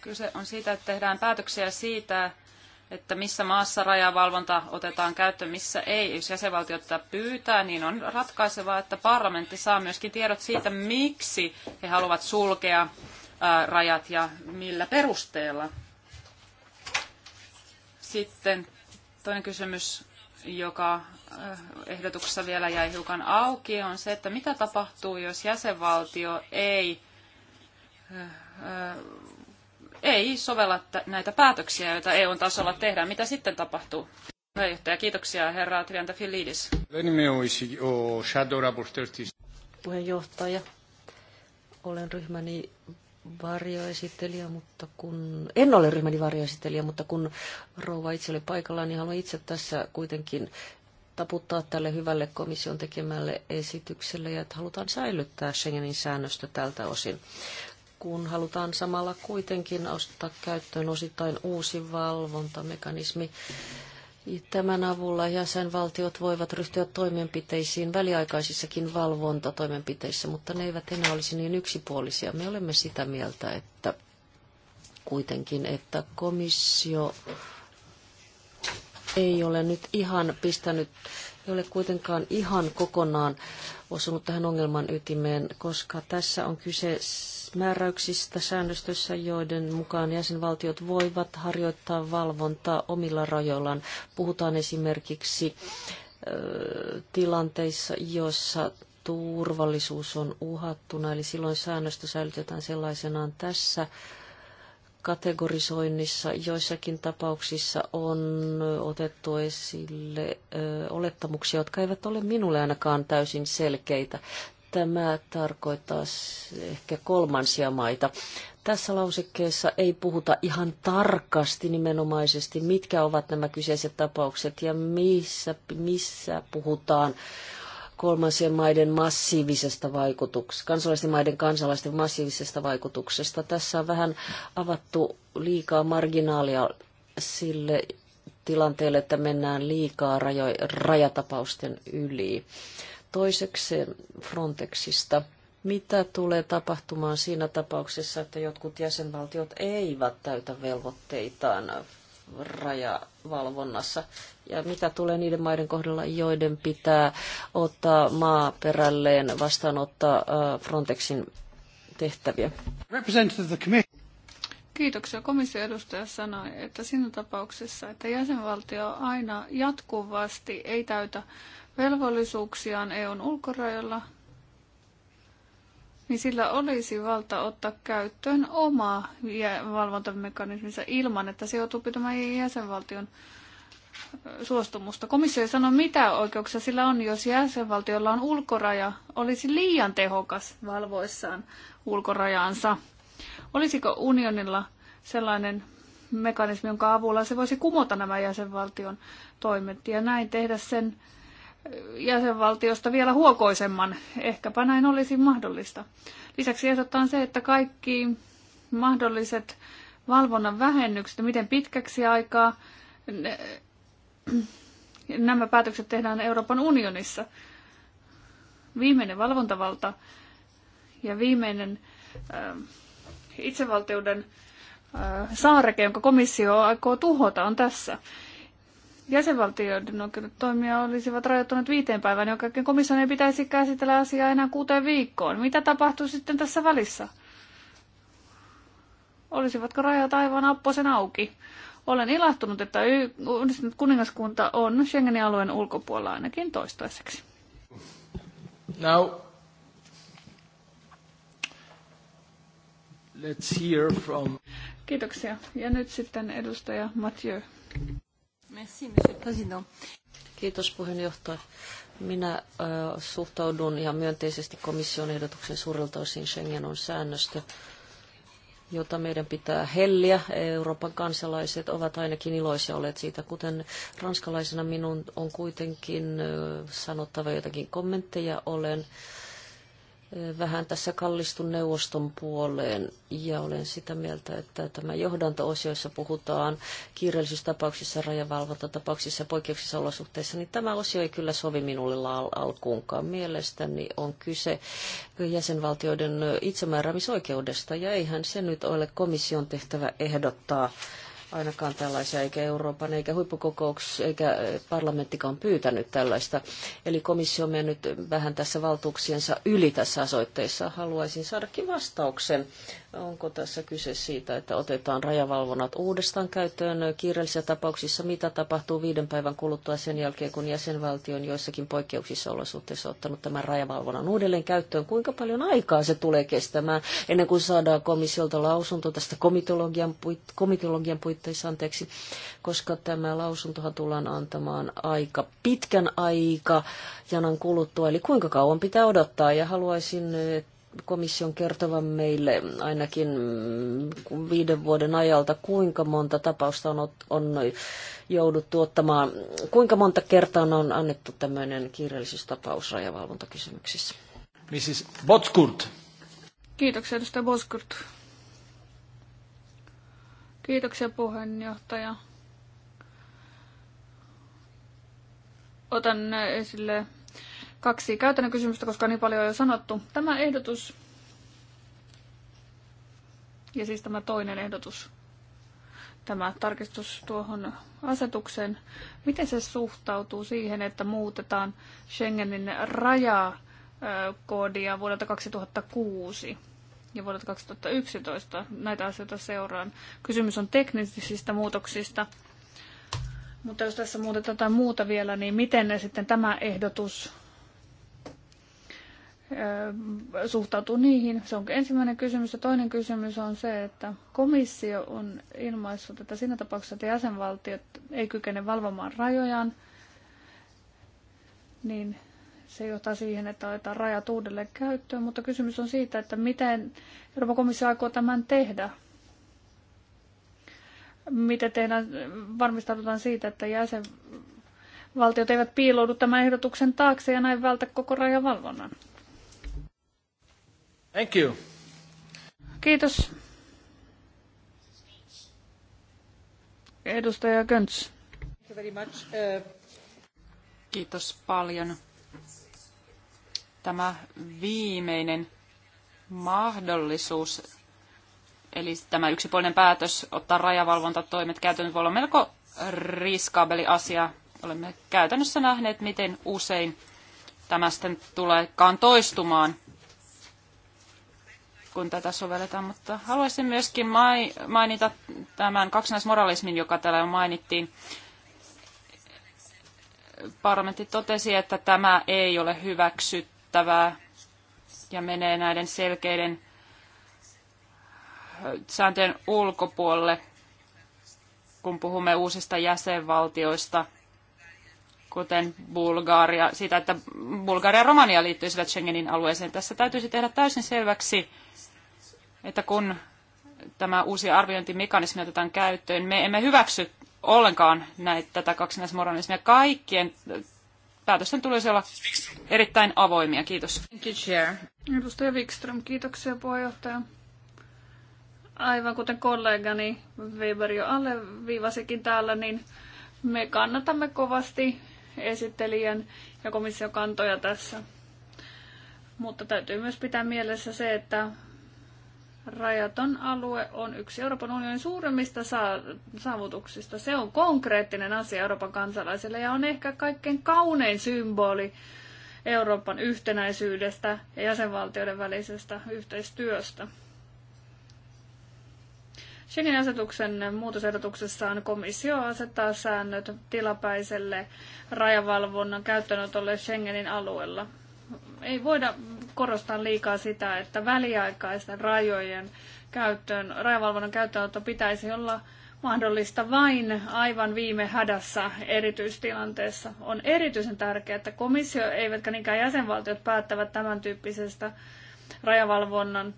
kyse on siitä, että tehdään päätöksiä siitä, että missä maassa rajavalvonta otetaan käyttöön, missä ei. Jos jäsenvaltio tätä pyytää, niin on ratkaisevaa, että parlamentti saa myöskin tiedot siitä, miksi he haluavat sulkea rajat ja millä perusteella. Sitten toinen kysymys, joka ehdotuksessa vielä jäi hiukan auki, on se, että mitä tapahtuu, jos jäsenvaltio ei ei sovella näitä päätöksiä, joita EUn tasolla tehdään. Mitä sitten tapahtuu? Puheenjohtaja, kiitoksia herra Triantafilidis. Puheenjohtaja, olen ryhmäni varjoesittelijä, mutta kun... En ole ryhmäni varjoesittelijä, mutta kun rouva itse oli paikalla, niin haluan itse tässä kuitenkin taputtaa tälle hyvälle komission tekemälle esitykselle ja että halutaan säilyttää Schengenin säännöstö tältä osin kun halutaan samalla kuitenkin ostaa käyttöön osittain uusi valvontamekanismi. Tämän avulla jäsenvaltiot voivat ryhtyä toimenpiteisiin väliaikaisissakin valvontatoimenpiteissä, mutta ne eivät enää olisi niin yksipuolisia. Me olemme sitä mieltä, että kuitenkin, että komissio ei ole nyt ihan pistänyt, ei ole kuitenkaan ihan kokonaan osunut tähän ongelman ytimeen, koska tässä on kyse määräyksistä säännöstössä, joiden mukaan jäsenvaltiot voivat harjoittaa valvontaa omilla rajoillaan. Puhutaan esimerkiksi tilanteissa, joissa turvallisuus on uhattuna, eli silloin säännöstö säilytetään sellaisenaan tässä kategorisoinnissa joissakin tapauksissa on otettu esille ö, olettamuksia, jotka eivät ole minulle ainakaan täysin selkeitä. Tämä tarkoittaa ehkä kolmansia maita. Tässä lausekkeessa ei puhuta ihan tarkasti nimenomaisesti, mitkä ovat nämä kyseiset tapaukset ja missä, missä puhutaan kolmansien maiden massiivisesta vaikutuksesta, kansalaisten maiden kansalaisten massiivisesta vaikutuksesta. Tässä on vähän avattu liikaa marginaalia sille tilanteelle, että mennään liikaa rajo, rajatapausten yli. Toiseksi Frontexista. Mitä tulee tapahtumaan siinä tapauksessa, että jotkut jäsenvaltiot eivät täytä velvoitteitaan rajavalvonnassa. Ja mitä tulee niiden maiden kohdalla, joiden pitää ottaa maaperälleen vastaanottaa äh, Frontexin tehtäviä? Kiitoksia. Komission edustaja sanoi, että siinä tapauksessa, että jäsenvaltio aina jatkuvasti ei täytä velvollisuuksiaan EUn ulkorajoilla, niin sillä olisi valta ottaa käyttöön oma valvontamekanisminsa ilman, että se joutuu pitämään jäsenvaltion suostumusta. Komissio ei sano, mitä oikeuksia sillä on, jos jäsenvaltiolla on ulkoraja, olisi liian tehokas valvoissaan ulkorajaansa. Olisiko unionilla sellainen mekanismi, jonka avulla se voisi kumota nämä jäsenvaltion toimet ja näin tehdä sen jäsenvaltiosta vielä huokoisemman. Ehkäpä näin olisi mahdollista. Lisäksi ehdottaa se, että kaikki mahdolliset valvonnan vähennykset, miten pitkäksi aikaa ne, nämä päätökset tehdään Euroopan unionissa. Viimeinen valvontavalta ja viimeinen äh, itsevaltiuden äh, saareke, jonka komissio aikoo tuhota, on tässä jäsenvaltioiden oikeudet toimia olisivat rajoittuneet viiteen päivään, joka jälkeen komission ei pitäisi käsitellä asiaa enää kuuteen viikkoon. Mitä tapahtuu sitten tässä välissä? Olisivatko rajat aivan apposen auki? Olen ilahtunut, että yhdistynyt kuningaskunta on Schengenin alueen ulkopuolella ainakin toistaiseksi. Now, let's hear from... Kiitoksia. Ja nyt sitten edustaja Mathieu. Kiitos puheenjohtaja. Minä äh, suhtaudun ihan myönteisesti komission ehdotuksen suurelta osin Schengen on säännöstö, jota meidän pitää helliä. Euroopan kansalaiset ovat ainakin iloisia olleet siitä. Kuten ranskalaisena minun on kuitenkin äh, sanottava jotakin kommentteja. Olen äh, vähän tässä kallistun neuvoston puoleen ja olen sitä mieltä, että tämä johdanto-osioissa puhutaan kiireellisyystapauksissa, rajavalvontatapauksissa ja poikkeuksissa olosuhteissa, niin tämä osio ei kyllä sovi minulle al- alkuunkaan. Mielestäni on kyse jäsenvaltioiden itsemääräämisoikeudesta ja eihän se nyt ole komission tehtävä ehdottaa ainakaan tällaisia, eikä Euroopan, eikä huippukokouks, eikä parlamenttikaan pyytänyt tällaista. Eli komissio on mennyt vähän tässä valtuuksiensa yli tässä asoitteessa. Haluaisin saadakin vastauksen. Onko tässä kyse siitä, että otetaan rajavalvonnat uudestaan käyttöön kiireellisissä tapauksissa? Mitä tapahtuu viiden päivän kuluttua sen jälkeen, kun jäsenvaltio on joissakin poikkeuksissa olosuhteissa ottanut tämän rajavalvonnan uudelleen käyttöön? Kuinka paljon aikaa se tulee kestämään ennen kuin saadaan komissiolta lausunto tästä komitologian, puit- komitologian puitteissa? puitteissa, anteeksi, koska tämä lausuntohan tullaan antamaan aika pitkän aika janan kuluttua, eli kuinka kauan pitää odottaa, ja haluaisin eh, komission kertovan meille ainakin mm, viiden vuoden ajalta, kuinka monta tapausta on, on jouduttu ottamaan, kuinka monta kertaa on annettu tämmöinen kirjallisuustapaus rajavalvontakysymyksissä. Mrs. Botskurt. Kiitoksia, edustaja Boskurt. Kiitoksia puheenjohtaja. Otan esille kaksi käytännön kysymystä, koska niin paljon on jo sanottu. Tämä ehdotus ja siis tämä toinen ehdotus, tämä tarkistus tuohon asetukseen, miten se suhtautuu siihen, että muutetaan Schengenin rajakoodia vuodelta 2006? ja vuodelta 2011. Näitä asioita seuraan. Kysymys on teknisistä muutoksista. Mutta jos tässä muutetaan jotain muuta vielä, niin miten ne sitten tämä ehdotus suhtautuu niihin? Se on ensimmäinen kysymys. Ja toinen kysymys on se, että komissio on ilmaissut, että siinä tapauksessa, että jäsenvaltiot ei kykene valvomaan rajojaan, niin se johtaa siihen, että otetaan rajat uudelleen käyttöön, mutta kysymys on siitä, että miten Euroopan komissio aikoo tämän tehdä. Miten tehdään, varmistaudutaan siitä, että jäsenvaltiot eivät piiloudu tämän ehdotuksen taakse ja näin vältä koko rajavalvonnan. Thank you. Kiitos. Edustaja Köns. Uh, Kiitos paljon tämä viimeinen mahdollisuus, eli tämä yksipuolinen päätös ottaa rajavalvontatoimet käytännössä voi olla melko riskaabeli asia. Olemme käytännössä nähneet, miten usein tämä sitten tuleekaan toistumaan, kun tätä sovelletaan. Mutta haluaisin myöskin mainita tämän kaksinaismoralismin, joka täällä jo mainittiin. Parlamentti totesi, että tämä ei ole hyväksytty ymmärrettävää ja menee näiden selkeiden sääntöjen ulkopuolelle, kun puhumme uusista jäsenvaltioista, kuten Bulgaria, siitä, että Bulgaria ja Romania liittyisivät Schengenin alueeseen. Tässä täytyisi tehdä täysin selväksi, että kun tämä uusi arviointimekanismi otetaan käyttöön, me emme hyväksy ollenkaan näitä, tätä kaksinaismoralismia. Kaikkien päätösten tulisi olla erittäin avoimia. Kiitos. Edustaja Wikström, kiitoksia puheenjohtaja. Aivan kuten kollegani Weber jo alleviivasikin täällä, niin me kannatamme kovasti esittelijän ja komission kantoja tässä. Mutta täytyy myös pitää mielessä se, että Rajaton alue on yksi Euroopan unionin suurimmista saavutuksista. Se on konkreettinen asia Euroopan kansalaisille ja on ehkä kaikkein kaunein symboli Euroopan yhtenäisyydestä ja jäsenvaltioiden välisestä yhteistyöstä. Schengen-asetuksen muutosehdotuksessaan komissio asettaa säännöt tilapäiselle rajavalvonnan käyttöönotolle Schengenin alueella ei voida korostaa liikaa sitä, että väliaikaisten rajojen käyttöön, rajavalvonnan käyttöönotto pitäisi olla mahdollista vain aivan viime hädässä erityistilanteessa. On erityisen tärkeää, että komissio eivätkä niinkään jäsenvaltiot päättävät tämän tyyppisestä rajavalvonnan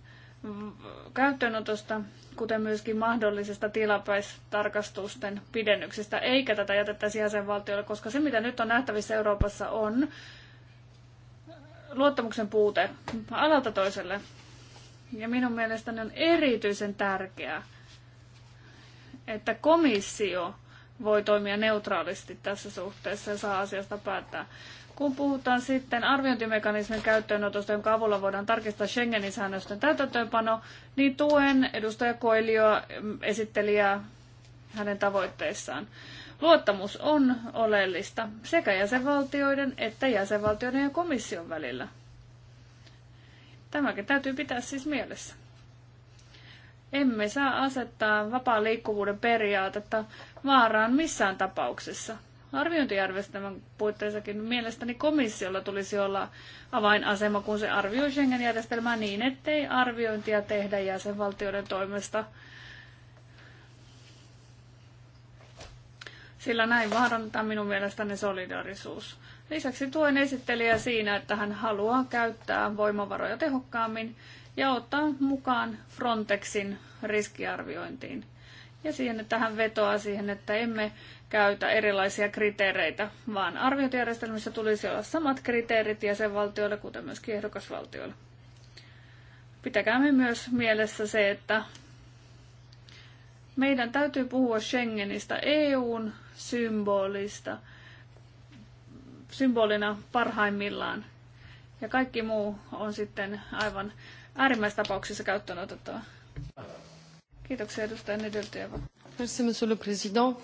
käyttöönotosta, kuten myöskin mahdollisesta tilapäistarkastusten pidennyksestä, eikä tätä jätettäisi jäsenvaltioille, koska se mitä nyt on nähtävissä Euroopassa on luottamuksen puute alalta toiselle. Ja minun mielestäni on erityisen tärkeää, että komissio voi toimia neutraalisti tässä suhteessa ja saa asiasta päättää. Kun puhutaan sitten arviointimekanismin käyttöönotosta, jonka avulla voidaan tarkistaa Schengenin säännösten täytäntöönpano, niin tuen edustaja Koilio esittelijää hänen tavoitteissaan. Luottamus on oleellista sekä jäsenvaltioiden että jäsenvaltioiden ja komission välillä. Tämäkin täytyy pitää siis mielessä. Emme saa asettaa vapaan liikkuvuuden periaatetta vaaraan missään tapauksessa. Arviointijärjestelmän puitteissakin mielestäni komissiolla tulisi olla avainasema, kun se arvioi Schengen-järjestelmää niin, ettei arviointia tehdä jäsenvaltioiden toimesta – sillä näin vaarantaa minun mielestäni solidarisuus. Lisäksi tuen esittelijä siinä, että hän haluaa käyttää voimavaroja tehokkaammin ja ottaa mukaan Frontexin riskiarviointiin. Ja siihen, että hän vetoaa siihen, että emme käytä erilaisia kriteereitä, vaan arviointijärjestelmissä tulisi olla samat kriteerit jäsenvaltioille, kuten myös ehdokasvaltioille. Pitäkäämme myös mielessä se, että meidän täytyy puhua Schengenistä EUn symbolista, symbolina parhaimmillaan. Ja kaikki muu on sitten aivan tapauksessa käyttöön otettava. Kiitoksia edustaja Nedeltyevä. Merci, monsieur le président.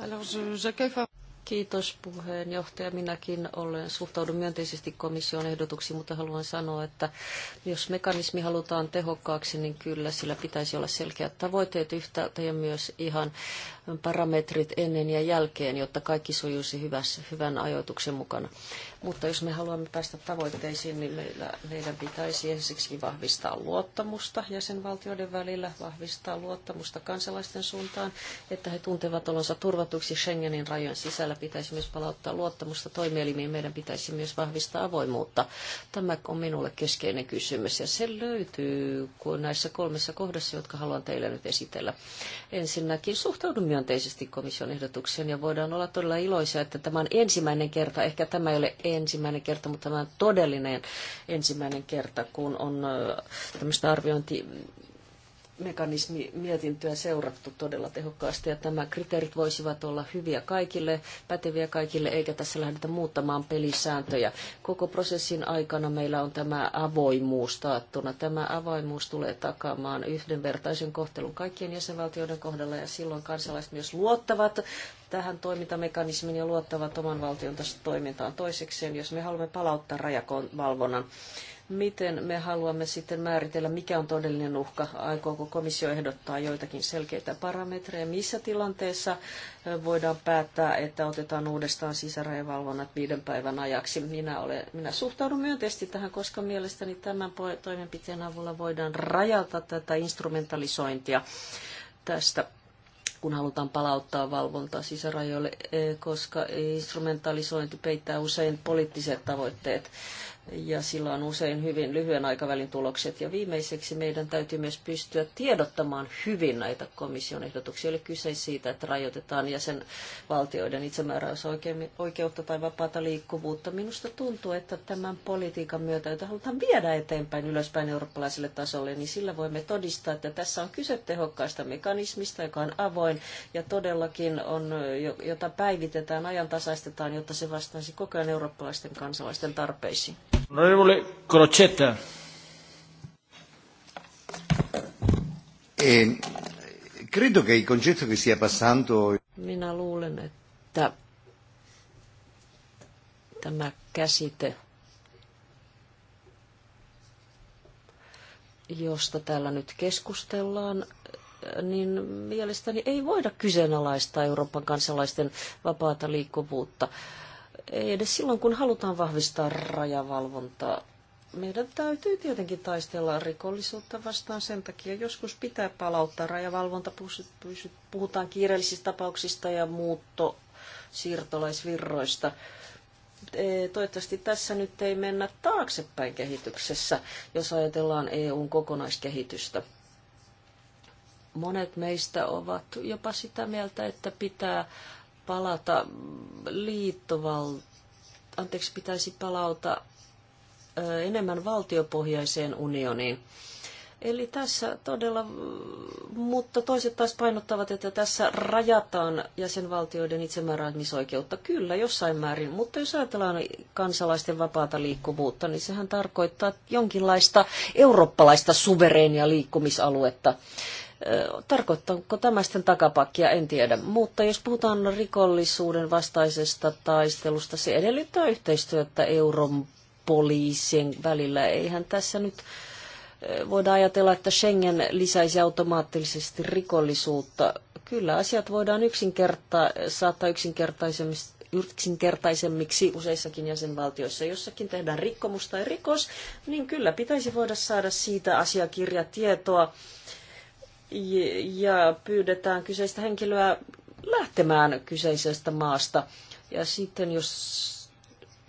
Alors, j'accueille Kiitos puheenjohtaja. Minäkin olen, suhtaudun myönteisesti komission ehdotuksiin, mutta haluan sanoa, että jos mekanismi halutaan tehokkaaksi, niin kyllä sillä pitäisi olla selkeät tavoitteet yhtäältä ja myös ihan parametrit ennen ja jälkeen, jotta kaikki sujuisi hyvän ajoituksen mukana. Mutta jos me haluamme päästä tavoitteisiin, niin meillä, meidän pitäisi ensiksi vahvistaa luottamusta jäsenvaltioiden välillä, vahvistaa luottamusta kansalaisten suuntaan, että he tuntevat olonsa turvatuksi Schengenin rajojen sisällä. Pitäisi myös palauttaa luottamusta toimielimiin. Meidän pitäisi myös vahvistaa avoimuutta. Tämä on minulle keskeinen kysymys ja se löytyy kun näissä kolmessa kohdassa, jotka haluan teille nyt esitellä. Ensinnäkin suhtaudun myönteisesti komission ehdotukseen ja voidaan olla todella iloisia, että tämä on ensimmäinen kerta, ehkä tämä ei ole ensimmäinen kerta, mutta tämä on todellinen ensimmäinen kerta, kun on tämmöistä arviointi mekanismi seurattu todella tehokkaasti ja tämä kriteerit voisivat olla hyviä kaikille, päteviä kaikille, eikä tässä lähdetä muuttamaan pelisääntöjä. Koko prosessin aikana meillä on tämä avoimuus taattuna. Tämä avoimuus tulee takaamaan yhdenvertaisen kohtelun kaikkien jäsenvaltioiden kohdalla ja silloin kansalaiset myös luottavat tähän toimintamekanismiin ja luottavat oman valtiontansa toimintaan. Toisekseen, jos me haluamme palauttaa rajavalvonnan, miten me haluamme sitten määritellä, mikä on todellinen uhka? Aikooko komissio ehdottaa joitakin selkeitä parametreja? Missä tilanteessa voidaan päättää, että otetaan uudestaan sisärajavalvonnat viiden päivän ajaksi? Minä, olen, minä suhtaudun myönteisesti tähän, koska mielestäni tämän toimenpiteen avulla voidaan rajata tätä instrumentalisointia tästä kun halutaan palauttaa valvontaa sisärajoille, eh, koska instrumentalisointi peittää usein poliittiset tavoitteet ja sillä on usein hyvin lyhyen aikavälin tulokset. Ja viimeiseksi meidän täytyy myös pystyä tiedottamaan hyvin näitä komission ehdotuksia. Eli kyse siitä, että rajoitetaan jäsenvaltioiden itsemääräysoikeutta tai vapaata liikkuvuutta. Minusta tuntuu, että tämän politiikan myötä, jota halutaan viedä eteenpäin ylöspäin eurooppalaiselle tasolle, niin sillä voimme todistaa, että tässä on kyse tehokkaista mekanismista, joka on avoin ja todellakin on, jota päivitetään, ajantasaistetaan, jotta se vastaisi koko ajan eurooppalaisten kansalaisten tarpeisiin. Onorevole Crocetta. Eh, credo che il concetto che Minä luulen, että tämä käsite, josta täällä nyt keskustellaan, niin mielestäni ei voida kyseenalaistaa Euroopan kansalaisten vapaata liikkuvuutta ei edes silloin, kun halutaan vahvistaa rajavalvontaa. Meidän täytyy tietenkin taistella rikollisuutta vastaan sen takia. Joskus pitää palauttaa rajavalvonta. Puhutaan kiireellisistä tapauksista ja muutto siirtolaisvirroista. Eh, toivottavasti tässä nyt ei mennä taaksepäin kehityksessä, jos ajatellaan EUn kokonaiskehitystä. Monet meistä ovat jopa sitä mieltä, että pitää palata liittoval... Anteeksi, pitäisi palauta enemmän valtiopohjaiseen unioniin. Eli tässä todella, mutta toiset taas painottavat, että tässä rajataan jäsenvaltioiden itsemääräämisoikeutta. Kyllä, jossain määrin, mutta jos ajatellaan kansalaisten vapaata liikkuvuutta, niin sehän tarkoittaa jonkinlaista eurooppalaista suvereenia liikkumisaluetta. Tarkoittaako tämä sitten takapakkia, en tiedä. Mutta jos puhutaan rikollisuuden vastaisesta taistelusta, se edellyttää yhteistyötä euron poliisien välillä. Eihän tässä nyt voida ajatella, että Schengen lisäisi automaattisesti rikollisuutta. Kyllä asiat voidaan yksinkerta, saattaa yksinkertaisemmista yksinkertaisemmiksi useissakin jäsenvaltioissa. Jossakin tehdään rikkomus tai rikos, niin kyllä pitäisi voida saada siitä asiakirjatietoa tietoa ja pyydetään kyseistä henkilöä lähtemään kyseisestä maasta. Ja sitten jos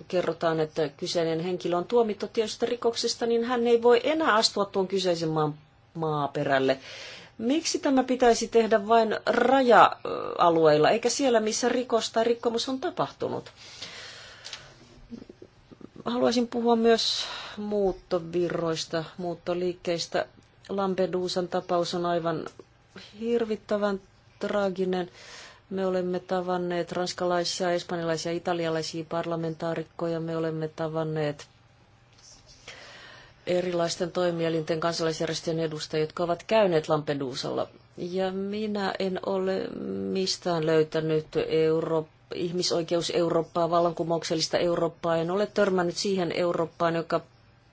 kerrotaan, että kyseinen henkilö on tuomittu tietystä rikoksesta, niin hän ei voi enää astua tuon kyseisen maan maaperälle. Miksi tämä pitäisi tehdä vain raja-alueilla, eikä siellä, missä rikos tai rikkomus on tapahtunut? Haluaisin puhua myös muuttovirroista, muuttoliikkeistä. Lampedusan tapaus on aivan hirvittävän traaginen. Me olemme tavanneet ranskalaisia, espanjalaisia, italialaisia parlamentaarikkoja. Me olemme tavanneet erilaisten toimielinten kansalaisjärjestöjen edustajia, jotka ovat käyneet Lampedusalla. Ja minä en ole mistään löytänyt Eurooppa ihmisoikeus Eurooppaa, vallankumouksellista Eurooppaa. En ole törmännyt siihen Eurooppaan, joka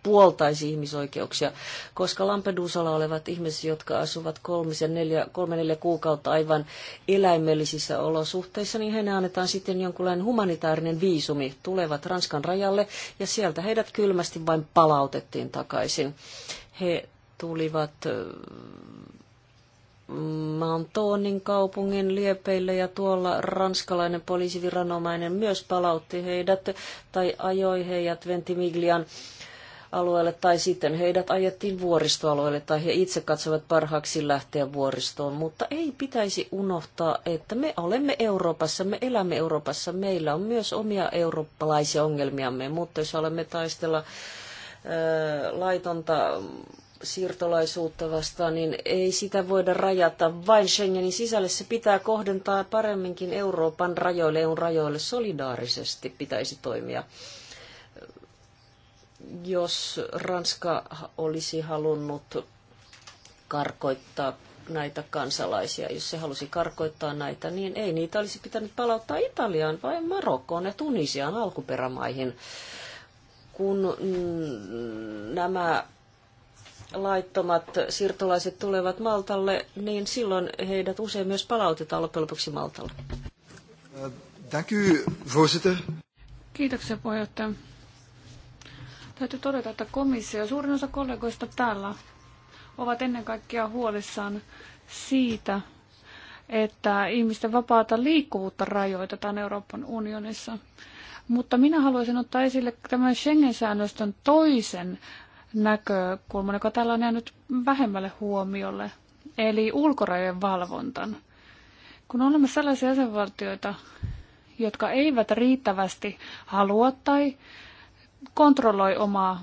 puoltaisi ihmisoikeuksia, koska Lampedusalla olevat ihmiset, jotka asuvat kolmisen, neljä, kolme neljä kuukautta aivan eläimellisissä olosuhteissa, niin heidän annetaan sitten jonkunlainen humanitaarinen viisumi, tulevat Ranskan rajalle ja sieltä heidät kylmästi vain palautettiin takaisin. He tulivat Mantonin kaupungin liepeille ja tuolla ranskalainen poliisiviranomainen myös palautti heidät tai ajoi heidät Ventimiglian äh, alueelle tai sitten heidät ajettiin vuoristoalueelle tai he itse katsovat parhaaksi lähteä vuoristoon. Mutta ei pitäisi unohtaa, että me olemme Euroopassa, me elämme Euroopassa, meillä on myös omia eurooppalaisia ongelmiamme, mutta jos olemme taistella ää, laitonta siirtolaisuutta vastaan, niin ei sitä voida rajata vain Schengenin sisälle. Se pitää kohdentaa paremminkin Euroopan rajoille, EUn rajoille solidaarisesti pitäisi toimia jos Ranska olisi halunnut karkoittaa näitä kansalaisia, jos se halusi karkoittaa näitä, niin ei niitä olisi pitänyt palauttaa Italiaan vai Marokkoon ja Tunisiaan alkuperämaihin. Kun nämä laittomat siirtolaiset tulevat Maltalle, niin silloin heidät usein myös palautetaan loppujen lopuksi Maltalle. Äh, Kiitoksia puheenjohtaja. Täytyy todeta, että komissio ja suurin osa kollegoista täällä ovat ennen kaikkea huolissaan siitä, että ihmisten vapaata liikkuvuutta rajoitetaan Euroopan unionissa. Mutta minä haluaisin ottaa esille tämän Schengen-säännöstön toisen näkökulman, joka täällä on jäänyt vähemmälle huomiolle, eli ulkorajojen valvontan. Kun olemme sellaisia jäsenvaltioita, jotka eivät riittävästi halua tai kontrolloi omaa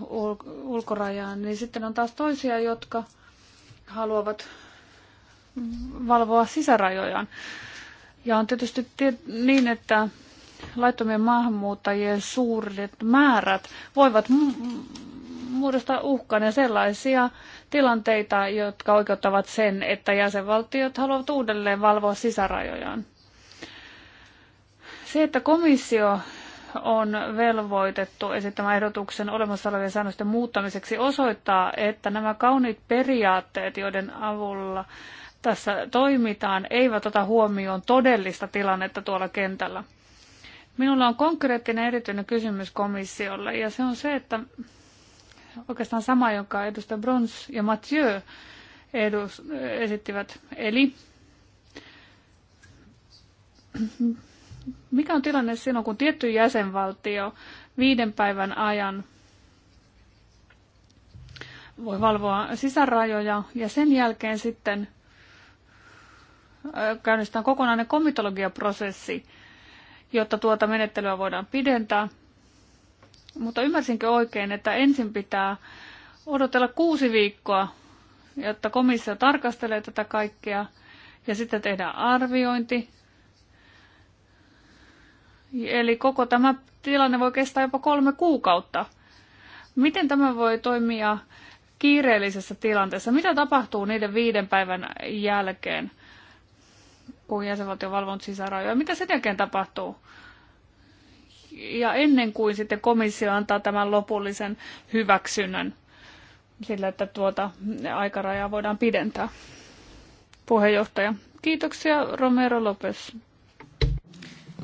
ulkorajaa, niin sitten on taas toisia, jotka haluavat valvoa sisärajojaan. Ja on tietysti niin, että laittomien maahanmuuttajien suuret määrät voivat muodostaa uhkan ja sellaisia tilanteita, jotka oikeuttavat sen, että jäsenvaltiot haluavat uudelleen valvoa sisärajojaan. Se, että komissio on velvoitettu esittämään ehdotuksen olemassa olevien säännösten muuttamiseksi osoittaa, että nämä kauniit periaatteet, joiden avulla tässä toimitaan, eivät ota huomioon todellista tilannetta tuolla kentällä. Minulla on konkreettinen erityinen kysymys komissiolle, ja se on se, että oikeastaan sama, jonka edustaja Brons ja Mathieu edus, esittivät, eli mikä on tilanne silloin, kun tietty jäsenvaltio viiden päivän ajan voi valvoa sisärajoja ja sen jälkeen sitten käynnistetään kokonainen komitologiaprosessi, jotta tuota menettelyä voidaan pidentää. Mutta ymmärsinkö oikein, että ensin pitää odotella kuusi viikkoa, jotta komissio tarkastelee tätä kaikkea ja sitten tehdään arviointi Eli koko tämä tilanne voi kestää jopa kolme kuukautta. Miten tämä voi toimia kiireellisessä tilanteessa? Mitä tapahtuu niiden viiden päivän jälkeen, kun jäsenvaltio on valvonut sisärajoja? Mitä sen jälkeen tapahtuu? Ja ennen kuin sitten komissio antaa tämän lopullisen hyväksynnän sillä, että tuota aikarajaa voidaan pidentää. Puheenjohtaja. Kiitoksia Romero Lopes.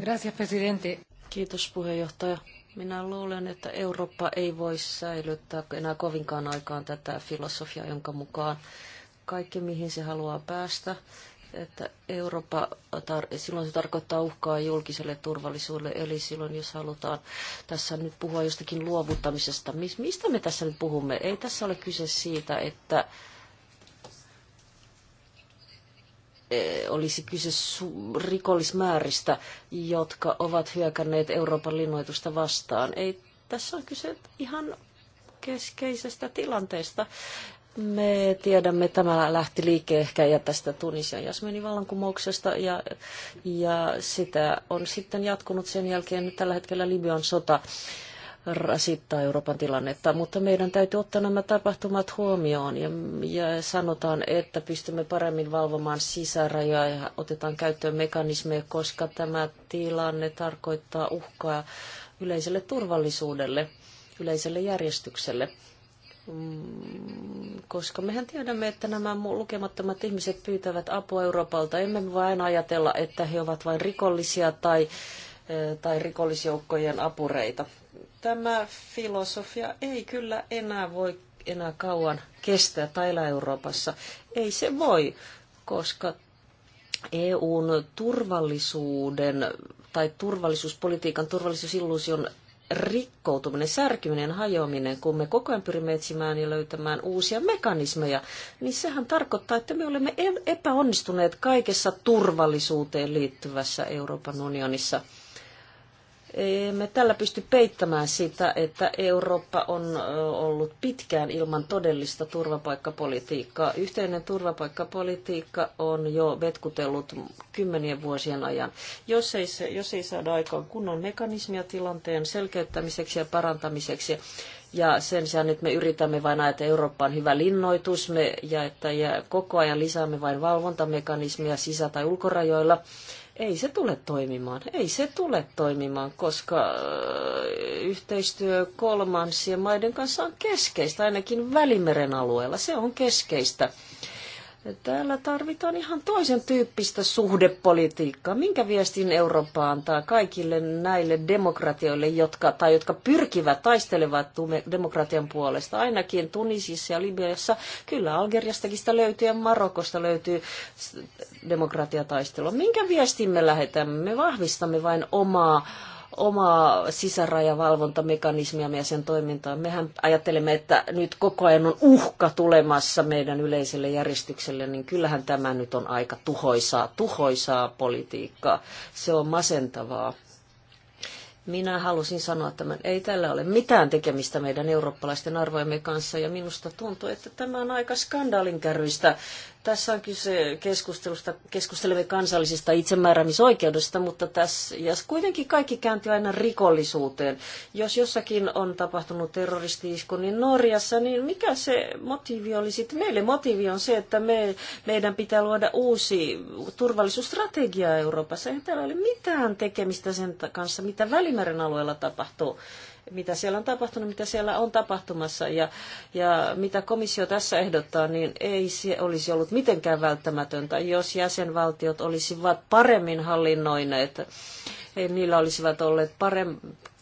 Gracias, presidente. Kiitos puheenjohtaja. Minä luulen, että Eurooppa ei voi säilyttää enää kovinkaan aikaan tätä filosofiaa, jonka mukaan kaikki mihin se haluaa päästä, että Eurooppa, silloin se tarkoittaa uhkaa julkiselle turvallisuudelle, eli silloin jos halutaan tässä nyt puhua jostakin luovuttamisesta, mistä me tässä nyt puhumme? Ei tässä ole kyse siitä, että Eh, olisi kyse rikollismääristä, jotka ovat hyökänneet Euroopan linnoitusta vastaan. Ei, tässä on kyse ihan keskeisestä tilanteesta. Me tiedämme, tämä lähti liikkeelle ehkä ja tästä Tunisian Jasminin vallankumouksesta ja, ja sitä on sitten jatkunut sen jälkeen tällä hetkellä Libyan sota rasittaa Euroopan tilannetta, mutta meidän täytyy ottaa nämä tapahtumat huomioon ja, ja sanotaan, että pystymme paremmin valvomaan sisärajoja ja otetaan käyttöön mekanismeja, koska tämä tilanne tarkoittaa uhkaa yleiselle turvallisuudelle, yleiselle järjestykselle mm, koska mehän tiedämme, että nämä lukemattomat ihmiset pyytävät apua Euroopalta. Emme voi aina ajatella, että he ovat vain rikollisia tai, eh, tai rikollisjoukkojen apureita. Tämä filosofia ei kyllä enää voi enää kauan kestää täällä Euroopassa. Ei se voi, koska EUn turvallisuuden tai turvallisuuspolitiikan turvallisuusilluusion rikkoutuminen, särkyminen, hajoaminen, kun me koko ajan pyrimme etsimään ja löytämään uusia mekanismeja, niin sehän tarkoittaa, että me olemme e- epäonnistuneet kaikessa turvallisuuteen liittyvässä Euroopan unionissa emme tällä pysty peittämään sitä, että Eurooppa on ollut pitkään ilman todellista turvapaikkapolitiikkaa. Yhteinen turvapaikkapolitiikka on jo vetkutellut kymmenien vuosien ajan. Jos ei, jos ei saada aikaan kunnon mekanismia tilanteen selkeyttämiseksi ja parantamiseksi, ja sen sijaan nyt me yritämme vain ajatella, että Eurooppa on hyvä linnoitus, me, ja että ja koko ajan lisäämme vain valvontamekanismia sisä- tai ulkorajoilla, ei se tule toimimaan. Ei se tule toimimaan, koska äh, yhteistyö kolmansien maiden kanssa on keskeistä, ainakin Välimeren alueella. Se on keskeistä. Täällä tarvitaan ihan toisen tyyppistä suhdepolitiikkaa. Minkä viestin Eurooppa antaa kaikille näille demokratioille, jotka, tai jotka pyrkivät, taistelevat demokratian puolesta? Ainakin Tunisissa ja Libyassa, kyllä Algeriastakin sitä löytyy ja Marokosta löytyy demokratiataistelua. Minkä viestin me lähetämme? Me vahvistamme vain omaa omaa sisärajavalvontamekanismia ja sen toimintaa. Mehän ajattelemme, että nyt koko ajan on uhka tulemassa meidän yleiselle järjestykselle, niin kyllähän tämä nyt on aika tuhoisaa, tuhoisaa politiikkaa. Se on masentavaa. Minä halusin sanoa tämän, ei tällä ole mitään tekemistä meidän eurooppalaisten arvojemme kanssa, ja minusta tuntuu, että tämä on aika skandaalinkäryistä tässä on kyse keskustelusta, keskustelemme kansallisista itsemääräämisoikeudesta, mutta tässä, ja kuitenkin kaikki kääntyy aina rikollisuuteen. Jos jossakin on tapahtunut terroristiisku, niin Norjassa, niin mikä se motiivi oli sitten? Meille motiivi on se, että me, meidän pitää luoda uusi turvallisuusstrategia Euroopassa. Ei täällä ole mitään tekemistä sen kanssa, mitä Välimeren alueella tapahtuu mitä siellä on tapahtunut, mitä siellä on tapahtumassa ja, ja mitä komissio tässä ehdottaa, niin ei se olisi ollut mitenkään välttämätöntä, jos jäsenvaltiot olisivat paremmin hallinnoineet, niillä olisivat olleet paremmin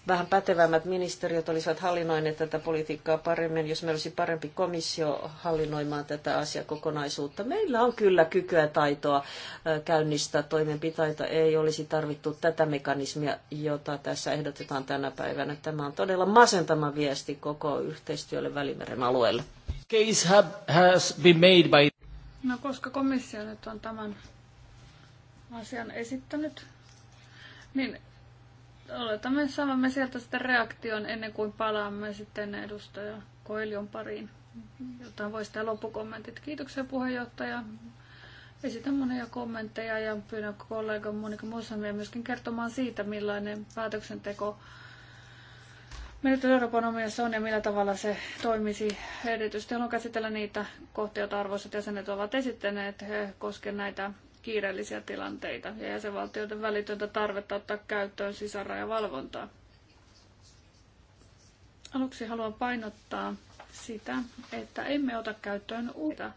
vähän pätevämmät ministeriöt olisivat hallinnoineet tätä politiikkaa paremmin, jos meillä olisi parempi komissio hallinnoimaan tätä asiakokonaisuutta. Meillä on kyllä kykyä taitoa käynnistää toimenpiteitä. Ei olisi tarvittu tätä mekanismia, jota tässä ehdotetaan tänä päivänä. Tämä on todella masentama viesti koko yhteistyölle Välimeren alueelle. Case has been made by... No koska komissio nyt on tämän asian esittänyt, niin oletamme saavamme sieltä sitten reaktion ennen kuin palaamme sitten edustaja Koelion pariin, jota voisi tehdä loppukommentit. Kiitoksia puheenjohtaja. Esitän monia kommentteja ja pyydän kollega Monika Mosamia myöskin kertomaan siitä, millainen päätöksenteko menettely Euroopan on ja millä tavalla se toimisi. Erityisesti haluan käsitellä niitä kohtia, joita arvoisat jäsenet ovat esittäneet koskien näitä kiireellisiä tilanteita ja jäsenvaltioiden välitöntä tarvetta ottaa käyttöön sisärajavalvontaa. Aluksi haluan painottaa sitä, että emme ota käyttöön uutta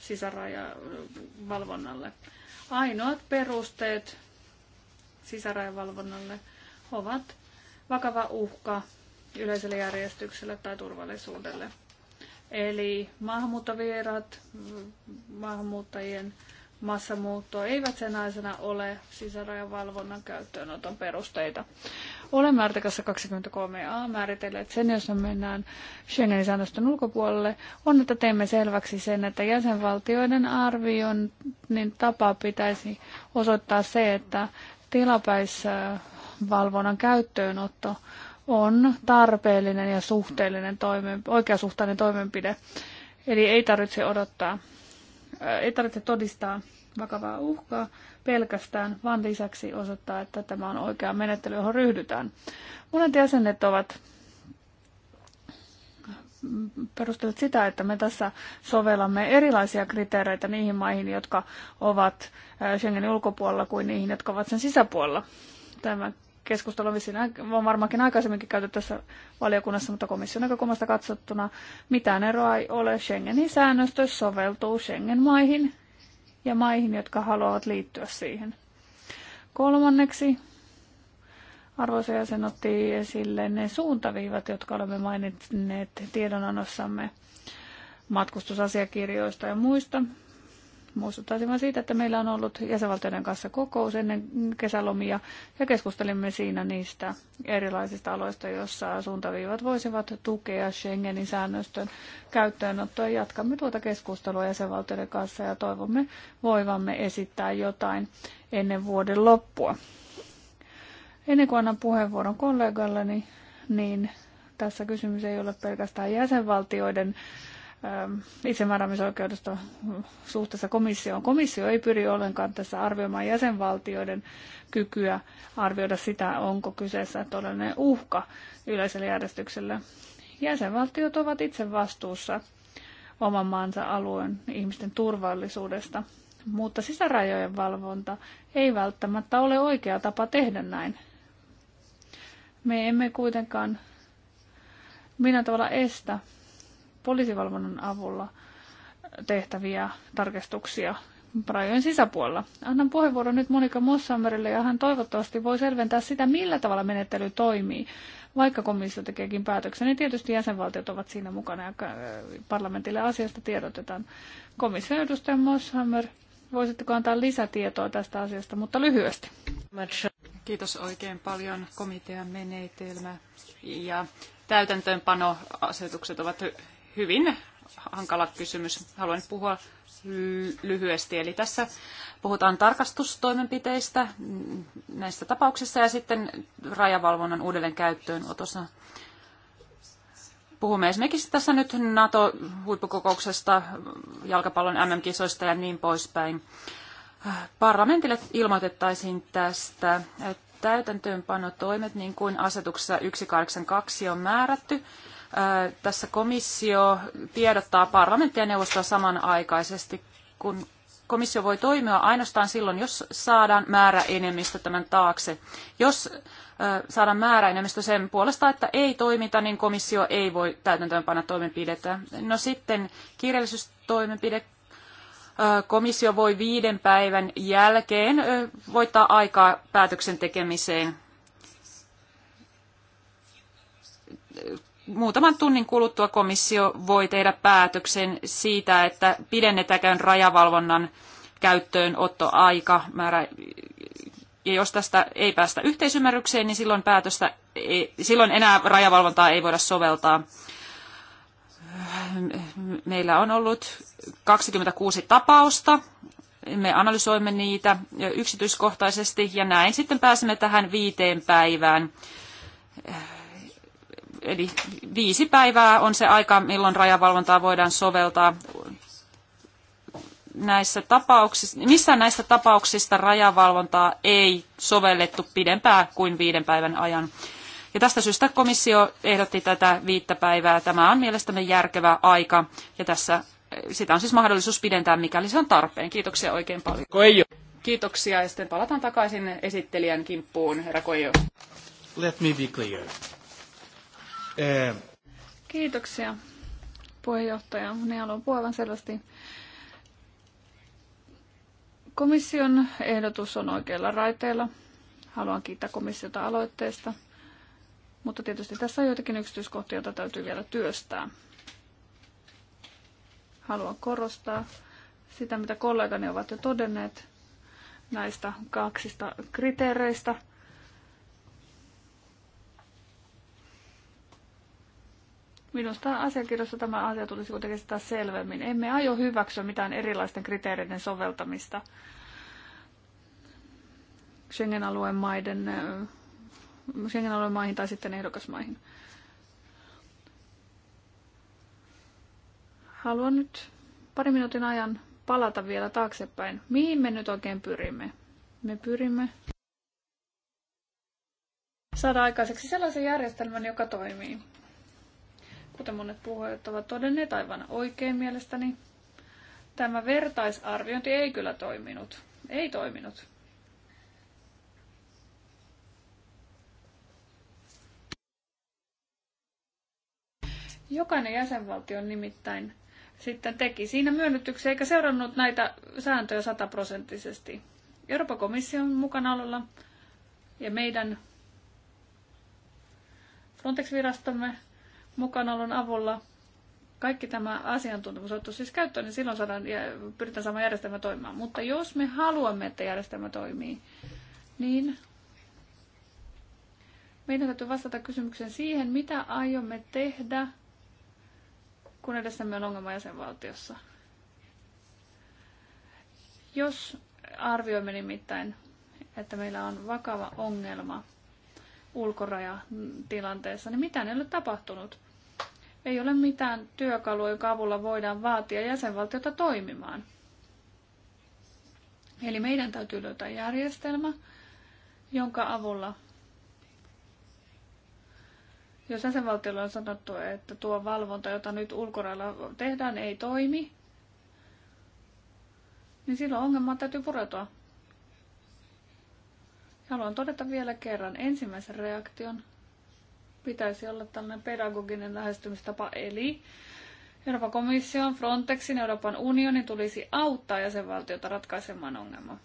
sisärajavalvonnalle. Ainoat perusteet sisärajavalvonnalle ovat vakava uhka yleiselle järjestykselle tai turvallisuudelle. Eli maahanmuuttovirrat, maahanmuuttajien massamuuttoa eivät senaisena ole sisärajan valvonnan käyttöönoton perusteita. Olemme artikassa 23a määritelleet sen, jos mennään Schengenin säännöstön ulkopuolelle, on, että teemme selväksi sen, että jäsenvaltioiden arvion niin tapa pitäisi osoittaa se, että tilapäisvalvonnan käyttöönotto on tarpeellinen ja suhteellinen toimen, oikeasuhtainen toimenpide. Eli ei tarvitse odottaa ei tarvitse todistaa vakavaa uhkaa pelkästään, vaan lisäksi osoittaa, että tämä on oikea menettely, johon ryhdytään. Monet jäsenet ovat perustelut sitä, että me tässä sovellamme erilaisia kriteereitä niihin maihin, jotka ovat äh, Schengenin ulkopuolella kuin niihin, jotka ovat sen sisäpuolella. Tämä keskustelu on varmaankin aikaisemminkin käyty tässä valiokunnassa, mutta komission näkökulmasta katsottuna mitään eroa ei ole. Schengenin säännöstö soveltuu Schengen-maihin ja maihin, jotka haluavat liittyä siihen. Kolmanneksi arvoisa jäsen otti esille ne suuntaviivat, jotka olemme maininneet tiedonannossamme matkustusasiakirjoista ja muista. Muistuttaisin vain siitä, että meillä on ollut jäsenvaltioiden kanssa kokous ennen kesälomia ja keskustelimme siinä niistä erilaisista aloista, joissa suuntaviivat voisivat tukea Schengenin säännöstön käyttöönottoa. Jatkamme tuota keskustelua jäsenvaltioiden kanssa ja toivomme voivamme esittää jotain ennen vuoden loppua. Ennen kuin annan puheenvuoron kollegalleni, niin tässä kysymys ei ole pelkästään jäsenvaltioiden Ähm, itsemääräämisoikeudesta suhteessa komissioon. Komissio ei pyri ollenkaan tässä arvioimaan jäsenvaltioiden kykyä arvioida sitä, onko kyseessä todellinen uhka yleiselle järjestykselle. Jäsenvaltiot ovat itse vastuussa oman maansa alueen ihmisten turvallisuudesta, mutta sisärajojen valvonta ei välttämättä ole oikea tapa tehdä näin. Me emme kuitenkaan minä tavalla estä poliisivalvonnan avulla tehtäviä tarkastuksia rajojen sisäpuolella. Annan puheenvuoron nyt Monika Mossammerille ja hän toivottavasti voi selventää sitä, millä tavalla menettely toimii, vaikka komissio tekeekin päätöksen. Niin tietysti jäsenvaltiot ovat siinä mukana ja äh, parlamentille asiasta tiedotetaan. Komission edustaja Moshammer, voisitteko antaa lisätietoa tästä asiasta, mutta lyhyesti. Kiitos oikein paljon komitean menetelmä ja täytäntöönpanoasetukset ovat hyvin hankala kysymys. Haluan puhua lyhyesti. Eli tässä puhutaan tarkastustoimenpiteistä näissä tapauksissa ja sitten rajavalvonnan uudelleen käyttöönotossa. Puhumme esimerkiksi tässä nyt NATO-huippukokouksesta, jalkapallon MM-kisoista ja niin poispäin. Parlamentille ilmoitettaisiin tästä täytäntöönpanotoimet, niin kuin asetuksessa 182 on määrätty tässä komissio tiedottaa parlamenttia ja neuvostoa samanaikaisesti, kun komissio voi toimia ainoastaan silloin, jos saadaan määräenemmistö tämän taakse. Jos saadaan määräenemmistö sen puolesta, että ei toimita, niin komissio ei voi täytäntöönpana toimenpidettä. No sitten kirjallisuustoimenpide komissio voi viiden päivän jälkeen voittaa aikaa päätöksen tekemiseen muutaman tunnin kuluttua komissio voi tehdä päätöksen siitä, että pidennetäänkö rajavalvonnan käyttöönottoaika määrä. Ja jos tästä ei päästä yhteisymmärrykseen, niin silloin, päätöstä ei, silloin enää rajavalvontaa ei voida soveltaa. Meillä on ollut 26 tapausta. Me analysoimme niitä yksityiskohtaisesti ja näin sitten pääsemme tähän viiteen päivään Eli viisi päivää on se aika, milloin rajavalvontaa voidaan soveltaa. Näissä tapauksissa, missään näistä tapauksista rajavalvontaa ei sovellettu pidempään kuin viiden päivän ajan. Ja tästä syystä komissio ehdotti tätä viittä päivää. Tämä on mielestämme järkevä aika ja tässä sitä on siis mahdollisuus pidentää, mikäli se on tarpeen. Kiitoksia oikein paljon. Koijo. Kiitoksia ja sitten palataan takaisin esittelijän kimppuun, herra Koijo. Let me be clear. Eh. Kiitoksia puheenjohtaja. Minä haluan puhua selvästi. Komission ehdotus on oikealla raiteilla. Haluan kiittää komissiota aloitteesta. Mutta tietysti tässä on joitakin yksityiskohtia, joita täytyy vielä työstää. Haluan korostaa sitä, mitä kollegani ovat jo todenneet näistä kaksista kriteereistä – Minusta asiakirjassa tämä asia tulisi kuitenkin sitä selvemmin. Emme aio hyväksyä mitään erilaisten kriteereiden soveltamista Schengen-alueen maiden, äh, Schengen-alueen maihin tai sitten ehdokasmaihin. Haluan nyt pari minuutin ajan palata vielä taaksepäin. Mihin me nyt oikein pyrimme? Me pyrimme saada aikaiseksi sellaisen järjestelmän, joka toimii kuten monet puhujat ovat todenneet aivan oikein mielestäni, tämä vertaisarviointi ei kyllä toiminut. Ei toiminut. Jokainen jäsenvaltio nimittäin sitten teki siinä myönnytyksiä eikä seurannut näitä sääntöjä sataprosenttisesti. Euroopan komission alulla ja meidän Frontex-virastomme mukanaolon avulla kaikki tämä asiantuntemus otettu siis käyttöön, niin silloin saadaan, ja pyritään saamaan järjestelmä toimimaan. Mutta jos me haluamme, että järjestelmä toimii, niin meidän täytyy vastata kysymykseen siihen, mitä aiomme tehdä, kun edessämme on ongelma jäsenvaltiossa. Jos arvioimme nimittäin, että meillä on vakava ongelma ulkorajatilanteessa, niin mitä ei ole tapahtunut? Ei ole mitään työkalua, jonka avulla voidaan vaatia jäsenvaltiota toimimaan. Eli meidän täytyy löytää järjestelmä, jonka avulla, jos jäsenvaltiolla on sanottu, että tuo valvonta, jota nyt ulkorailla tehdään, ei toimi, niin silloin ongelma täytyy puretua. Haluan todeta vielä kerran ensimmäisen reaktion pitäisi olla tällainen pedagoginen lähestymistapa, eli Euroopan komission, Frontexin, Euroopan unionin tulisi auttaa jäsenvaltiota ratkaisemaan ongelmaa.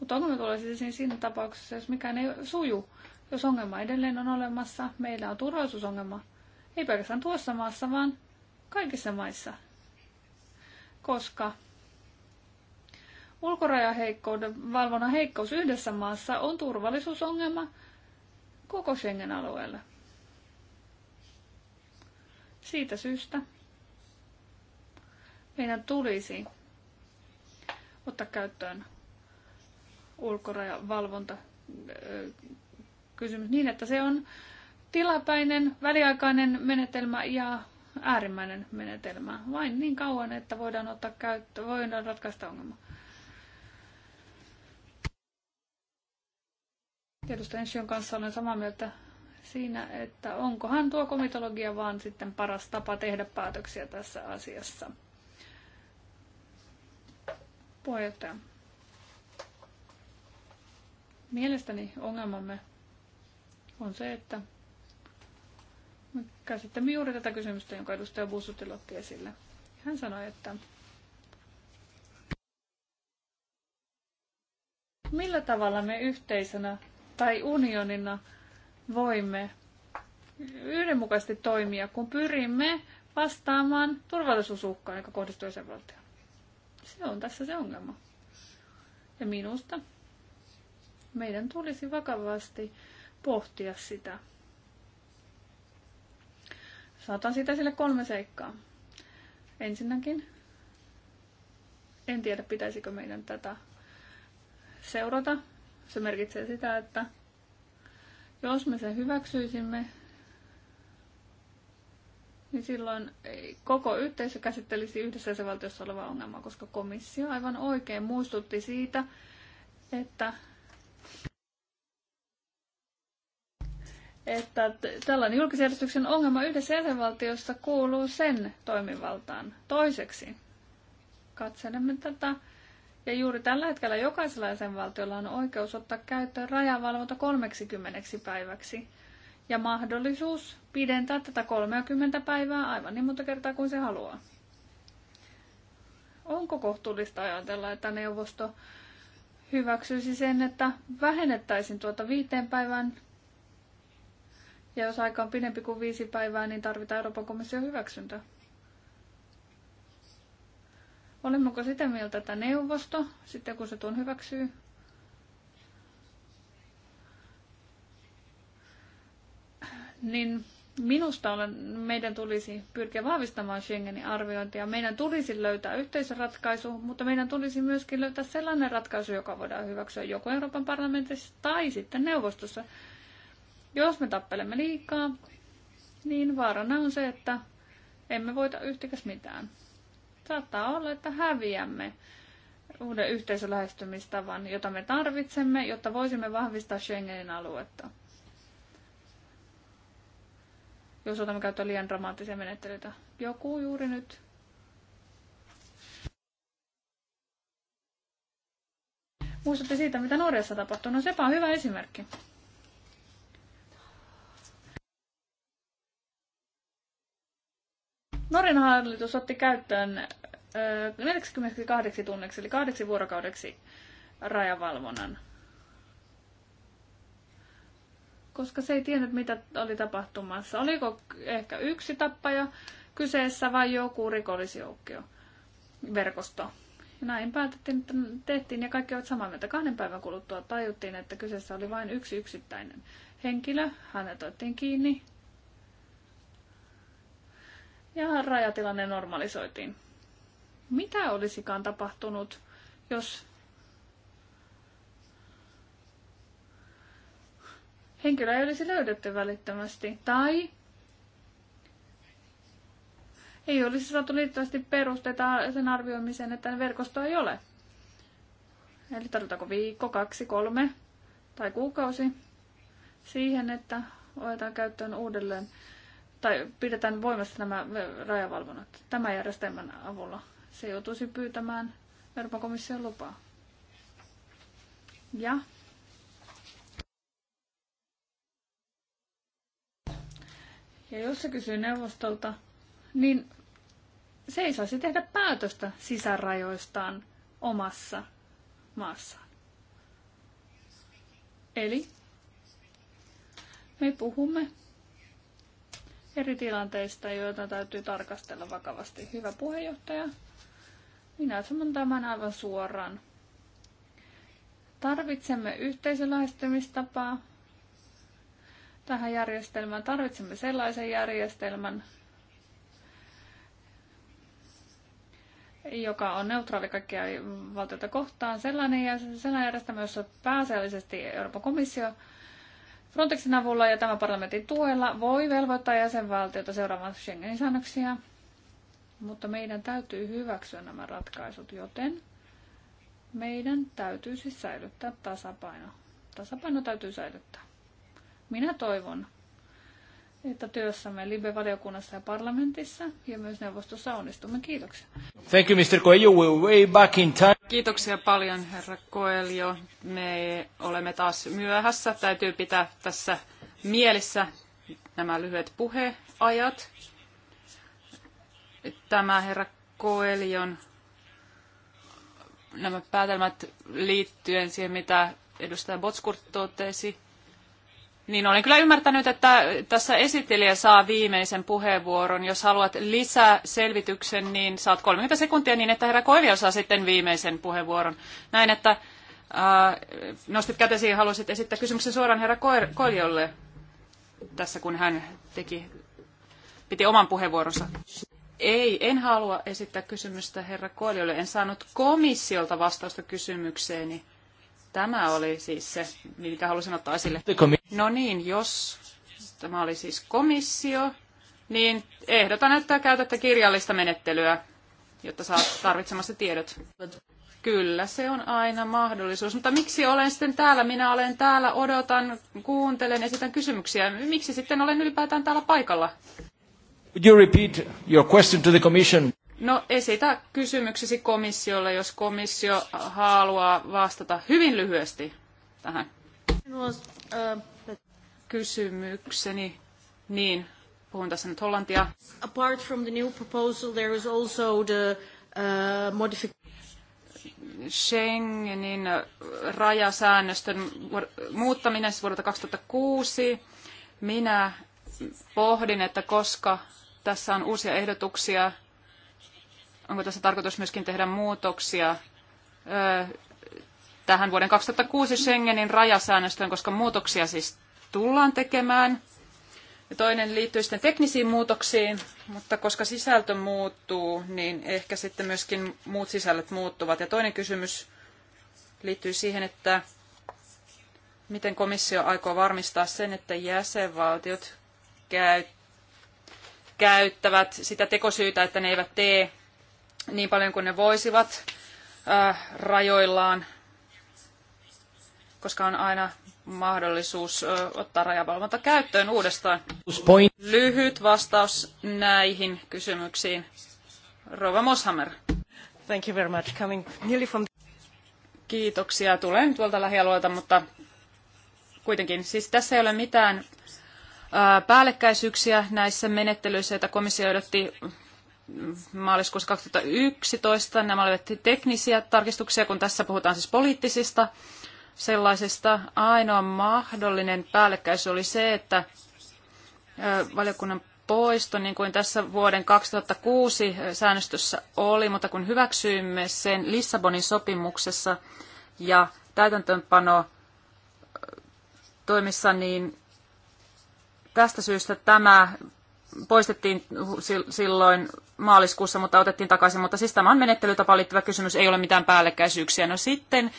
Mutta ongelma tulee siis siinä tapauksessa, jos mikään ei suju. Jos ongelma edelleen on olemassa, meillä on turvallisuusongelma. Ei pelkästään tuossa maassa, vaan kaikissa maissa. Koska ulkorajaheikkouden valvonnan heikkous yhdessä maassa on turvallisuusongelma koko Schengen-alueelle. Siitä syystä meidän tulisi ottaa käyttöön ulkorajavalvonta kysymys niin, että se on tilapäinen, väliaikainen menetelmä ja äärimmäinen menetelmä. Vain niin kauan, että voidaan ottaa käyttö, voidaan ratkaista ongelma. Edustaja Ension kanssa olen samaa mieltä siinä, että onkohan tuo komitologia vaan sitten paras tapa tehdä päätöksiä tässä asiassa. Puheenjohtaja. Mielestäni ongelmamme on se, että me käsittämme juuri tätä kysymystä, jonka edustaja Bussutil otti esille. Hän sanoi, että millä tavalla me yhteisönä tai unionina voimme yhdenmukaisesti toimia, kun pyrimme vastaamaan turvallisuusuhkaan, joka kohdistuu jäsenvaltioon. Se on tässä se ongelma. Ja minusta meidän tulisi vakavasti pohtia sitä. Saatan sitä sille kolme seikkaa. Ensinnäkin, en tiedä pitäisikö meidän tätä seurata se merkitsee sitä, että jos me sen hyväksyisimme, niin silloin koko yhteisö käsittelisi yhdessä se valtiossa oleva ongelmaa, koska komissio aivan oikein muistutti siitä, että että tällainen julkisjärjestyksen ongelma yhdessä jäsenvaltiossa kuuluu sen toimivaltaan. Toiseksi katselemme tätä ja juuri tällä hetkellä jokaisella jäsenvaltiolla on oikeus ottaa käyttöön rajavalvonta 30 päiväksi ja mahdollisuus pidentää tätä 30 päivää aivan niin monta kertaa kuin se haluaa. Onko kohtuullista ajatella, että neuvosto hyväksyisi sen, että vähennettäisiin tuota viiteen päivään ja jos aika on pidempi kuin viisi päivää, niin tarvitaan Euroopan komission hyväksyntä. Olemmeko sitä mieltä, että neuvosto, sitten kun se tuon hyväksyy, niin minusta olen, meidän tulisi pyrkiä vahvistamaan Schengenin arviointia. Meidän tulisi löytää yhteisratkaisu, mutta meidän tulisi myöskin löytää sellainen ratkaisu, joka voidaan hyväksyä joko Euroopan parlamentissa tai sitten neuvostossa. Jos me tappelemme liikaa, niin vaarana on se, että emme voita yhtikäs mitään. Saattaa olla, että häviämme uuden yhteisölähestymistavan, jota me tarvitsemme, jotta voisimme vahvistaa Schengenin aluetta. Jos otamme käyttöön liian dramaattisia menettelyitä. Joku juuri nyt. Muistatte siitä, mitä Norjassa tapahtui. No sepä on hyvä esimerkki. Norjan hallitus otti käyttöön 48 tunneksi, eli kahdeksi vuorokaudeksi rajavalvonnan. Koska se ei tiennyt, mitä oli tapahtumassa. Oliko ehkä yksi tappaja kyseessä vai joku rikollisjoukko verkosto. Ja näin päätettiin, että tehtiin ja kaikki ovat samaa mieltä. Kahden päivän kuluttua tajuttiin, että kyseessä oli vain yksi yksittäinen henkilö. Hänet otettiin kiinni ja rajatilanne normalisoitiin. Mitä olisikaan tapahtunut, jos henkilö ei olisi löydetty välittömästi tai ei olisi saatu liittyvästi perusteita sen arvioimiseen, että verkostoa ei ole. Eli tarvitaanko viikko, kaksi, kolme tai kuukausi siihen, että otetaan käyttöön uudelleen tai pidetään voimassa nämä rajavalvonnat. Tämän järjestelmän avulla se joutuisi pyytämään Euroopan komission lupaa. Ja Ja jos se kysyy neuvostolta, niin se ei saisi tehdä päätöstä sisärajoistaan omassa maassaan. Eli me puhumme eri tilanteista, joita täytyy tarkastella vakavasti. Hyvä puheenjohtaja, minä sanon tämän aivan suoraan. Tarvitsemme yhteisölähestymistapaa tähän järjestelmään. Tarvitsemme sellaisen järjestelmän, joka on neutraali kaikkia valtioita kohtaan. Sellainen, sellainen järjestelmä, jossa pääasiallisesti Euroopan komissio Frontexin avulla ja tämän parlamentin tuella voi velvoittaa jäsenvaltiota seuraamaan Schengenin säännöksiä, mutta meidän täytyy hyväksyä nämä ratkaisut, joten meidän täytyy siis säilyttää tasapaino. Tasapaino täytyy säilyttää. Minä toivon, että työssämme Libe-valiokunnassa ja parlamentissa ja myös neuvostossa onnistumme. Kiitoksia. Thank you, Mr. Coelho. We're way back in time. Kiitoksia paljon, herra Koelio. Me olemme taas myöhässä. Täytyy pitää tässä mielessä nämä lyhyet puheajat. Tämä herra Koelion nämä päätelmät liittyen siihen, mitä edustaja Botskurt totesi, niin olen kyllä ymmärtänyt, että tässä esittelijä saa viimeisen puheenvuoron. Jos haluat lisää selvityksen, niin saat 30 sekuntia niin, että herra Koivio saa sitten viimeisen puheenvuoron. Näin, että äh, nostit kätesi ja halusit esittää kysymyksen suoraan herra Koiviolle tässä, kun hän teki, piti oman puheenvuoronsa. Ei, en halua esittää kysymystä herra Koiliolle. En saanut komissiolta vastausta kysymykseeni. Tämä oli siis se, mitä halusin ottaa esille. No niin, jos tämä oli siis komissio, niin ehdotan, että käytätte kirjallista menettelyä, jotta saat tarvitsemassa tiedot. Kyllä, se on aina mahdollisuus. Mutta miksi olen sitten täällä? Minä olen täällä, odotan, kuuntelen, esitän kysymyksiä. Miksi sitten olen ylipäätään täällä paikalla? Would you repeat your question to the commission? No esitä kysymyksesi komissiolle, jos komissio haluaa vastata hyvin lyhyesti tähän. Kysymykseni, niin puhun tässä nyt hollantia. Apart from the new proposal, there is also the uh, Schengenin rajasäännöstön muuttaminen siis vuodelta 2006. Minä pohdin, että koska tässä on uusia ehdotuksia onko tässä tarkoitus myöskin tehdä muutoksia tähän vuoden 2006 Schengenin rajasäännöstöön, koska muutoksia siis tullaan tekemään. Ja toinen liittyy sitten teknisiin muutoksiin, mutta koska sisältö muuttuu, niin ehkä sitten myöskin muut sisällöt muuttuvat. Ja toinen kysymys liittyy siihen, että miten komissio aikoo varmistaa sen, että jäsenvaltiot käyttävät sitä tekosyytä, että ne eivät tee niin paljon kuin ne voisivat äh, rajoillaan, koska on aina mahdollisuus äh, ottaa rajavalvonta käyttöön uudestaan. Lyhyt vastaus näihin kysymyksiin. Rova Moshammer. Thank you very much. Coming nearly from... Kiitoksia. Tulen tuolta lähialueelta, mutta kuitenkin. Siis tässä ei ole mitään äh, päällekkäisyyksiä näissä menettelyissä, joita komissio odotti maaliskuussa 2011. Nämä olivat teknisiä tarkistuksia, kun tässä puhutaan siis poliittisista sellaisista Ainoa mahdollinen päällekkäisyys oli se, että valiokunnan poisto, niin kuin tässä vuoden 2006 säännöstössä oli, mutta kun hyväksyimme sen Lissabonin sopimuksessa ja täytäntöönpano toimissa, niin tästä syystä tämä poistettiin silloin maaliskuussa, mutta otettiin takaisin. Mutta siis tämä on menettelytapaan liittyvä kysymys, ei ole mitään päällekkäisyyksiä. No sitten,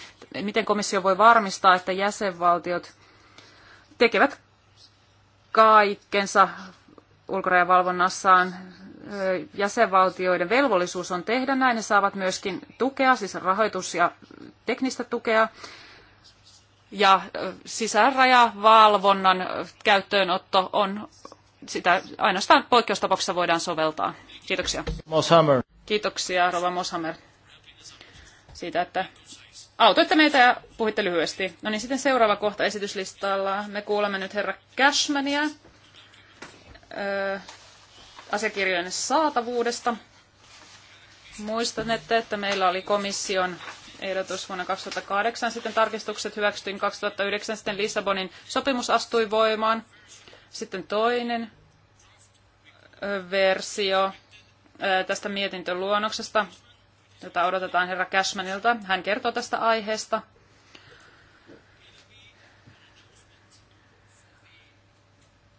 miten komissio voi varmistaa, että jäsenvaltiot tekevät kaikkensa ulkorajavalvonnassaan. Jäsenvaltioiden velvollisuus on tehdä näin. Ne saavat myöskin tukea, siis rahoitus- ja teknistä tukea. Ja sisärajavalvonnan käyttöönotto on sitä ainoastaan poikkeustapauksessa voidaan soveltaa. Kiitoksia. Moshammer. Kiitoksia, Rova Moshammer, siitä, että autoitte meitä ja puhitte lyhyesti. No niin, sitten seuraava kohta esityslistalla. Me kuulemme nyt herra Cashmania öö, asiakirjojen saatavuudesta. Muistan, että meillä oli komission ehdotus vuonna 2008, sitten tarkistukset hyväksyttiin 2009, sitten Lissabonin sopimus astui voimaan, sitten toinen versio tästä mietintöluonnoksesta, jota odotetaan herra Cashmanilta. Hän kertoo tästä aiheesta.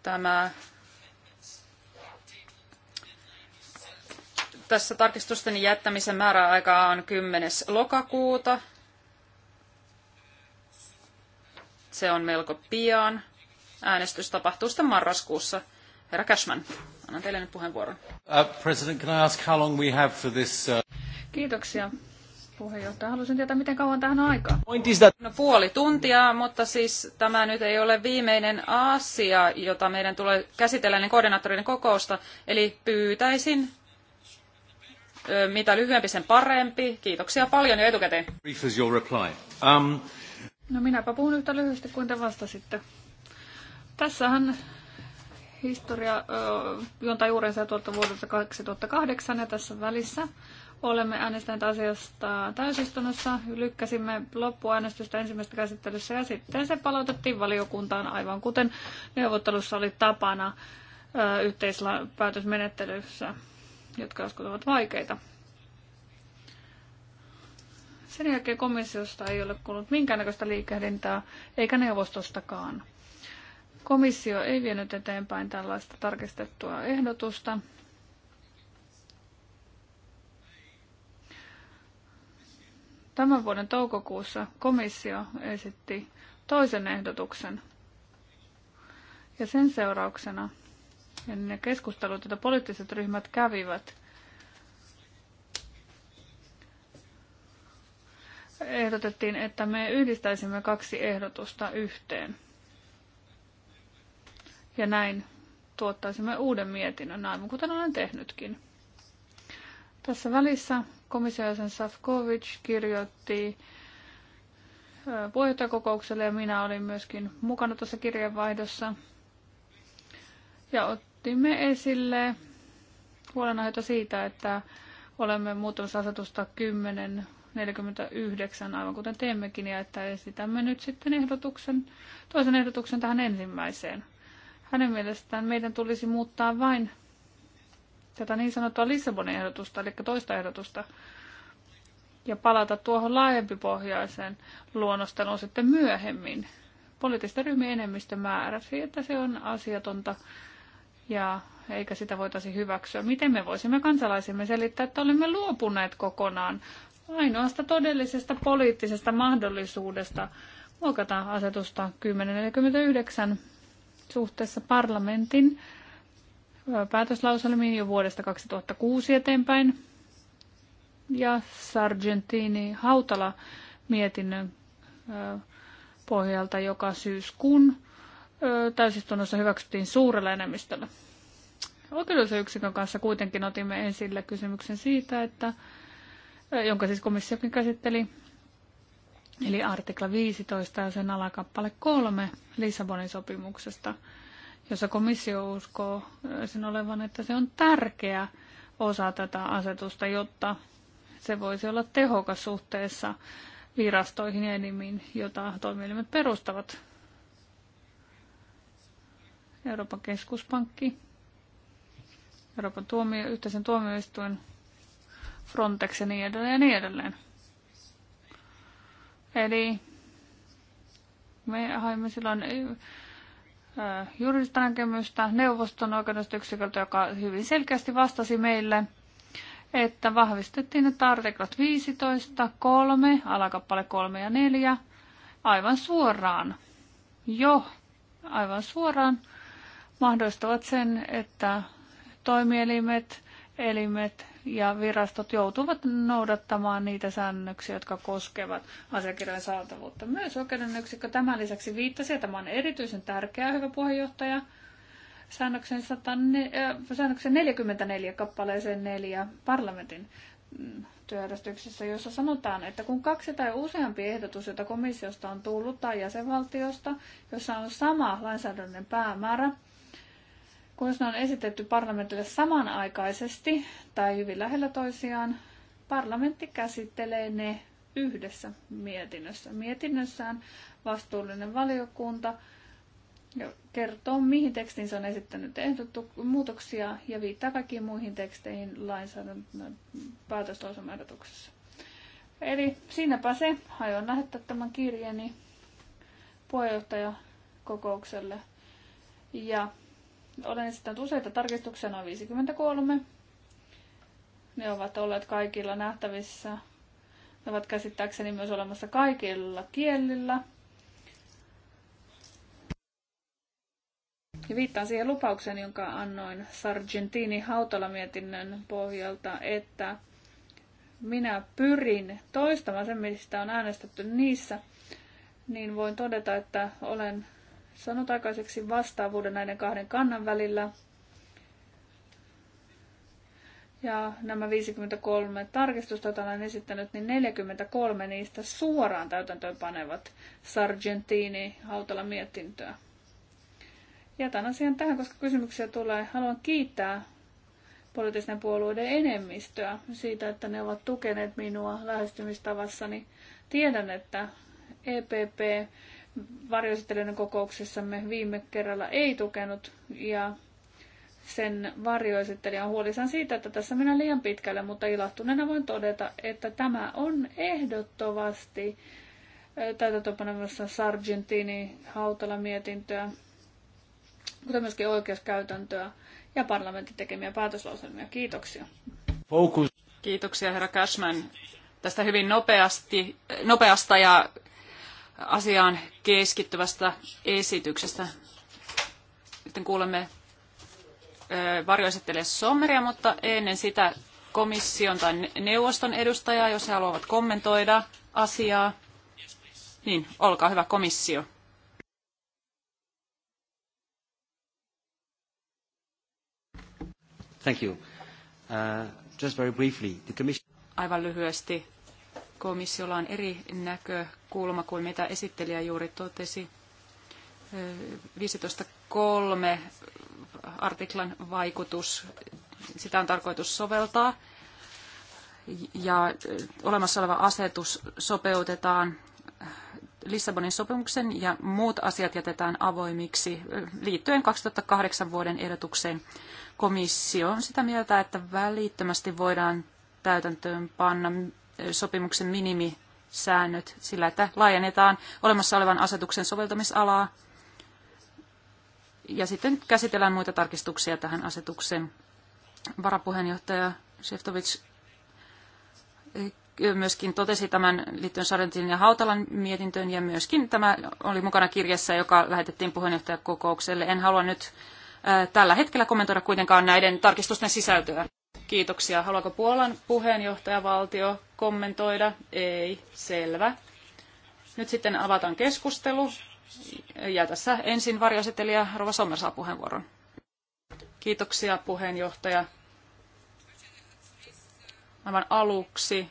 Tämä Tässä tarkistusten jättämisen määräaika on 10. lokakuuta. Se on melko pian. Äänestys tapahtuu sitten marraskuussa. Herra Cashman. Annan teille nyt puheenvuoron. Uh, President, can I ask how long we have for this? Uh... Kiitoksia puheenjohtaja. Haluaisin tietää, miten kauan tähän on aikaa. No puoli tuntia, mutta siis tämä nyt ei ole viimeinen asia, jota meidän tulee käsitellä ennen koordinaattoreiden kokousta. Eli pyytäisin, mitä lyhyempi sen parempi. Kiitoksia paljon jo etukäteen. Brief is your reply. Um... No minäpä puhun yhtä lyhyesti kuin te vastasitte. Tässähän historia juontaa juurensa tuolta vuodelta 2008 ja tässä välissä olemme äänestäneet asiasta täysistunnossa. Lykkäsimme loppuäänestystä ensimmäistä käsittelyssä ja sitten se palautettiin valiokuntaan aivan kuten neuvottelussa oli tapana yhteispäätösmenettelyssä, jotka joskus ovat vaikeita. Sen jälkeen komissiosta ei ole kuulunut minkäännäköistä liikehdintää, eikä neuvostostakaan. Komissio ei vienyt eteenpäin tällaista tarkistettua ehdotusta. Tämän vuoden toukokuussa komissio esitti toisen ehdotuksen. Ja sen seurauksena ne keskustelut, joita poliittiset ryhmät kävivät, ehdotettiin, että me yhdistäisimme kaksi ehdotusta yhteen – ja näin tuottaisimme uuden mietinnön, aivan kuten olen tehnytkin. Tässä välissä komissiojäsen Safkovic kirjoitti puheenjohtajakokoukselle ja minä olin myöskin mukana tuossa kirjeenvaihdossa. Ja otimme esille huolenaiheita siitä, että olemme muuttamassa asetusta 10 49, aivan kuten teemmekin, ja että esitämme nyt sitten ehdotuksen, toisen ehdotuksen tähän ensimmäiseen. Hänen mielestään meidän tulisi muuttaa vain tätä niin sanottua Lissabonin ehdotusta, eli toista ehdotusta, ja palata tuohon laajempipohjaiseen luonnosteluun sitten myöhemmin. Poliittisten ryhmien enemmistö määräsi, siis, että se on asiatonta ja eikä sitä voitaisi hyväksyä. Miten me voisimme kansalaisimme selittää, että olemme luopuneet kokonaan ainoasta todellisesta poliittisesta mahdollisuudesta muokata asetusta 1049 suhteessa parlamentin päätöslauselmiin jo vuodesta 2006 eteenpäin ja Sargentini Hautala mietinnön pohjalta, joka syyskuun täysistunnossa hyväksyttiin suurella enemmistöllä. Oikeudellisen yksikön kanssa kuitenkin otimme esille kysymyksen siitä, että, jonka siis komissiokin käsitteli, eli artikla 15 ja sen alakappale 3 Lissabonin sopimuksesta, jossa komissio uskoo sen olevan, että se on tärkeä osa tätä asetusta, jotta se voisi olla tehokas suhteessa virastoihin ja enimmin, jota toimielimet perustavat. Euroopan keskuspankki, Euroopan tuomio, yhteisen tuomioistuin, Frontex ja niin edelleen ja niin edelleen. Eli me haimme silloin äh, juridista näkemystä neuvoston oikeudesta yksiköltä, joka hyvin selkeästi vastasi meille, että vahvistettiin, että artiklat 15, 3, alakappale 3 ja 4 aivan suoraan, jo aivan suoraan mahdollistavat sen, että toimielimet, elimet ja virastot joutuvat noudattamaan niitä säännöksiä, jotka koskevat asiakirjojen saatavuutta. Myös oikeuden yksikkö tämän lisäksi viittasi, että tämä on erityisen tärkeää, hyvä puheenjohtaja, säännöksen, 100, äh, säännöksen 44 kappaleeseen 4 parlamentin mm, työjärjestyksessä, jossa sanotaan, että kun kaksi tai useampi ehdotus, jota komissiosta on tullut tai jäsenvaltiosta, jossa on sama lainsäädännön päämäärä, kun ne on esitetty parlamentille samanaikaisesti tai hyvin lähellä toisiaan, parlamentti käsittelee ne yhdessä mietinnössä. Mietinnössään vastuullinen valiokunta kertoo, mihin tekstiin se on esittänyt ehdotu- muutoksia ja viittaa kaikkiin muihin teksteihin lainsäädännön päätöslausumaehdotuksessa. Eli siinäpä se. Aion lähettää tämän kirjeni puheenjohtajakokoukselle. Ja olen esittänyt useita tarkistuksia, noin 53. Ne ovat olleet kaikilla nähtävissä. Ne ovat käsittääkseni myös olemassa kaikilla kielillä. Ja viittaan siihen lupaukseen, jonka annoin Sargentini Hautala-mietinnön pohjalta, että minä pyrin toistamaan sen, mistä on äänestetty niissä, niin voin todeta, että olen saanut aikaiseksi vastaavuuden näiden kahden kannan välillä. Ja nämä 53 tarkistusta, joita olen esittänyt, niin 43 niistä suoraan täytäntöön panevat Sargentini hautala mietintöä. Jätän asian tähän, koska kysymyksiä tulee. Haluan kiittää poliittisten puolueiden enemmistöä siitä, että ne ovat tukeneet minua lähestymistavassani. Niin tiedän, että EPP varjoesittelijöiden kokouksessamme viime kerralla ei tukenut ja sen varjoesittelijä on huolissaan siitä, että tässä mennään liian pitkälle, mutta ilahtuneena voin todeta, että tämä on ehdottomasti täytäntöönpanemassa Sargentini hautala mietintöä, kuten myöskin oikeuskäytäntöä ja parlamentin tekemiä päätöslauselmia. Kiitoksia. Focus. Kiitoksia herra Cashman tästä hyvin nopeasti, nopeasta ja asiaan keskittyvästä esityksestä. Sitten kuulemme varjoesittelijä Sommeria, mutta ennen sitä komission tai neuvoston edustajaa, jos he haluavat kommentoida asiaa. Niin, olkaa hyvä komissio. Thank you. Uh, just very briefly, the commission... Aivan lyhyesti komissiolla on eri näkökulma kuin mitä esittelijä juuri totesi. 15.3 artiklan vaikutus, sitä on tarkoitus soveltaa ja olemassa oleva asetus sopeutetaan Lissabonin sopimuksen ja muut asiat jätetään avoimiksi liittyen 2008 vuoden ehdotukseen. Komissio on sitä mieltä, että välittömästi voidaan täytäntöön panna sopimuksen minimisäännöt sillä, että laajennetaan olemassa olevan asetuksen soveltamisalaa ja sitten käsitellään muita tarkistuksia tähän asetukseen. Varapuheenjohtaja Sheftovic eh, myöskin totesi tämän liittyen Sarentin ja Hautalan mietintöön ja myöskin tämä oli mukana kirjassa, joka lähetettiin puheenjohtajakokoukselle. En halua nyt eh, tällä hetkellä kommentoida kuitenkaan näiden tarkistusten sisältöä. Kiitoksia. Haluaako Puolan puheenjohtajavaltio kommentoida? Ei, selvä. Nyt sitten avataan keskustelu. Ja tässä ensin varjoesittelijä Rova Sommer saa puheenvuoron. Kiitoksia puheenjohtaja. Aivan aluksi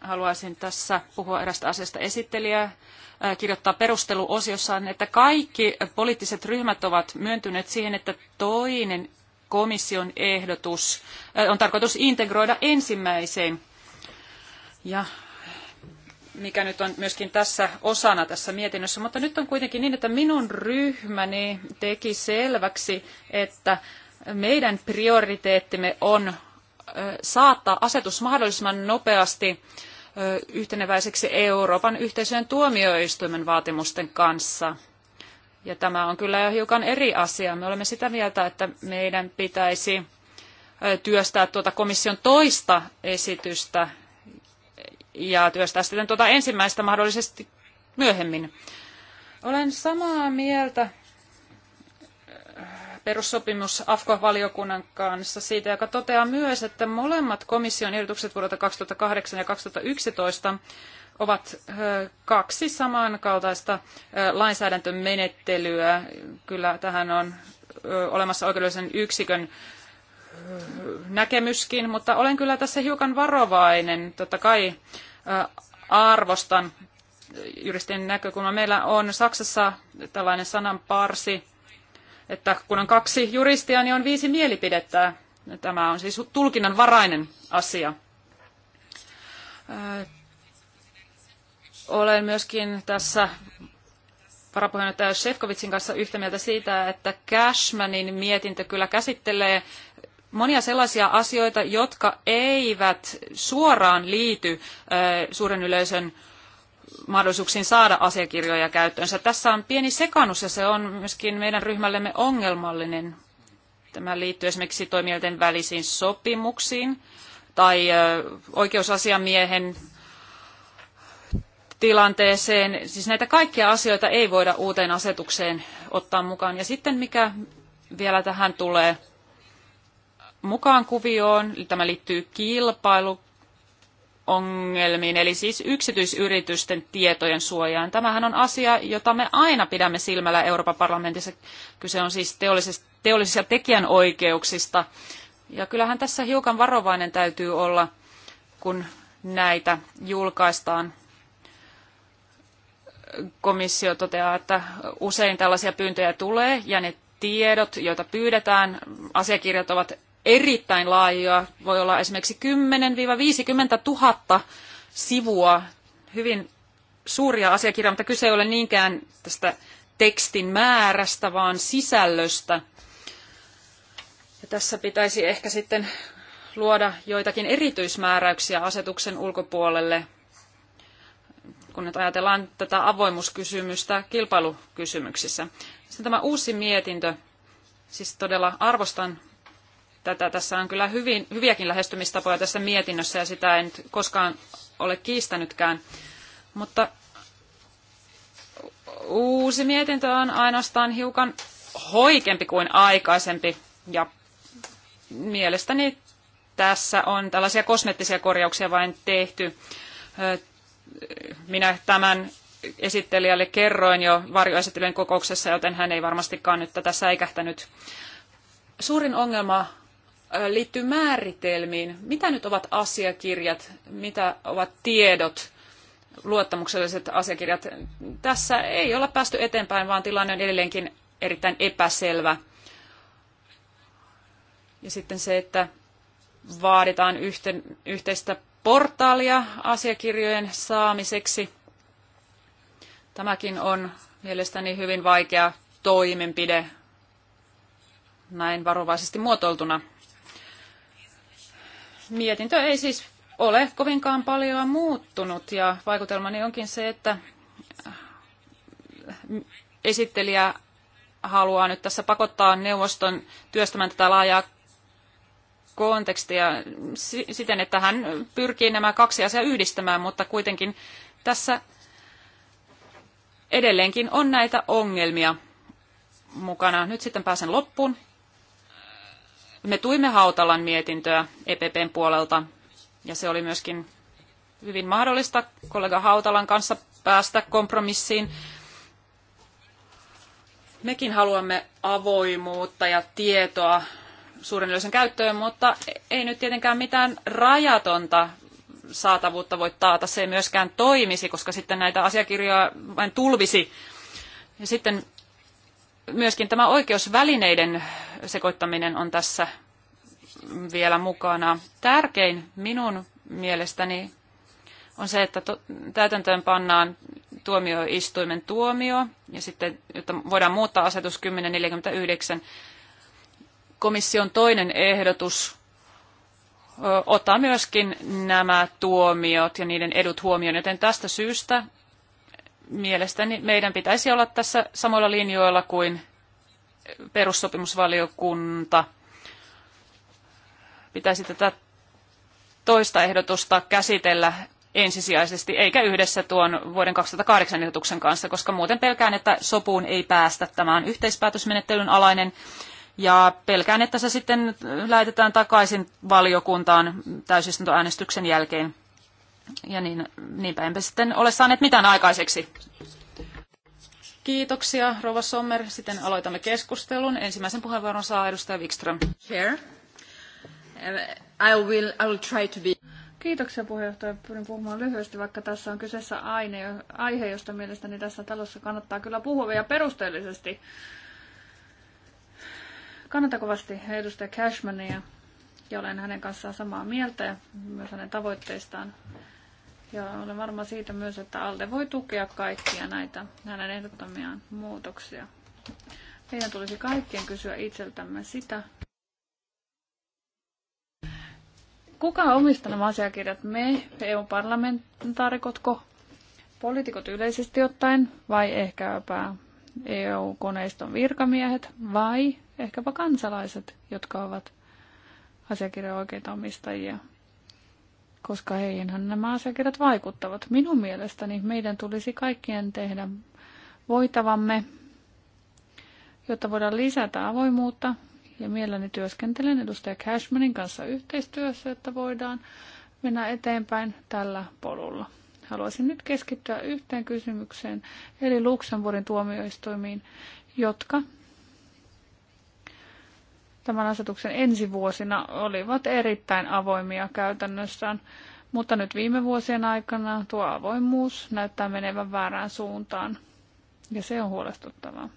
haluaisin tässä puhua erästä asiasta esittelijää, äh, kirjoittaa perusteluosiossaan, että kaikki poliittiset ryhmät ovat myöntyneet siihen, että toinen komission ehdotus äh, on tarkoitus integroida ensimmäiseen ja mikä nyt on myöskin tässä osana tässä mietinnössä, mutta nyt on kuitenkin niin, että minun ryhmäni teki selväksi, että meidän prioriteettimme on saattaa asetus mahdollisimman nopeasti yhteneväiseksi Euroopan yhteisöjen tuomioistuimen vaatimusten kanssa. Ja tämä on kyllä jo hiukan eri asia. Me olemme sitä mieltä, että meidän pitäisi työstää tuota komission toista esitystä, ja työstää sitten tuota ensimmäistä mahdollisesti myöhemmin. Olen samaa mieltä eh, perussopimus AFKA-valiokunnan kanssa siitä, joka toteaa myös, että molemmat komission ehdotukset vuodelta 2008 ja 2011 ovat eh, kaksi samankaltaista eh, lainsäädäntömenettelyä. Kyllä tähän on olemassa oikeudellisen yksikön näkemyskin, mutta olen kyllä tässä hiukan varovainen. Totta kai arvostan juristin näkökulma. Meillä on Saksassa tällainen sananparsi, että kun on kaksi juristia, niin on viisi mielipidettä. Tämä on siis tulkinnan varainen asia. Olen myöskin tässä varapuheenjohtaja Shevkovitsin kanssa yhtä mieltä siitä, että Cashmanin mietintö kyllä käsittelee monia sellaisia asioita, jotka eivät suoraan liity suuren yleisön mahdollisuuksiin saada asiakirjoja käyttöönsä. Tässä on pieni sekannus ja se on myöskin meidän ryhmällemme ongelmallinen. Tämä liittyy esimerkiksi toimijoiden välisiin sopimuksiin tai oikeusasiamiehen tilanteeseen. Siis näitä kaikkia asioita ei voida uuteen asetukseen ottaa mukaan. Ja sitten mikä vielä tähän tulee, mukaan kuvioon. Tämä liittyy kilpailuongelmiin, eli siis yksityisyritysten tietojen suojaan. Tämähän on asia, jota me aina pidämme silmällä Euroopan parlamentissa. Kyse on siis teollisista tekijänoikeuksista. Ja kyllähän tässä hiukan varovainen täytyy olla, kun näitä julkaistaan. Komissio toteaa, että usein tällaisia pyyntöjä tulee ja ne tiedot, joita pyydetään, asiakirjat ovat erittäin laajoja, voi olla esimerkiksi 10-50 000 sivua, hyvin suuria asiakirjoja, mutta kyse ei ole niinkään tästä tekstin määrästä, vaan sisällöstä. Ja tässä pitäisi ehkä sitten luoda joitakin erityismääräyksiä asetuksen ulkopuolelle, kun nyt ajatellaan tätä avoimuuskysymystä kilpailukysymyksissä. Sitten tämä uusi mietintö, siis todella arvostan tätä. Tässä on kyllä hyvin, hyviäkin lähestymistapoja tässä mietinnössä ja sitä en koskaan ole kiistänytkään. Mutta uusi mietintö on ainoastaan hiukan hoikempi kuin aikaisempi ja mielestäni tässä on tällaisia kosmettisia korjauksia vain tehty. Minä tämän esittelijälle kerroin jo varjoesittelijän kokouksessa, joten hän ei varmastikaan nyt tätä säikähtänyt. Suurin ongelma liittyy määritelmiin. Mitä nyt ovat asiakirjat, mitä ovat tiedot, luottamukselliset asiakirjat? Tässä ei olla päästy eteenpäin, vaan tilanne on edelleenkin erittäin epäselvä. Ja sitten se, että vaaditaan yhten, yhteistä portaalia asiakirjojen saamiseksi. Tämäkin on mielestäni hyvin vaikea toimenpide näin varovaisesti muotoiltuna mietintö ei siis ole kovinkaan paljon muuttunut ja vaikutelmani onkin se, että esittelijä haluaa nyt tässä pakottaa neuvoston työstämään tätä laajaa kontekstia siten, että hän pyrkii nämä kaksi asiaa yhdistämään, mutta kuitenkin tässä edelleenkin on näitä ongelmia mukana. Nyt sitten pääsen loppuun. Me tuimme Hautalan mietintöä EPPn puolelta ja se oli myöskin hyvin mahdollista kollega Hautalan kanssa päästä kompromissiin. Mekin haluamme avoimuutta ja tietoa suuren yleisön käyttöön, mutta ei nyt tietenkään mitään rajatonta saatavuutta voi taata. Se ei myöskään toimisi, koska sitten näitä asiakirjoja vain tulvisi. Ja sitten myöskin tämä oikeusvälineiden sekoittaminen on tässä vielä mukana. Tärkein minun mielestäni on se, että täytäntöön pannaan tuomioistuimen tuomio, ja sitten, jotta voidaan muuttaa asetus 1049, komission toinen ehdotus ottaa myöskin nämä tuomiot ja niiden edut huomioon, joten tästä syystä mielestäni meidän pitäisi olla tässä samoilla linjoilla kuin perussopimusvaliokunta pitäisi tätä toista ehdotusta käsitellä ensisijaisesti, eikä yhdessä tuon vuoden 2008 ehdotuksen kanssa, koska muuten pelkään, että sopuun ei päästä. Tämä on yhteispäätösmenettelyn alainen ja pelkään, että se sitten lähetetään takaisin valiokuntaan täysistuntoäänestyksen jälkeen. Ja niin, niinpä emme sitten ole saaneet mitään aikaiseksi. Kiitoksia, Rova Sommer. Sitten aloitamme keskustelun. Ensimmäisen puheenvuoron saa edustaja Wikström. Chair. I will, I will try to be... Kiitoksia puheenjohtaja. Pyrin puhumaan lyhyesti, vaikka tässä on kyseessä aine, aihe, josta mielestäni tässä talossa kannattaa kyllä puhua vielä perusteellisesti. Kannatan kovasti edustaja Cashmania ja olen hänen kanssaan samaa mieltä ja myös hänen tavoitteistaan. Ja olen varma siitä myös, että ALDE voi tukea kaikkia näitä hänen ehdottamiaan muutoksia. Meidän tulisi kaikkien kysyä itseltämme sitä, kuka omistaa nämä asiakirjat? Me, EU-parlamentaarikotko, poliitikot yleisesti ottaen, vai ehkäpä EU-koneiston virkamiehet, vai ehkäpä kansalaiset, jotka ovat asiakirjan oikeita omistajia? koska heihinhän nämä asiakirjat vaikuttavat. Minun mielestäni meidän tulisi kaikkien tehdä voitavamme, jotta voidaan lisätä avoimuutta. Ja mielelläni työskentelen edustaja Cashmanin kanssa yhteistyössä, että voidaan mennä eteenpäin tällä polulla. Haluaisin nyt keskittyä yhteen kysymykseen, eli Luxemburgin tuomioistuimiin, jotka tämän asetuksen ensi vuosina olivat erittäin avoimia käytännössään, mutta nyt viime vuosien aikana tuo avoimuus näyttää menevän väärään suuntaan, ja se on huolestuttavaa.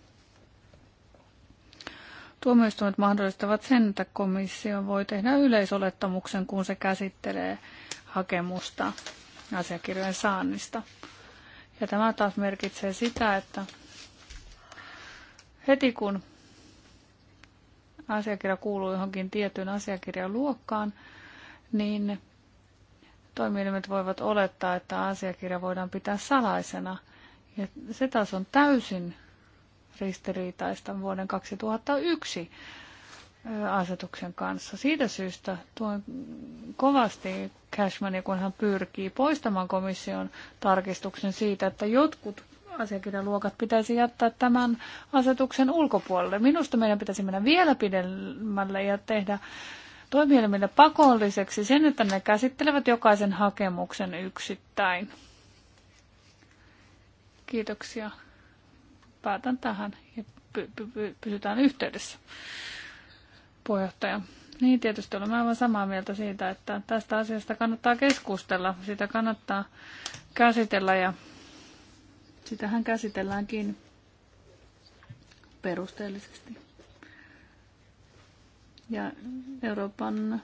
Tuomioistuimet mahdollistavat sen, että komissio voi tehdä yleisolettamuksen, kun se käsittelee hakemusta asiakirjojen saannista. Ja tämä taas merkitsee sitä, että heti kun asiakirja kuuluu johonkin tiettyyn asiakirjaluokkaan, niin toimielimet voivat olettaa, että asiakirja voidaan pitää salaisena. Ja se taas on täysin ristiriitaista vuoden 2001 asetuksen kanssa. Siitä syystä tuon kovasti Cashmania, kun hän pyrkii poistamaan komission tarkistuksen siitä, että jotkut asiakirjaluokat pitäisi jättää tämän asetuksen ulkopuolelle. Minusta meidän pitäisi mennä vielä pidemmälle ja tehdä toimielimille pakolliseksi sen, että ne käsittelevät jokaisen hakemuksen yksittäin. Kiitoksia. Päätän tähän ja py- py- py- pysytään yhteydessä. Puheenjohtaja. Niin, tietysti olemme aivan samaa mieltä siitä, että tästä asiasta kannattaa keskustella, sitä kannattaa käsitellä ja Sitähän käsitelläänkin perusteellisesti. Ja Euroopan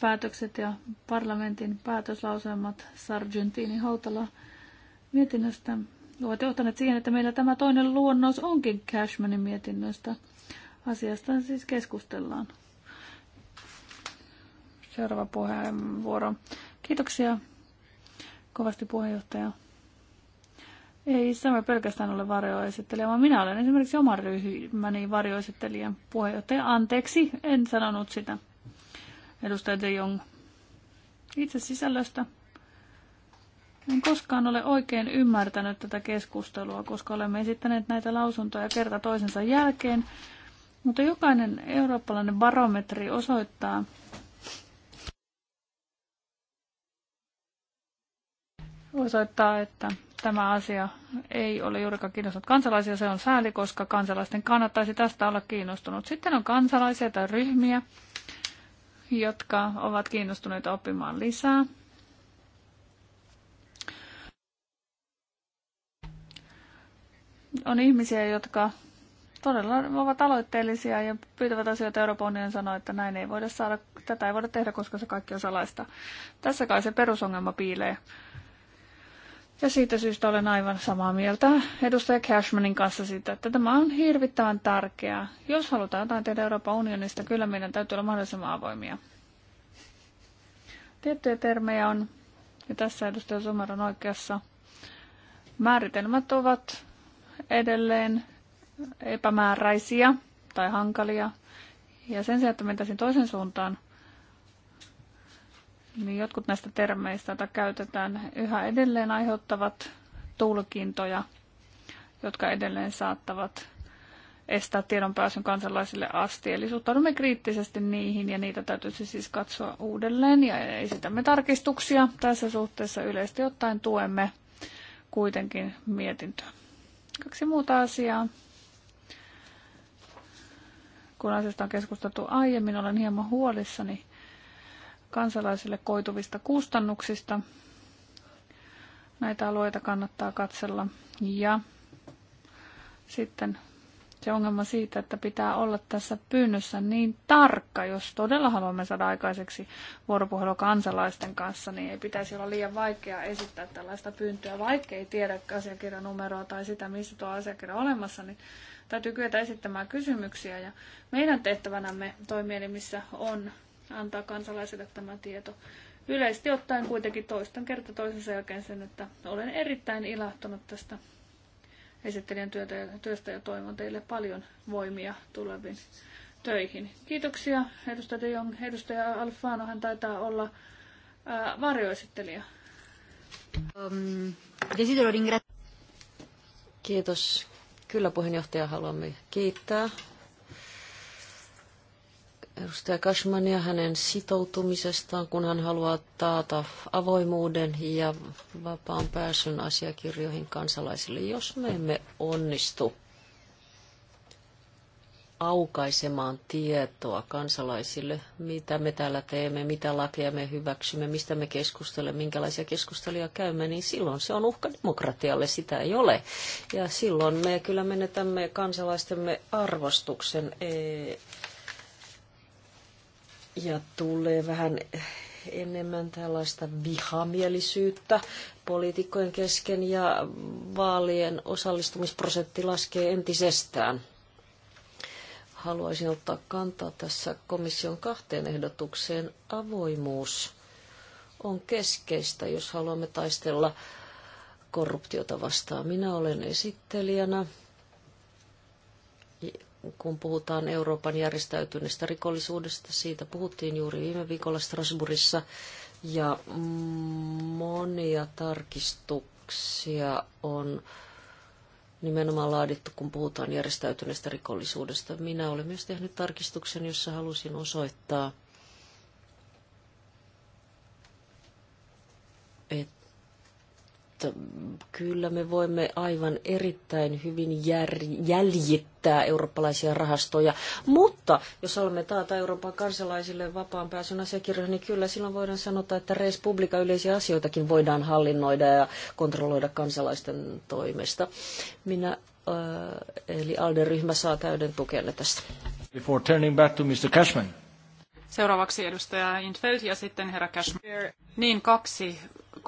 päätökset ja parlamentin päätöslauselmat Sargentini Hautala mietinnöstä ovat johtaneet siihen, että meillä tämä toinen luonnos onkin Cashmanin mietinnöstä. Asiasta siis keskustellaan. Seuraava puheenvuoro. Kiitoksia kovasti puheenjohtaja. Ei Sami pelkästään ole varjoesittelijä, vaan minä olen esimerkiksi oman ryhmäni varjoesittelijän puheenjohtaja. Anteeksi, en sanonut sitä. Edustaja De Jong. Itse sisällöstä. En koskaan ole oikein ymmärtänyt tätä keskustelua, koska olemme esittäneet näitä lausuntoja kerta toisensa jälkeen. Mutta jokainen eurooppalainen barometri osoittaa, osoittaa, että tämä asia ei ole juurikaan kiinnostunut kansalaisia. Se on sääli, koska kansalaisten kannattaisi tästä olla kiinnostunut. Sitten on kansalaisia tai ryhmiä, jotka ovat kiinnostuneita oppimaan lisää. On ihmisiä, jotka todella ovat aloitteellisia ja pyytävät asioita Euroopan unionin sanoa, että näin ei voida saada, tätä ei voida tehdä, koska se kaikki on salaista. Tässä kai se perusongelma piilee. Ja siitä syystä olen aivan samaa mieltä edustaja Cashmanin kanssa siitä, että tämä on hirvittävän tärkeää. Jos halutaan jotain tehdä Euroopan unionista, kyllä meidän täytyy olla mahdollisimman avoimia. Tiettyjä termejä on, ja tässä edustaja Sumer on oikeassa, määritelmät ovat edelleen epämääräisiä tai hankalia. Ja sen sijaan, että mentäisiin toisen suuntaan, niin jotkut näistä termeistä, joita käytetään, yhä edelleen aiheuttavat tulkintoja, jotka edelleen saattavat estää tiedonpääsyn kansalaisille asti. Eli suhtaudumme kriittisesti niihin ja niitä täytyisi siis katsoa uudelleen ja esitämme tarkistuksia. Tässä suhteessa yleisesti ottaen tuemme kuitenkin mietintöä. Kaksi muuta asiaa. Kun asiasta on keskusteltu aiemmin, olen hieman huolissani kansalaisille koituvista kustannuksista. Näitä alueita kannattaa katsella. Ja sitten se ongelma siitä, että pitää olla tässä pyynnössä niin tarkka, jos todella haluamme saada aikaiseksi vuoropuhelua kansalaisten kanssa, niin ei pitäisi olla liian vaikeaa esittää tällaista pyyntöä, vaikka ei tiedä asiakirjanumeroa numeroa tai sitä, missä tuo asiakirja on olemassa, niin täytyy kyetä esittämään kysymyksiä. Ja meidän tehtävänämme toimielimissä on antaa kansalaisille tämä tieto. Yleisesti ottaen kuitenkin toistan kerta toisensa jälkeen sen, että olen erittäin ilahtunut tästä esittelijän työtä, työstä ja toivon teille paljon voimia tuleviin töihin. Kiitoksia edustaja De Jong. Edustaja hän taitaa olla ää, varjoesittelijä. Um, Kiitos. Kyllä puheenjohtaja haluamme kiittää edustaja Kashmania hänen sitoutumisestaan, kun hän haluaa taata avoimuuden ja vapaan pääsyn asiakirjoihin kansalaisille, jos me emme onnistu aukaisemaan tietoa kansalaisille, mitä me täällä teemme, mitä lakeja me hyväksymme, mistä me keskustelemme, minkälaisia keskusteluja käymme, niin silloin se on uhka demokratialle, sitä ei ole. Ja silloin me kyllä menetämme kansalaistemme arvostuksen e- ja tulee vähän enemmän tällaista vihamielisyyttä poliitikkojen kesken ja vaalien osallistumisprosentti laskee entisestään. Haluaisin ottaa kantaa tässä komission kahteen ehdotukseen. Avoimuus on keskeistä, jos haluamme taistella korruptiota vastaan. Minä olen esittelijänä kun puhutaan Euroopan järjestäytyneestä rikollisuudesta. Siitä puhuttiin juuri viime viikolla Strasbourgissa. Ja monia tarkistuksia on nimenomaan laadittu, kun puhutaan järjestäytyneestä rikollisuudesta. Minä olen myös tehnyt tarkistuksen, jossa halusin osoittaa, että että kyllä me voimme aivan erittäin hyvin jär, jäljittää eurooppalaisia rahastoja, mutta jos haluamme taata Euroopan kansalaisille vapaan pääsyn asiakirjoihin, niin kyllä silloin voidaan sanoa, että res publica yleisiä asioitakin voidaan hallinnoida ja kontrolloida kansalaisten toimesta. Minä, äh, eli ALDE-ryhmä saa täyden tukenne tästä. Before turning back to Mr. Cashman. Seuraavaksi edustaja Intfeld ja sitten herra Cashman. Niin kaksi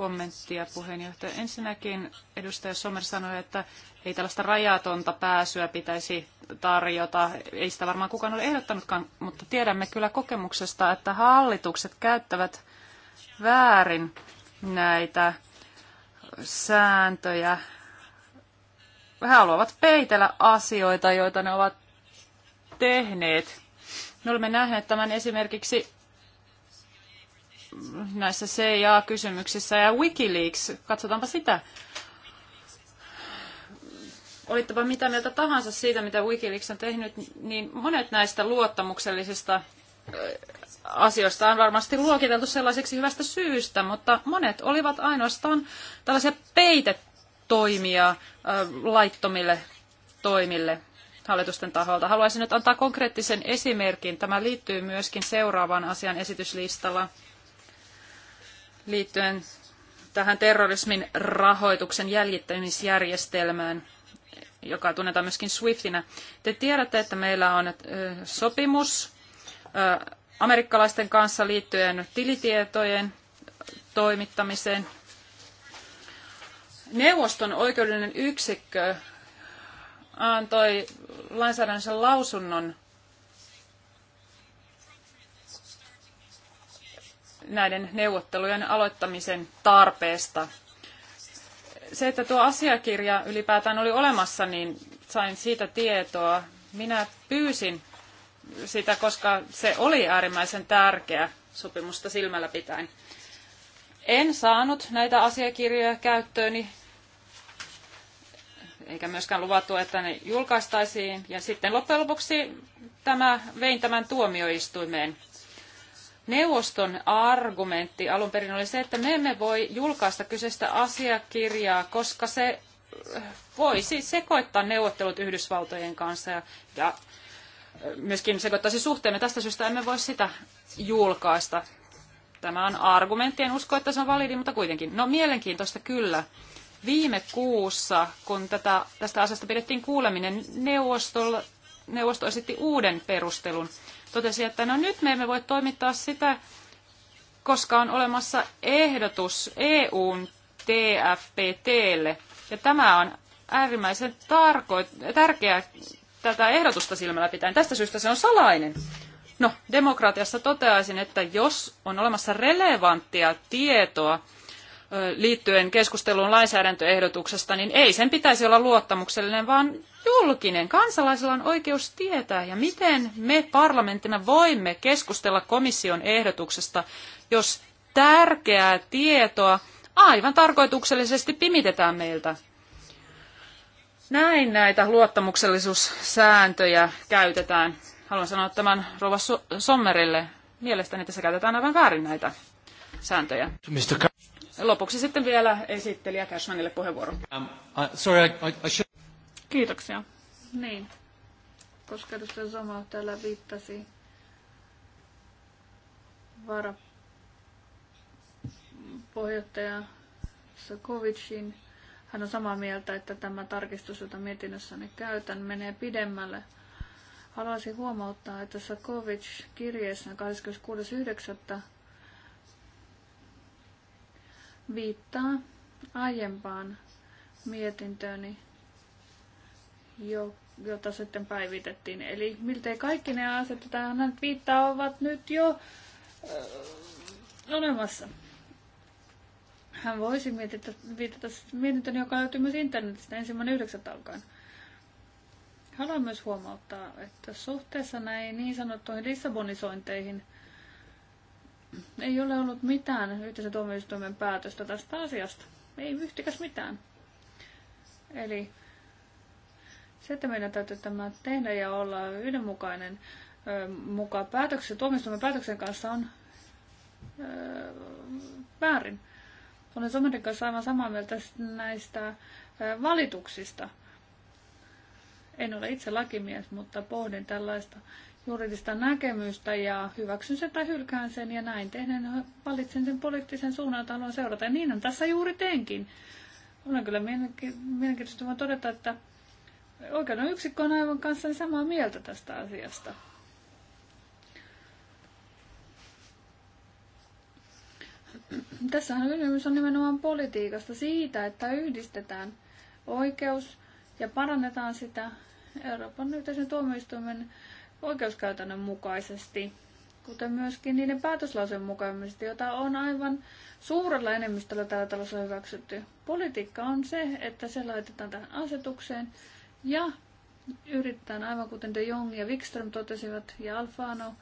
kommenttia puheenjohtaja. Ensinnäkin edustaja Sommer sanoi, että ei tällaista rajatonta pääsyä pitäisi tarjota. Ei sitä varmaan kukaan ole ehdottanutkaan, mutta tiedämme kyllä kokemuksesta, että hallitukset käyttävät väärin näitä sääntöjä. He haluavat peitellä asioita, joita ne ovat tehneet. Me olemme nähneet tämän esimerkiksi näissä CIA-kysymyksissä ja Wikileaks. Katsotaanpa sitä. Olittepa mitä mieltä tahansa siitä, mitä Wikileaks on tehnyt, niin monet näistä luottamuksellisista äh, asioista on varmasti luokiteltu sellaiseksi hyvästä syystä, mutta monet olivat ainoastaan tällaisia peitetoimia äh, laittomille toimille hallitusten taholta. Haluaisin nyt antaa konkreettisen esimerkin. Tämä liittyy myöskin seuraavaan asian esityslistalla liittyen tähän terrorismin rahoituksen jäljittämisjärjestelmään, joka tunnetaan myöskin SWIFTinä. Te tiedätte, että meillä on sopimus amerikkalaisten kanssa liittyen tilitietojen toimittamiseen. Neuvoston oikeudellinen yksikkö antoi lainsäädännöllisen lausunnon näiden neuvottelujen aloittamisen tarpeesta. Se, että tuo asiakirja ylipäätään oli olemassa, niin sain siitä tietoa. Minä pyysin sitä, koska se oli äärimmäisen tärkeä sopimusta silmällä pitäen. En saanut näitä asiakirjoja käyttööni, eikä myöskään luvattu, että ne julkaistaisiin. Ja sitten loppujen lopuksi tämä, vein tämän tuomioistuimeen. Neuvoston argumentti alun perin oli se, että me emme voi julkaista kyseistä asiakirjaa, koska se äh, voisi sekoittaa neuvottelut Yhdysvaltojen kanssa ja, ja äh, myöskin sekoittaisi suhteemme. Tästä syystä emme voi sitä julkaista. Tämä on argumentti, en usko, että se on validi, mutta kuitenkin. No mielenkiintoista kyllä. Viime kuussa, kun tätä, tästä asiasta pidettiin kuuleminen, neuvosto, neuvosto esitti uuden perustelun totesi, että no nyt me emme voi toimittaa sitä, koska on olemassa ehdotus EUn TFPTlle. Ja tämä on äärimmäisen tarko- tärkeä tätä ehdotusta silmällä pitäen. Tästä syystä se on salainen. No, demokratiassa toteaisin, että jos on olemassa relevanttia tietoa liittyen keskusteluun lainsäädäntöehdotuksesta, niin ei sen pitäisi olla luottamuksellinen, vaan julkinen. Kansalaisilla on oikeus tietää, ja miten me parlamenttina voimme keskustella komission ehdotuksesta, jos tärkeää tietoa aivan tarkoituksellisesti pimitetään meiltä. Näin näitä luottamuksellisuussääntöjä käytetään. Haluan sanoa tämän Rova Sommerille. Mielestäni tässä käytetään aivan väärin näitä sääntöjä. Lopuksi sitten vielä esittelijä Cashmanille puheenvuoro. Um, uh, sorry, I, I, I should... Kiitoksia. Niin, koska edustaja Zoma täällä viittasi varapuheenjohtaja Sokovicin. Hän on samaa mieltä, että tämä tarkistus, jota mietinnössäni käytän, menee pidemmälle. Haluaisin huomauttaa, että Sakovic kirjeessä 26.9. viittaa aiempaan mietintööni jo, jota sitten päivitettiin. Eli miltei kaikki ne asiat, joita hän viittaa, ovat nyt jo äh, olemassa. Hän voisi mietitä, viitata mietintöön, joka löytyy myös internetistä ensimmäinen yhdeksän alkaen. Haluan myös huomauttaa, että suhteessa näihin niin sanottuihin Lissabonisointeihin ei ole ollut mitään yhteisen tuomioistuimen päätöstä tästä asiasta. Ei yhtikäs mitään. Eli se, että meidän täytyy tämä tehdä ja olla yhdenmukainen mukaan päätöksen, tuomioistuimen päätöksen kanssa on öö, väärin. Olen Somerin kanssa aivan samaa mieltä näistä valituksista. En ole itse lakimies, mutta pohdin tällaista juridista näkemystä ja hyväksyn sen tai hylkään sen ja näin tehden valitsen sen poliittisen suunnan, jota haluan seurata. Ja niinhän tässä juuri teenkin. Olen kyllä mielenkiintoista todeta, että oikeuden yksikkö on aivan kanssani samaa mieltä tästä asiasta. Tässähän kysymys on nimenomaan politiikasta siitä, että yhdistetään oikeus ja parannetaan sitä Euroopan yhteisön tuomioistuimen oikeuskäytännön mukaisesti, kuten myöskin niiden päätöslausen mukaisesti, jota on aivan suurella enemmistöllä täällä talossa hyväksytty. Politiikka on se, että se laitetaan tähän asetukseen ja yritetään, aivan kuten De Jong ja Wikström totesivat, ja Alfano,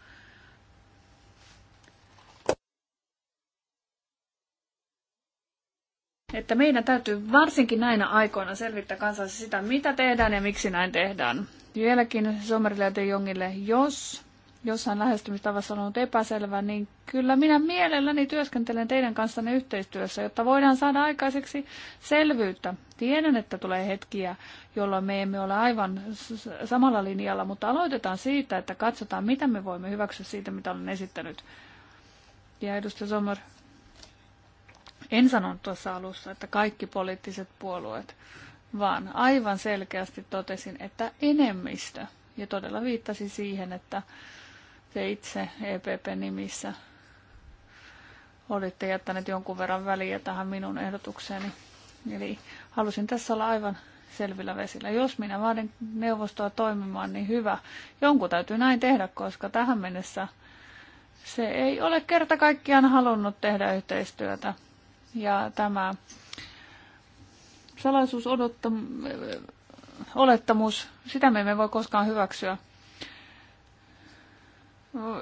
että meidän täytyy varsinkin näinä aikoina selvittää kansalaisille sitä, mitä tehdään ja miksi näin tehdään. Vieläkin Sommerille ja De Jongille, jos jossain lähestymistavassa on ollut epäselvä, niin kyllä minä mielelläni työskentelen teidän kanssanne yhteistyössä, jotta voidaan saada aikaiseksi selvyyttä. Tiedän, että tulee hetkiä, jolloin me emme ole aivan samalla linjalla, mutta aloitetaan siitä, että katsotaan, mitä me voimme hyväksyä siitä, mitä olen esittänyt. Ja edustaja Sommer, en sanonut tuossa alussa, että kaikki poliittiset puolueet, vaan aivan selkeästi totesin, että enemmistö. Ja todella viittasi siihen, että te itse EPP-nimissä olitte jättäneet jonkun verran väliä tähän minun ehdotukseeni. Eli halusin tässä olla aivan selvillä vesillä. Jos minä vaadin neuvostoa toimimaan, niin hyvä. Jonkun täytyy näin tehdä, koska tähän mennessä se ei ole kerta kaikkiaan halunnut tehdä yhteistyötä. Ja tämä salaisuus odottamus, sitä me emme voi koskaan hyväksyä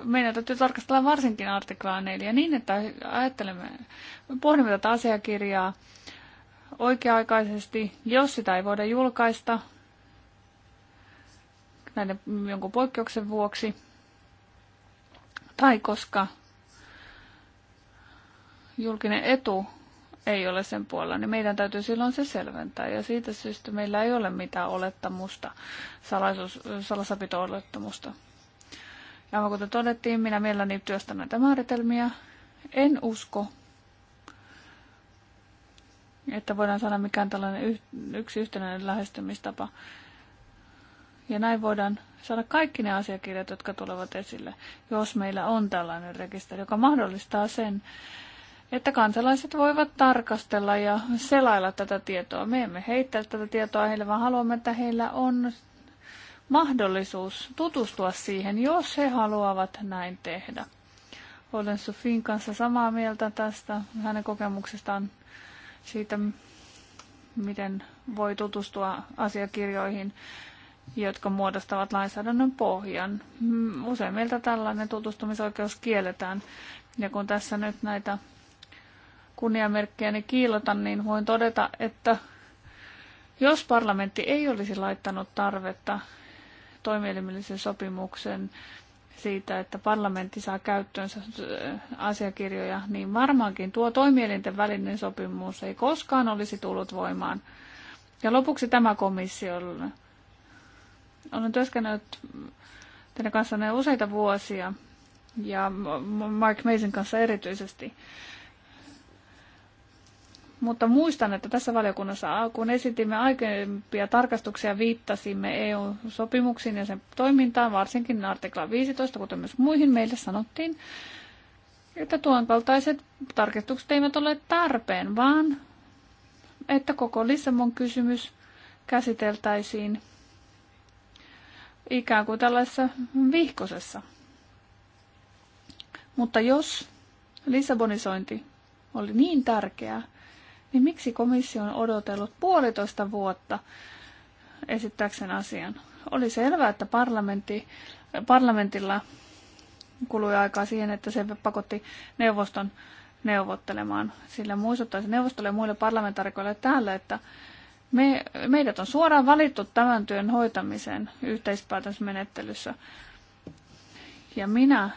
meidän täytyy tarkastella varsinkin artiklaa 4 niin, että ajattelemme, pohdimme tätä asiakirjaa oikea-aikaisesti, jos sitä ei voida julkaista näiden jonkun poikkeuksen vuoksi, tai koska julkinen etu ei ole sen puolella, niin meidän täytyy silloin se selventää. Ja siitä syystä meillä ei ole mitään olettamusta, salaisuus, salasapito-olettamusta. Aivan kuten tuota todettiin, minä mielelläni työstän näitä määritelmiä. En usko, että voidaan saada mikään tällainen yksi yhtenäinen lähestymistapa. Ja näin voidaan saada kaikki ne asiakirjat, jotka tulevat esille, jos meillä on tällainen rekisteri, joka mahdollistaa sen, että kansalaiset voivat tarkastella ja selailla tätä tietoa. Me emme heittää tätä tietoa heille, vaan haluamme, että heillä on mahdollisuus tutustua siihen, jos he haluavat näin tehdä. Olen Sofin kanssa samaa mieltä tästä, hänen kokemuksestaan siitä, miten voi tutustua asiakirjoihin, jotka muodostavat lainsäädännön pohjan. Usein meiltä tällainen tutustumisoikeus kielletään. Ja kun tässä nyt näitä kunniamerkkejä niin kiilotan, niin voin todeta, että jos parlamentti ei olisi laittanut tarvetta toimielimellisen sopimuksen siitä, että parlamentti saa käyttöönsä äh, asiakirjoja, niin varmaankin tuo toimielinten välinen sopimus ei koskaan olisi tullut voimaan. Ja lopuksi tämä komissio Olen työskennellyt teidän kanssanne useita vuosia ja Mark Mason kanssa erityisesti. Mutta muistan, että tässä valiokunnassa, kun esitimme aikaisempia tarkastuksia, viittasimme EU-sopimuksiin ja sen toimintaan, varsinkin artikla 15, kuten myös muihin, meille sanottiin, että tuon kaltaiset tarkistukset eivät ole tarpeen, vaan että koko Lissabon kysymys käsiteltäisiin ikään kuin tällaisessa vihkosessa. Mutta jos Lissabonisointi oli niin tärkeää, niin miksi komissio on odotellut puolitoista vuotta esittääkseen asian? Oli selvää, että parlamentti, parlamentilla kului aikaa siihen, että se pakotti neuvoston neuvottelemaan. Sillä muistuttaisin neuvostolle ja muille parlamentaarikoille täällä, että me, meidät on suoraan valittu tämän työn hoitamiseen yhteispäätösmenettelyssä. Ja minä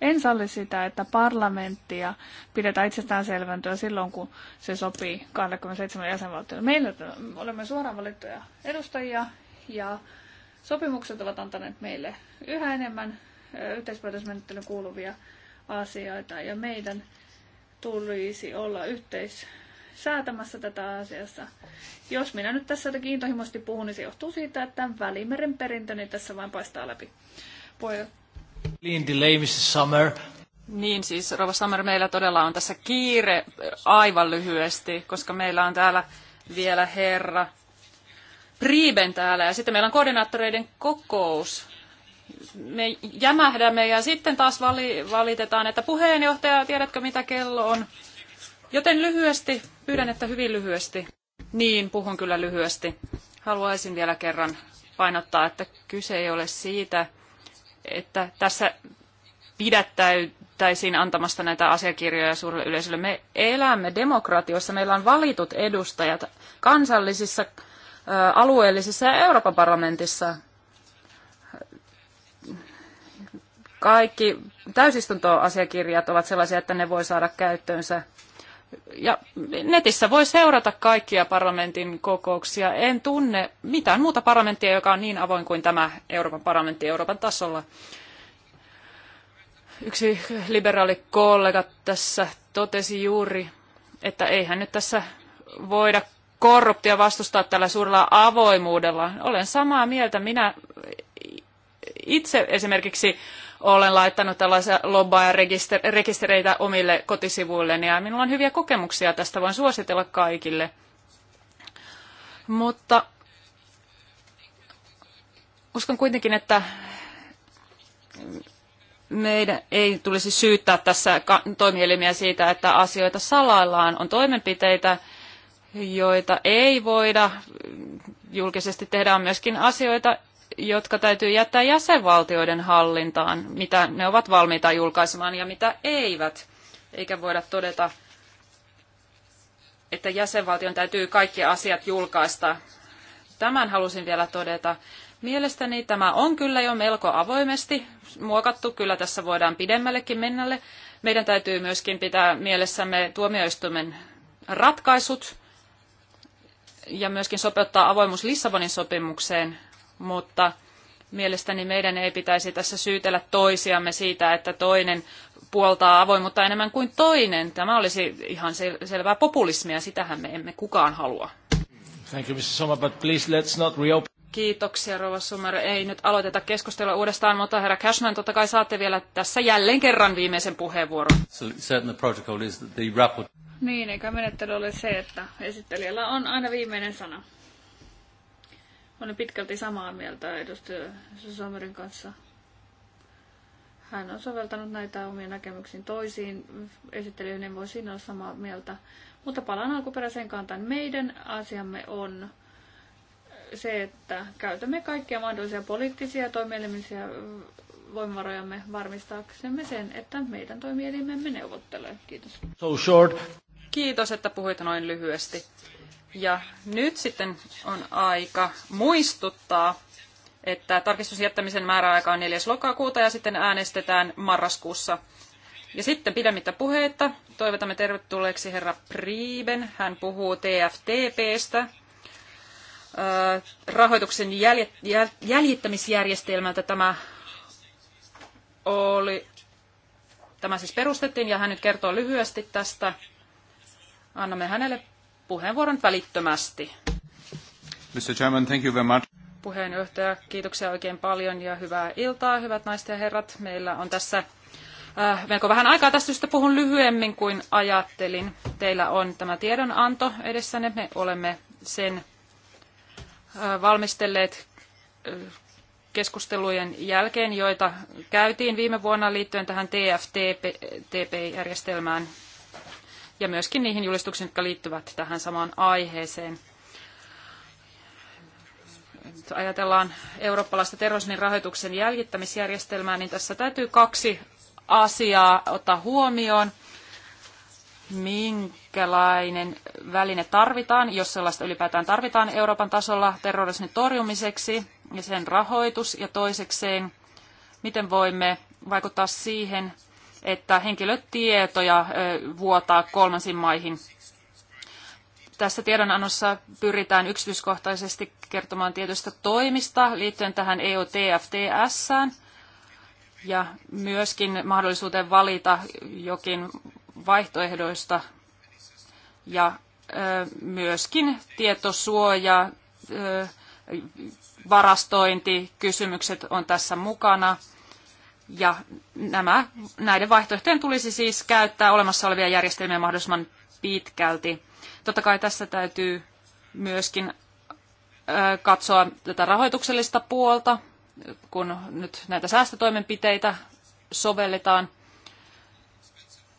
en salli sitä, että parlamenttia pidetään itsestäänselväntöä silloin, kun se sopii 27 jäsenvaltiolle. Meillä olemme suoraan valittuja edustajia ja sopimukset ovat antaneet meille yhä enemmän yhteispäätösmenettelyyn kuuluvia asioita ja meidän tulisi olla yhteis säätämässä tätä asiassa. Jos minä nyt tässä kiintohimoisesti puhun, niin se johtuu siitä, että välimeren perintöni niin tässä vain paistaa läpi. Puheenjohtaja Delay, Mrs. Summer. Niin siis, Rova Summer, meillä todella on tässä kiire äh, aivan lyhyesti, koska meillä on täällä vielä herra Priiben täällä ja sitten meillä on koordinaattoreiden kokous. Me jämähdämme ja sitten taas vali- valitetaan, että puheenjohtaja, tiedätkö mitä kello on? Joten lyhyesti, pyydän, että hyvin lyhyesti. Niin, puhun kyllä lyhyesti. Haluaisin vielä kerran painottaa, että kyse ei ole siitä, että tässä pidättäytäisiin antamasta näitä asiakirjoja suurelle yleisölle. Me elämme demokratiossa meillä on valitut edustajat kansallisissa, alueellisissa ja Euroopan parlamentissa. Kaikki täysistuntoasiakirjat ovat sellaisia, että ne voi saada käyttöönsä ja netissä voi seurata kaikkia parlamentin kokouksia. En tunne mitään muuta parlamenttia, joka on niin avoin kuin tämä Euroopan parlamentti Euroopan tasolla. Yksi liberaali kollega tässä totesi juuri, että eihän nyt tässä voida korruptia vastustaa tällä suurella avoimuudella. Olen samaa mieltä. Minä itse esimerkiksi olen laittanut tällaisia lobbaa rekistereitä omille kotisivuilleni ja minulla on hyviä kokemuksia tästä, voin suositella kaikille. Mutta uskon kuitenkin, että meidän ei tulisi syyttää tässä toimielimiä siitä, että asioita salaillaan. On toimenpiteitä, joita ei voida julkisesti tehdä. On myöskin asioita, jotka täytyy jättää jäsenvaltioiden hallintaan, mitä ne ovat valmiita julkaisemaan ja mitä eivät. Eikä voida todeta, että jäsenvaltion täytyy kaikki asiat julkaista. Tämän halusin vielä todeta. Mielestäni tämä on kyllä jo melko avoimesti muokattu. Kyllä tässä voidaan pidemmällekin mennälle. Meidän täytyy myöskin pitää mielessämme tuomioistuimen ratkaisut ja myöskin sopeuttaa avoimuus Lissabonin sopimukseen mutta mielestäni meidän ei pitäisi tässä syytellä toisiamme siitä, että toinen puoltaa avoimuutta enemmän kuin toinen. Tämä olisi ihan sel- selvää populismia, sitähän me emme kukaan halua. Thank you, Sommer, but please let's not reopen. Kiitoksia, Rova Summer. Ei nyt aloiteta keskustelua uudestaan, mutta herra Cashman, totta kai saatte vielä tässä jälleen kerran viimeisen puheenvuoron. Niin, eikä menettely ole se, että esittelijällä on aina viimeinen sana. Olen pitkälti samaa mieltä edustaja Sommerin kanssa. Hän on soveltanut näitä omia näkemyksiin toisiin. Esittelijöiden voi siinä olla samaa mieltä. Mutta palaan alkuperäiseen kantaan. Meidän asiamme on se, että käytämme kaikkia mahdollisia poliittisia toimielimisiä voimavarojamme varmistaaksemme sen, että meidän toimielimemme neuvottelee. Kiitos. So short. Kiitos, että puhuit noin lyhyesti. Ja nyt sitten on aika muistuttaa, että tarkistusjättämisen määräaika on 4. lokakuuta ja sitten äänestetään marraskuussa. Ja sitten pidemmittä puheita toivotamme tervetulleeksi herra Priiben. Hän puhuu TFTPstä, rahoituksen jäljittämisjärjestelmältä tämä oli, tämä siis perustettiin ja hän nyt kertoo lyhyesti tästä. Annamme hänelle puheenvuoron välittömästi. Mr. Chairman, thank you very much. Puheenjohtaja, kiitoksia oikein paljon ja hyvää iltaa, hyvät naiset ja herrat. Meillä on tässä äh, melko vähän aikaa tästä syystä puhun lyhyemmin kuin ajattelin. Teillä on tämä tiedonanto edessänne. Me olemme sen äh, valmistelleet äh, keskustelujen jälkeen, joita käytiin viime vuonna liittyen tähän TFTP-järjestelmään, ja myöskin niihin julistuksiin, jotka liittyvät tähän samaan aiheeseen. Ajatellaan eurooppalaista terrorismin rahoituksen jäljittämisjärjestelmää, niin tässä täytyy kaksi asiaa ottaa huomioon. Minkälainen väline tarvitaan, jos sellaista ylipäätään tarvitaan Euroopan tasolla terrorismin torjumiseksi ja sen rahoitus, ja toisekseen, miten voimme vaikuttaa siihen, että henkilötietoja vuotaa kolmansiin maihin. Tässä tiedonannossa pyritään yksityiskohtaisesti kertomaan tietystä toimista liittyen tähän EOTFTS ja myöskin mahdollisuuteen valita jokin vaihtoehdoista ja myöskin tietosuoja, varastointi, kysymykset on tässä mukana – ja nämä, näiden vaihtoehtojen tulisi siis käyttää olemassa olevia järjestelmiä mahdollisimman pitkälti. Totta kai tässä täytyy myöskin katsoa tätä rahoituksellista puolta, kun nyt näitä säästötoimenpiteitä sovelletaan.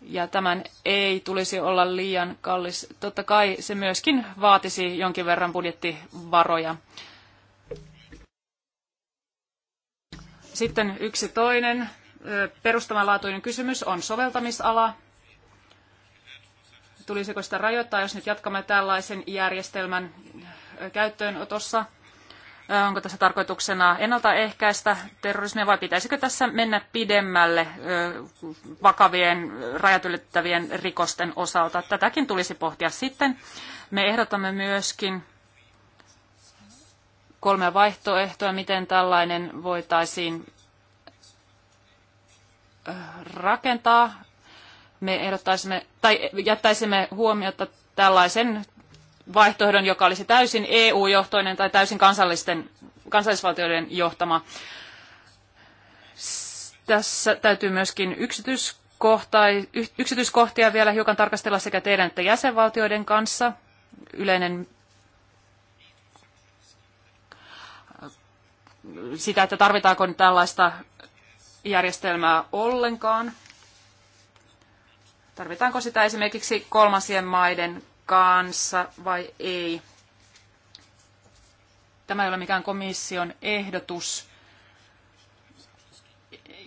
Ja tämän ei tulisi olla liian kallis. Totta kai se myöskin vaatisi jonkin verran budjettivaroja. Sitten yksi toinen perustavanlaatuinen kysymys on soveltamisala. Tulisiko sitä rajoittaa, jos nyt jatkamme tällaisen järjestelmän käyttöönotossa? Onko tässä tarkoituksena ennaltaehkäistä terrorismia vai pitäisikö tässä mennä pidemmälle vakavien rajat ylittävien rikosten osalta? Tätäkin tulisi pohtia sitten. Me ehdotamme myöskin kolme vaihtoehtoa, miten tällainen voitaisiin rakentaa. Me ehdottaisimme, tai jättäisimme huomiota tällaisen vaihtoehdon, joka olisi täysin EU-johtoinen tai täysin kansallisten, kansallisvaltioiden johtama. Tässä täytyy myöskin yksityiskohtia vielä hiukan tarkastella sekä teidän että jäsenvaltioiden kanssa. Yleinen sitä, että tarvitaanko nyt tällaista järjestelmää ollenkaan. Tarvitaanko sitä esimerkiksi kolmansien maiden kanssa vai ei? Tämä ei ole mikään komission ehdotus.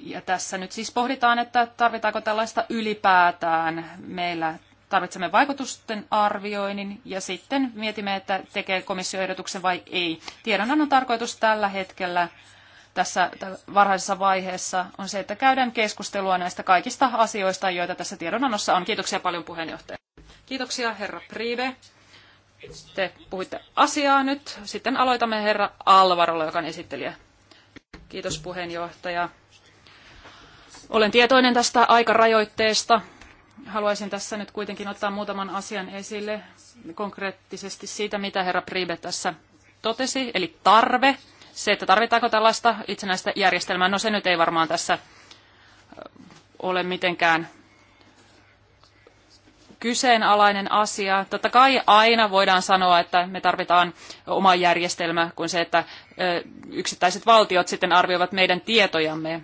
Ja tässä nyt siis pohditaan, että tarvitaanko tällaista ylipäätään. Meillä Tarvitsemme vaikutusten arvioinnin ja sitten mietimme, että tekee komissio ehdotuksen vai ei. Tiedonannon tarkoitus tällä hetkellä tässä varhaisessa vaiheessa on se, että käydään keskustelua näistä kaikista asioista, joita tässä tiedonannossa on. Kiitoksia paljon puheenjohtaja. Kiitoksia herra Priive. Te puhuitte asiaa nyt. Sitten aloitamme herra Alvarolla, joka on esittelijä. Kiitos puheenjohtaja. Olen tietoinen tästä aikarajoitteesta. Haluaisin tässä nyt kuitenkin ottaa muutaman asian esille konkreettisesti siitä, mitä herra Priibe tässä totesi, eli tarve, se, että tarvitaanko tällaista itsenäistä järjestelmää. No se nyt ei varmaan tässä ole mitenkään kyseenalainen asia. Totta kai aina voidaan sanoa, että me tarvitaan oma järjestelmä kuin se, että yksittäiset valtiot sitten arvioivat meidän tietojamme.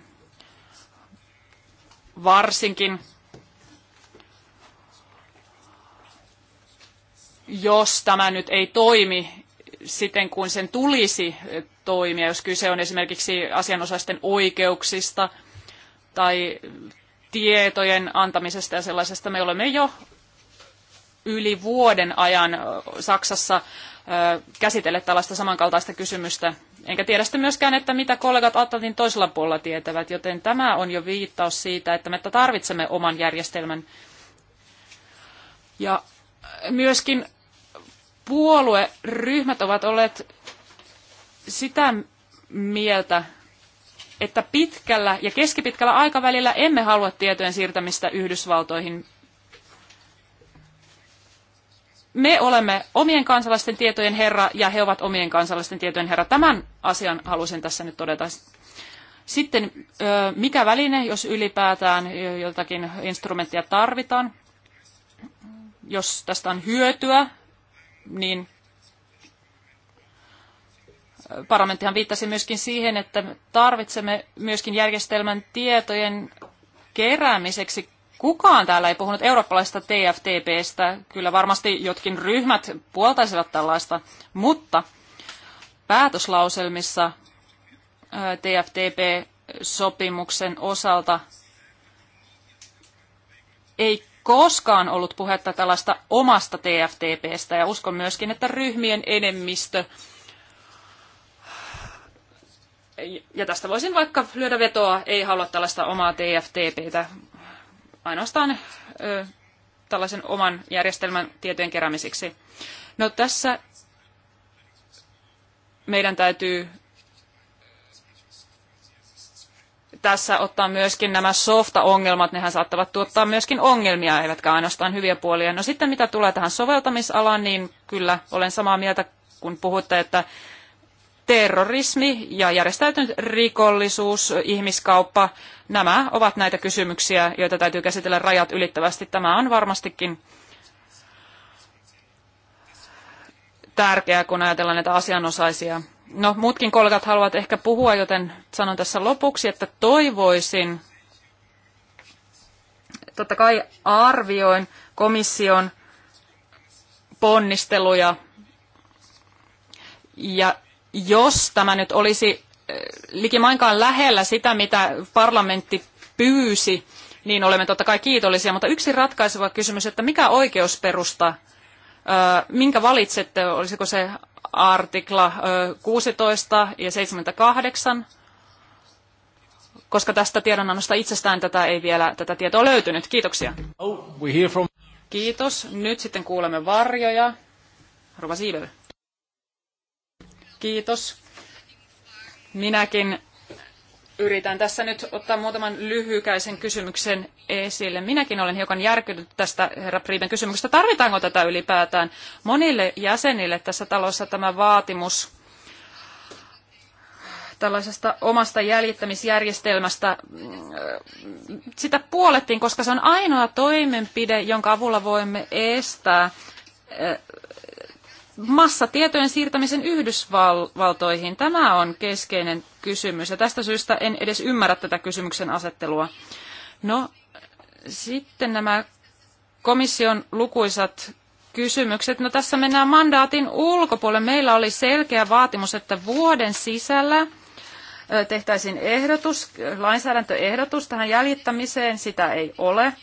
Varsinkin jos tämä nyt ei toimi siten kuin sen tulisi toimia, jos kyse on esimerkiksi asianosaisten oikeuksista tai tietojen antamisesta ja sellaisesta. Me olemme jo yli vuoden ajan Saksassa käsitelleet tällaista samankaltaista kysymystä. Enkä tiedä sitten myöskään, että mitä kollegat Atlantin toisella puolella tietävät, joten tämä on jo viittaus siitä, että me tarvitsemme oman järjestelmän. Ja myöskin puolueryhmät ovat olleet sitä mieltä, että pitkällä ja keskipitkällä aikavälillä emme halua tietojen siirtämistä Yhdysvaltoihin. Me olemme omien kansalaisten tietojen herra ja he ovat omien kansalaisten tietojen herra. Tämän asian halusin tässä nyt todeta. Sitten mikä väline, jos ylipäätään jotakin instrumenttia tarvitaan, jos tästä on hyötyä niin parlamenttihan viittasi myöskin siihen, että tarvitsemme myöskin järjestelmän tietojen keräämiseksi. Kukaan täällä ei puhunut eurooppalaista TFTPstä. Kyllä varmasti jotkin ryhmät puoltaisivat tällaista, mutta päätöslauselmissa TFTP-sopimuksen osalta ei koskaan ollut puhetta tällaista omasta TFTPstä ja uskon myöskin, että ryhmien enemmistö ja tästä voisin vaikka lyödä vetoa, ei halua tällaista omaa TFTPtä, ainoastaan ö, tällaisen oman järjestelmän tietojen keräämiseksi. No tässä meidän täytyy tässä ottaa myöskin nämä softa-ongelmat, nehän saattavat tuottaa myöskin ongelmia, eivätkä ainoastaan hyviä puolia. No sitten mitä tulee tähän soveltamisalaan, niin kyllä olen samaa mieltä, kun puhutte, että terrorismi ja järjestäytynyt rikollisuus, ihmiskauppa, nämä ovat näitä kysymyksiä, joita täytyy käsitellä rajat ylittävästi. Tämä on varmastikin tärkeää, kun ajatellaan näitä asianosaisia. No, muutkin kollegat haluavat ehkä puhua, joten sanon tässä lopuksi, että toivoisin, totta kai arvioin komission ponnisteluja. Ja jos tämä nyt olisi eh, likimainkaan lähellä sitä, mitä parlamentti pyysi, niin olemme totta kai kiitollisia. Mutta yksi ratkaiseva kysymys, että mikä oikeusperusta, minkä valitsette, olisiko se artikla 16 ja 78, koska tästä tiedonannosta itsestään tätä ei vielä tätä tietoa löytynyt. Kiitoksia. Oh, Kiitos. Nyt sitten kuulemme varjoja. Rova Siibel. Kiitos. Minäkin Yritän tässä nyt ottaa muutaman lyhykäisen kysymyksen esille. Minäkin olen hiukan järkytynyt tästä herra Priiben kysymyksestä. Tarvitaanko tätä ylipäätään? Monille jäsenille tässä talossa tämä vaatimus tällaisesta omasta jäljittämisjärjestelmästä, sitä puolettiin, koska se on ainoa toimenpide, jonka avulla voimme estää massatietojen siirtämisen Yhdysvaltoihin? Tämä on keskeinen kysymys ja tästä syystä en edes ymmärrä tätä kysymyksen asettelua. No sitten nämä komission lukuisat kysymykset. No tässä mennään mandaatin ulkopuolelle. Meillä oli selkeä vaatimus, että vuoden sisällä tehtäisiin ehdotus, lainsäädäntöehdotus tähän jäljittämiseen. Sitä ei ole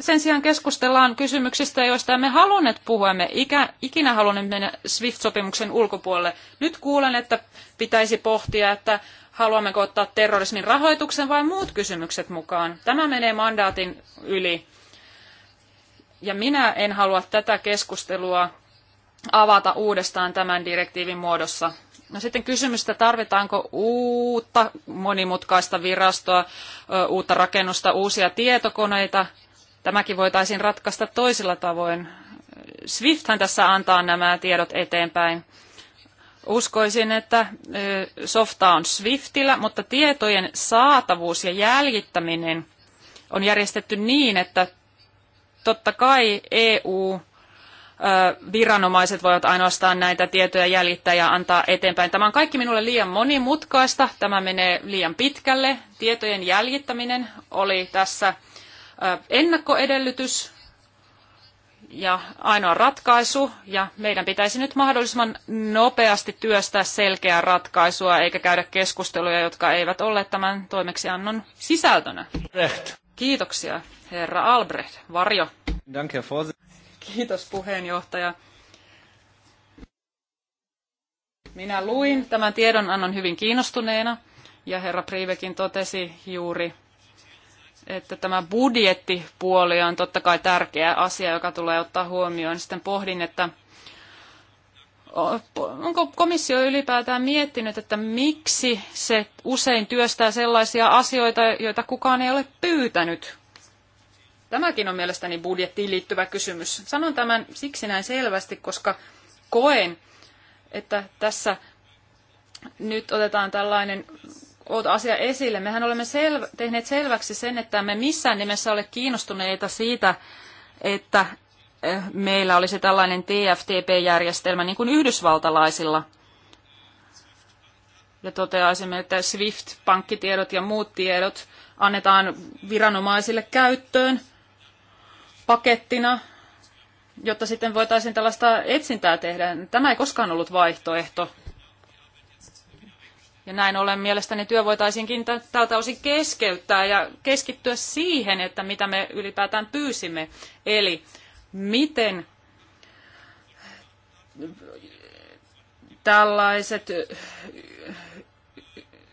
sen sijaan keskustellaan kysymyksistä, joista emme halunneet puhua. Me ikä, ikinä halunneet mennä SWIFT-sopimuksen ulkopuolelle. Nyt kuulen, että pitäisi pohtia, että haluammeko ottaa terrorismin rahoituksen vai muut kysymykset mukaan. Tämä menee mandaatin yli. Ja minä en halua tätä keskustelua avata uudestaan tämän direktiivin muodossa. No sitten kysymys, että tarvitaanko uutta monimutkaista virastoa, uutta rakennusta, uusia tietokoneita tämäkin voitaisiin ratkaista toisella tavoin. Swifthän tässä antaa nämä tiedot eteenpäin. Uskoisin, että softa on Swiftillä, mutta tietojen saatavuus ja jäljittäminen on järjestetty niin, että totta kai EU viranomaiset voivat ainoastaan näitä tietoja jäljittää ja antaa eteenpäin. Tämä on kaikki minulle liian monimutkaista, tämä menee liian pitkälle. Tietojen jäljittäminen oli tässä ennakkoedellytys ja ainoa ratkaisu, ja meidän pitäisi nyt mahdollisimman nopeasti työstää selkeää ratkaisua, eikä käydä keskusteluja, jotka eivät ole tämän toimeksiannon sisältönä. Recht. Kiitoksia, herra Albrecht. Varjo. Danke, Kiitos, puheenjohtaja. Minä luin tämän tiedonannon hyvin kiinnostuneena, ja herra Priivekin totesi juuri, että tämä budjettipuoli on totta kai tärkeä asia, joka tulee ottaa huomioon. Sitten pohdin, että onko komissio ylipäätään miettinyt, että miksi se usein työstää sellaisia asioita, joita kukaan ei ole pyytänyt? Tämäkin on mielestäni budjettiin liittyvä kysymys. Sanon tämän siksi näin selvästi, koska koen, että tässä nyt otetaan tällainen Oot asia esille. Mehän olemme sel- tehneet selväksi sen, että me missään nimessä ole kiinnostuneita siitä, että eh, meillä olisi tällainen TFTP-järjestelmä niin kuin yhdysvaltalaisilla. Ja toteaisimme, että SWIFT-pankkitiedot ja muut tiedot annetaan viranomaisille käyttöön pakettina, jotta sitten voitaisiin tällaista etsintää tehdä. Tämä ei koskaan ollut vaihtoehto ja näin ollen mielestäni työ voitaisiinkin tältä osin keskeyttää ja keskittyä siihen, että mitä me ylipäätään pyysimme. Eli miten tällaiset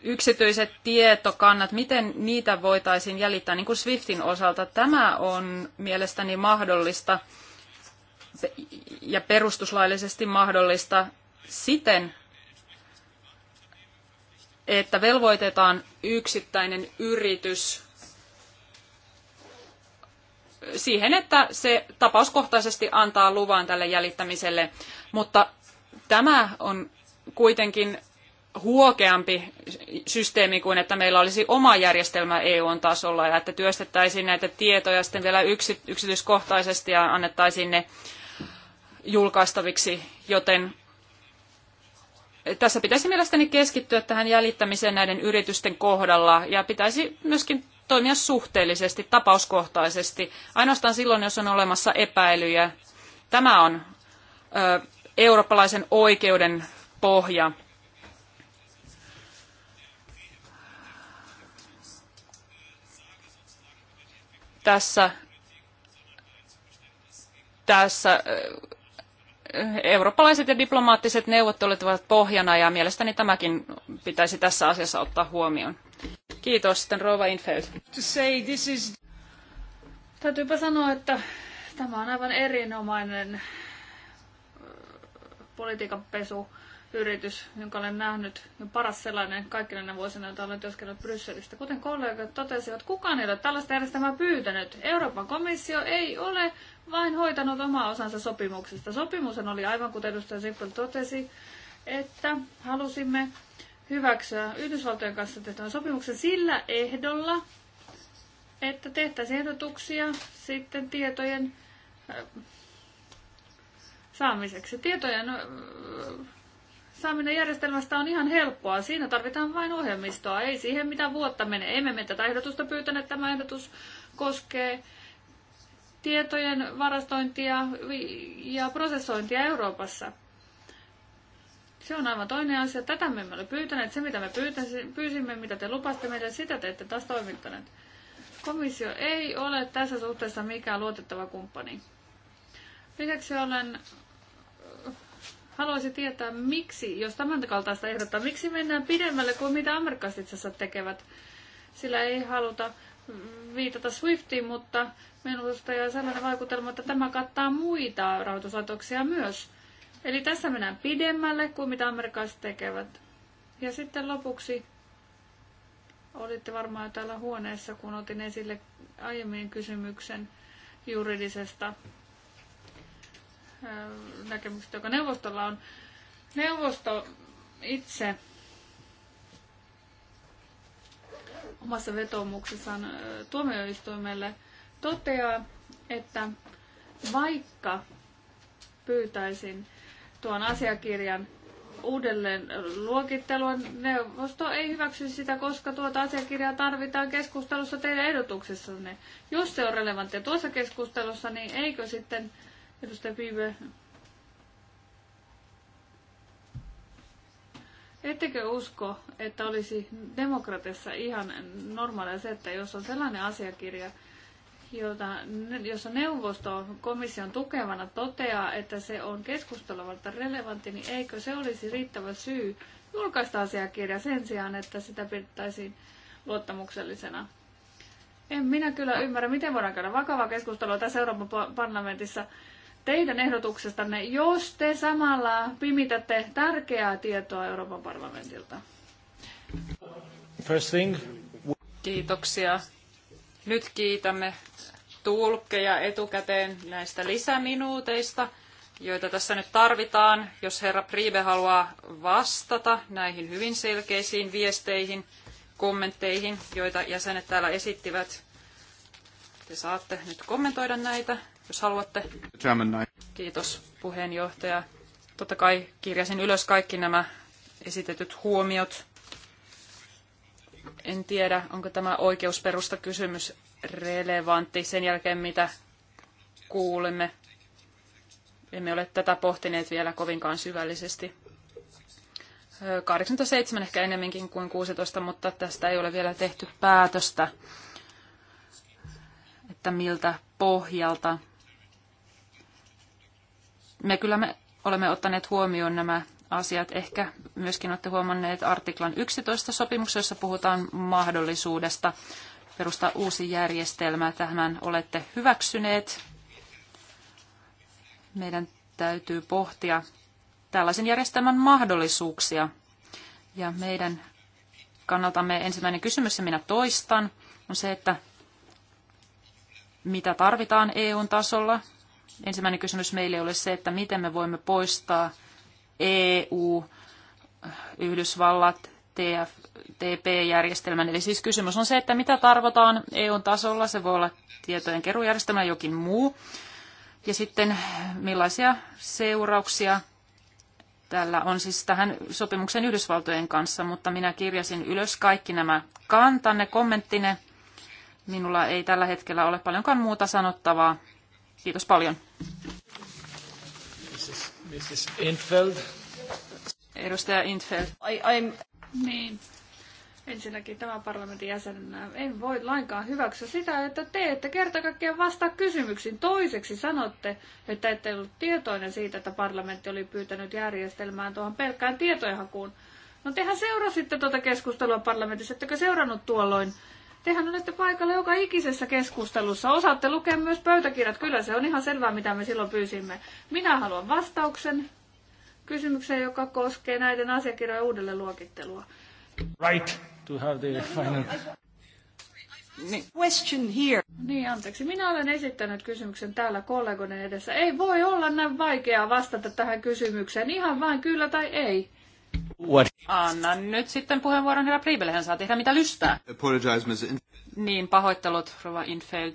yksityiset tietokannat, miten niitä voitaisiin jäljittää, niin kuin Swiftin osalta. Tämä on mielestäni mahdollista ja perustuslaillisesti mahdollista siten, että velvoitetaan yksittäinen yritys siihen, että se tapauskohtaisesti antaa luvan tälle jäljittämiselle, mutta tämä on kuitenkin huokeampi systeemi kuin, että meillä olisi oma järjestelmä EU-tasolla ja että työstettäisiin näitä tietoja sitten vielä yksityiskohtaisesti ja annettaisiin ne julkaistaviksi, joten tässä pitäisi mielestäni keskittyä tähän jäljittämiseen näiden yritysten kohdalla ja pitäisi myöskin toimia suhteellisesti, tapauskohtaisesti, ainoastaan silloin, jos on olemassa epäilyjä. Tämä on ö, eurooppalaisen oikeuden pohja. Tässä, tässä eurooppalaiset ja diplomaattiset neuvottelut ovat pohjana ja mielestäni tämäkin pitäisi tässä asiassa ottaa huomioon. Kiitos, sitten Rova Infeld. Is... Täytyypä sanoa, että tämä on aivan erinomainen äh, politiikan pesu yritys, jonka olen nähnyt, ja paras sellainen kaikkina näinä vuosina, joita olen työskennellyt Brysselistä. Kuten kollegat totesivat, kukaan ei ole tällaista järjestelmää pyytänyt. Euroopan komissio ei ole vain hoitanut omaa osansa sopimuksesta. Sopimus oli aivan kuten edustaja Sippel totesi, että halusimme hyväksyä Yhdysvaltojen kanssa tehtävän sopimuksen sillä ehdolla, että tehtäisiin ehdotuksia sitten tietojen äh, saamiseksi. Tietojen äh, saaminen järjestelmästä on ihan helppoa. Siinä tarvitaan vain ohjelmistoa, ei siihen mitä vuotta mene. Emme me tätä ehdotusta pyytäneet, tämä ehdotus koskee tietojen varastointia ja prosessointia Euroopassa. Se on aivan toinen asia. Tätä me emme ole pyytäneet. Se, mitä me pyysimme, mitä te lupasitte meille, sitä te ette taas toimittaneet. Komissio ei ole tässä suhteessa mikään luotettava kumppani. Lisäksi olen haluaisi tietää, miksi, jos tämän kaltaista ehdottaa, miksi mennään pidemmälle kuin mitä amerikkalaiset itse asiassa tekevät. Sillä ei haluta viitata Swiftiin, mutta minusta ja sellainen vaikutelma, että tämä kattaa muita rahoituslaitoksia myös. Eli tässä mennään pidemmälle kuin mitä amerikkalaiset tekevät. Ja sitten lopuksi olitte varmaan täällä huoneessa, kun otin esille aiemmin kysymyksen juridisesta näkemyksestä, joka neuvostolla on. Neuvosto itse omassa vetoomuksessaan tuomioistuimelle toteaa, että vaikka pyytäisin tuon asiakirjan uudelleen luokittelua, neuvosto ei hyväksy sitä, koska tuota asiakirjaa tarvitaan keskustelussa teidän ehdotuksessanne. Jos se on relevanttia tuossa keskustelussa, niin eikö sitten Edustaja Piive. Ettekö usko, että olisi demokratiassa ihan normaalia se, että jos on sellainen asiakirja, jota, jossa neuvosto komission tukevana toteaa, että se on keskustelevalta relevantti, niin eikö se olisi riittävä syy julkaista asiakirja sen sijaan, että sitä pidettäisiin luottamuksellisena? En minä kyllä ymmärrä, miten voidaan käydä vakavaa keskustelua tässä Euroopan parlamentissa teidän ehdotuksestanne, jos te samalla pimitätte tärkeää tietoa Euroopan parlamentilta? First thing. Kiitoksia. Nyt kiitämme tulkkeja etukäteen näistä lisäminuuteista, joita tässä nyt tarvitaan. Jos herra Priibe haluaa vastata näihin hyvin selkeisiin viesteihin, kommentteihin, joita jäsenet täällä esittivät, te saatte nyt kommentoida näitä jos haluatte. Kiitos puheenjohtaja. Totta kai kirjasin ylös kaikki nämä esitetyt huomiot. En tiedä, onko tämä oikeusperusta kysymys relevantti sen jälkeen, mitä kuulemme. Emme ole tätä pohtineet vielä kovinkaan syvällisesti. 87 ehkä enemmänkin kuin 16, mutta tästä ei ole vielä tehty päätöstä, että miltä pohjalta me kyllä me olemme ottaneet huomioon nämä asiat. Ehkä myöskin olette huomanneet artiklan 11 sopimuksessa, jossa puhutaan mahdollisuudesta perustaa uusi järjestelmä. Tähän olette hyväksyneet. Meidän täytyy pohtia tällaisen järjestelmän mahdollisuuksia. Ja meidän kannaltamme ensimmäinen kysymys, ja minä toistan, on se, että mitä tarvitaan EUn tasolla Ensimmäinen kysymys meille oli se, että miten me voimme poistaa EU, Yhdysvallat, TF, TP-järjestelmän. Eli siis kysymys on se, että mitä tarvotaan EU-tasolla. Se voi olla tietojen keruujärjestelmä jokin muu. Ja sitten millaisia seurauksia tällä on siis tähän sopimuksen Yhdysvaltojen kanssa, mutta minä kirjasin ylös kaikki nämä kantanne, kommenttine. Minulla ei tällä hetkellä ole paljonkaan muuta sanottavaa Kiitos paljon. Mrs. Mrs. Infeld. Edustaja Intfeld. I, I'm... Niin. Ensinnäkin tämä parlamentin jäsenenä en voi lainkaan hyväksyä sitä, että te ette kerta kaikkiaan vastaa kysymyksiin. Toiseksi sanotte, että ette ollut tietoinen siitä, että parlamentti oli pyytänyt järjestelmään tuohon pelkkään tietojenhakuun. No tehän seurasitte tuota keskustelua parlamentissa, ettekö seurannut tuolloin Tehän olette paikalla joka ikisessä keskustelussa. Osaatte lukea myös pöytäkirjat. Kyllä se on ihan selvää, mitä me silloin pyysimme. Minä haluan vastauksen kysymykseen, joka koskee näiden asiakirjojen uudelleen luokittelua. Right to have the final... Question here. Niin, anteeksi. Minä olen esittänyt kysymyksen täällä kollegoiden edessä. Ei voi olla näin vaikeaa vastata tähän kysymykseen. Ihan vain kyllä tai ei. What? Annan nyt sitten puheenvuoron herra Priibelle. Hän saa tehdä mitä lystää. Apologize, Ms. In- niin, pahoittelut, Rova Infeld.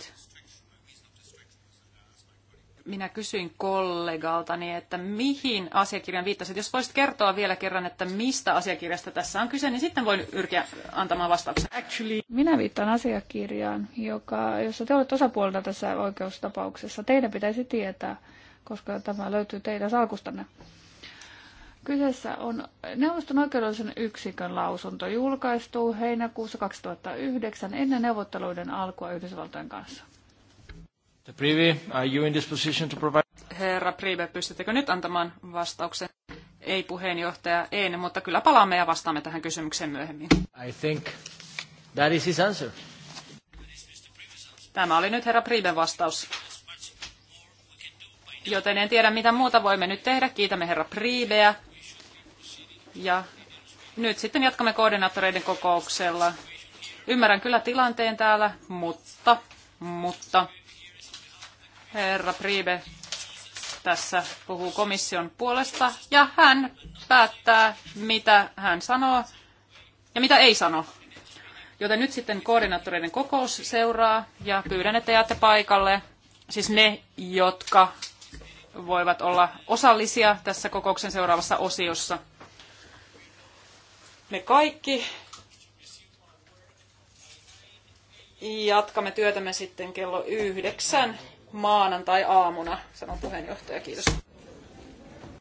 Minä kysyin kollegaltani, että mihin asiakirjan viittasit. Jos voisit kertoa vielä kerran, että mistä asiakirjasta tässä on kyse, niin sitten voin yrkiä antamaan vastauksen. Actually... Minä viittaan asiakirjaan, joka, jossa te olette osapuolta tässä oikeustapauksessa. Teidän pitäisi tietää, koska tämä löytyy teidän salkustanne. Kyseessä on neuvoston oikeudellisen yksikön lausunto julkaistu heinäkuussa 2009 ennen neuvotteluiden alkua Yhdysvaltojen kanssa. are you in this position to provide... Herra Prive, pystyttekö nyt antamaan vastauksen? Ei puheenjohtaja, en, mutta kyllä palaamme ja vastaamme tähän kysymykseen myöhemmin. I think that is his answer. Tämä oli nyt herra Priven vastaus. Joten en tiedä, mitä muuta voimme nyt tehdä. Kiitämme herra Priibeä ja nyt sitten jatkamme koordinaattoreiden kokouksella. Ymmärrän kyllä tilanteen täällä, mutta, mutta herra Priibe tässä puhuu komission puolesta ja hän päättää, mitä hän sanoo ja mitä ei sano. Joten nyt sitten koordinaattoreiden kokous seuraa ja pyydän, että jäätte paikalle. Siis ne, jotka voivat olla osallisia tässä kokouksen seuraavassa osiossa me kaikki. Jatkamme työtämme sitten kello yhdeksän maanantai-aamuna, sanon puheenjohtaja. Kiitos.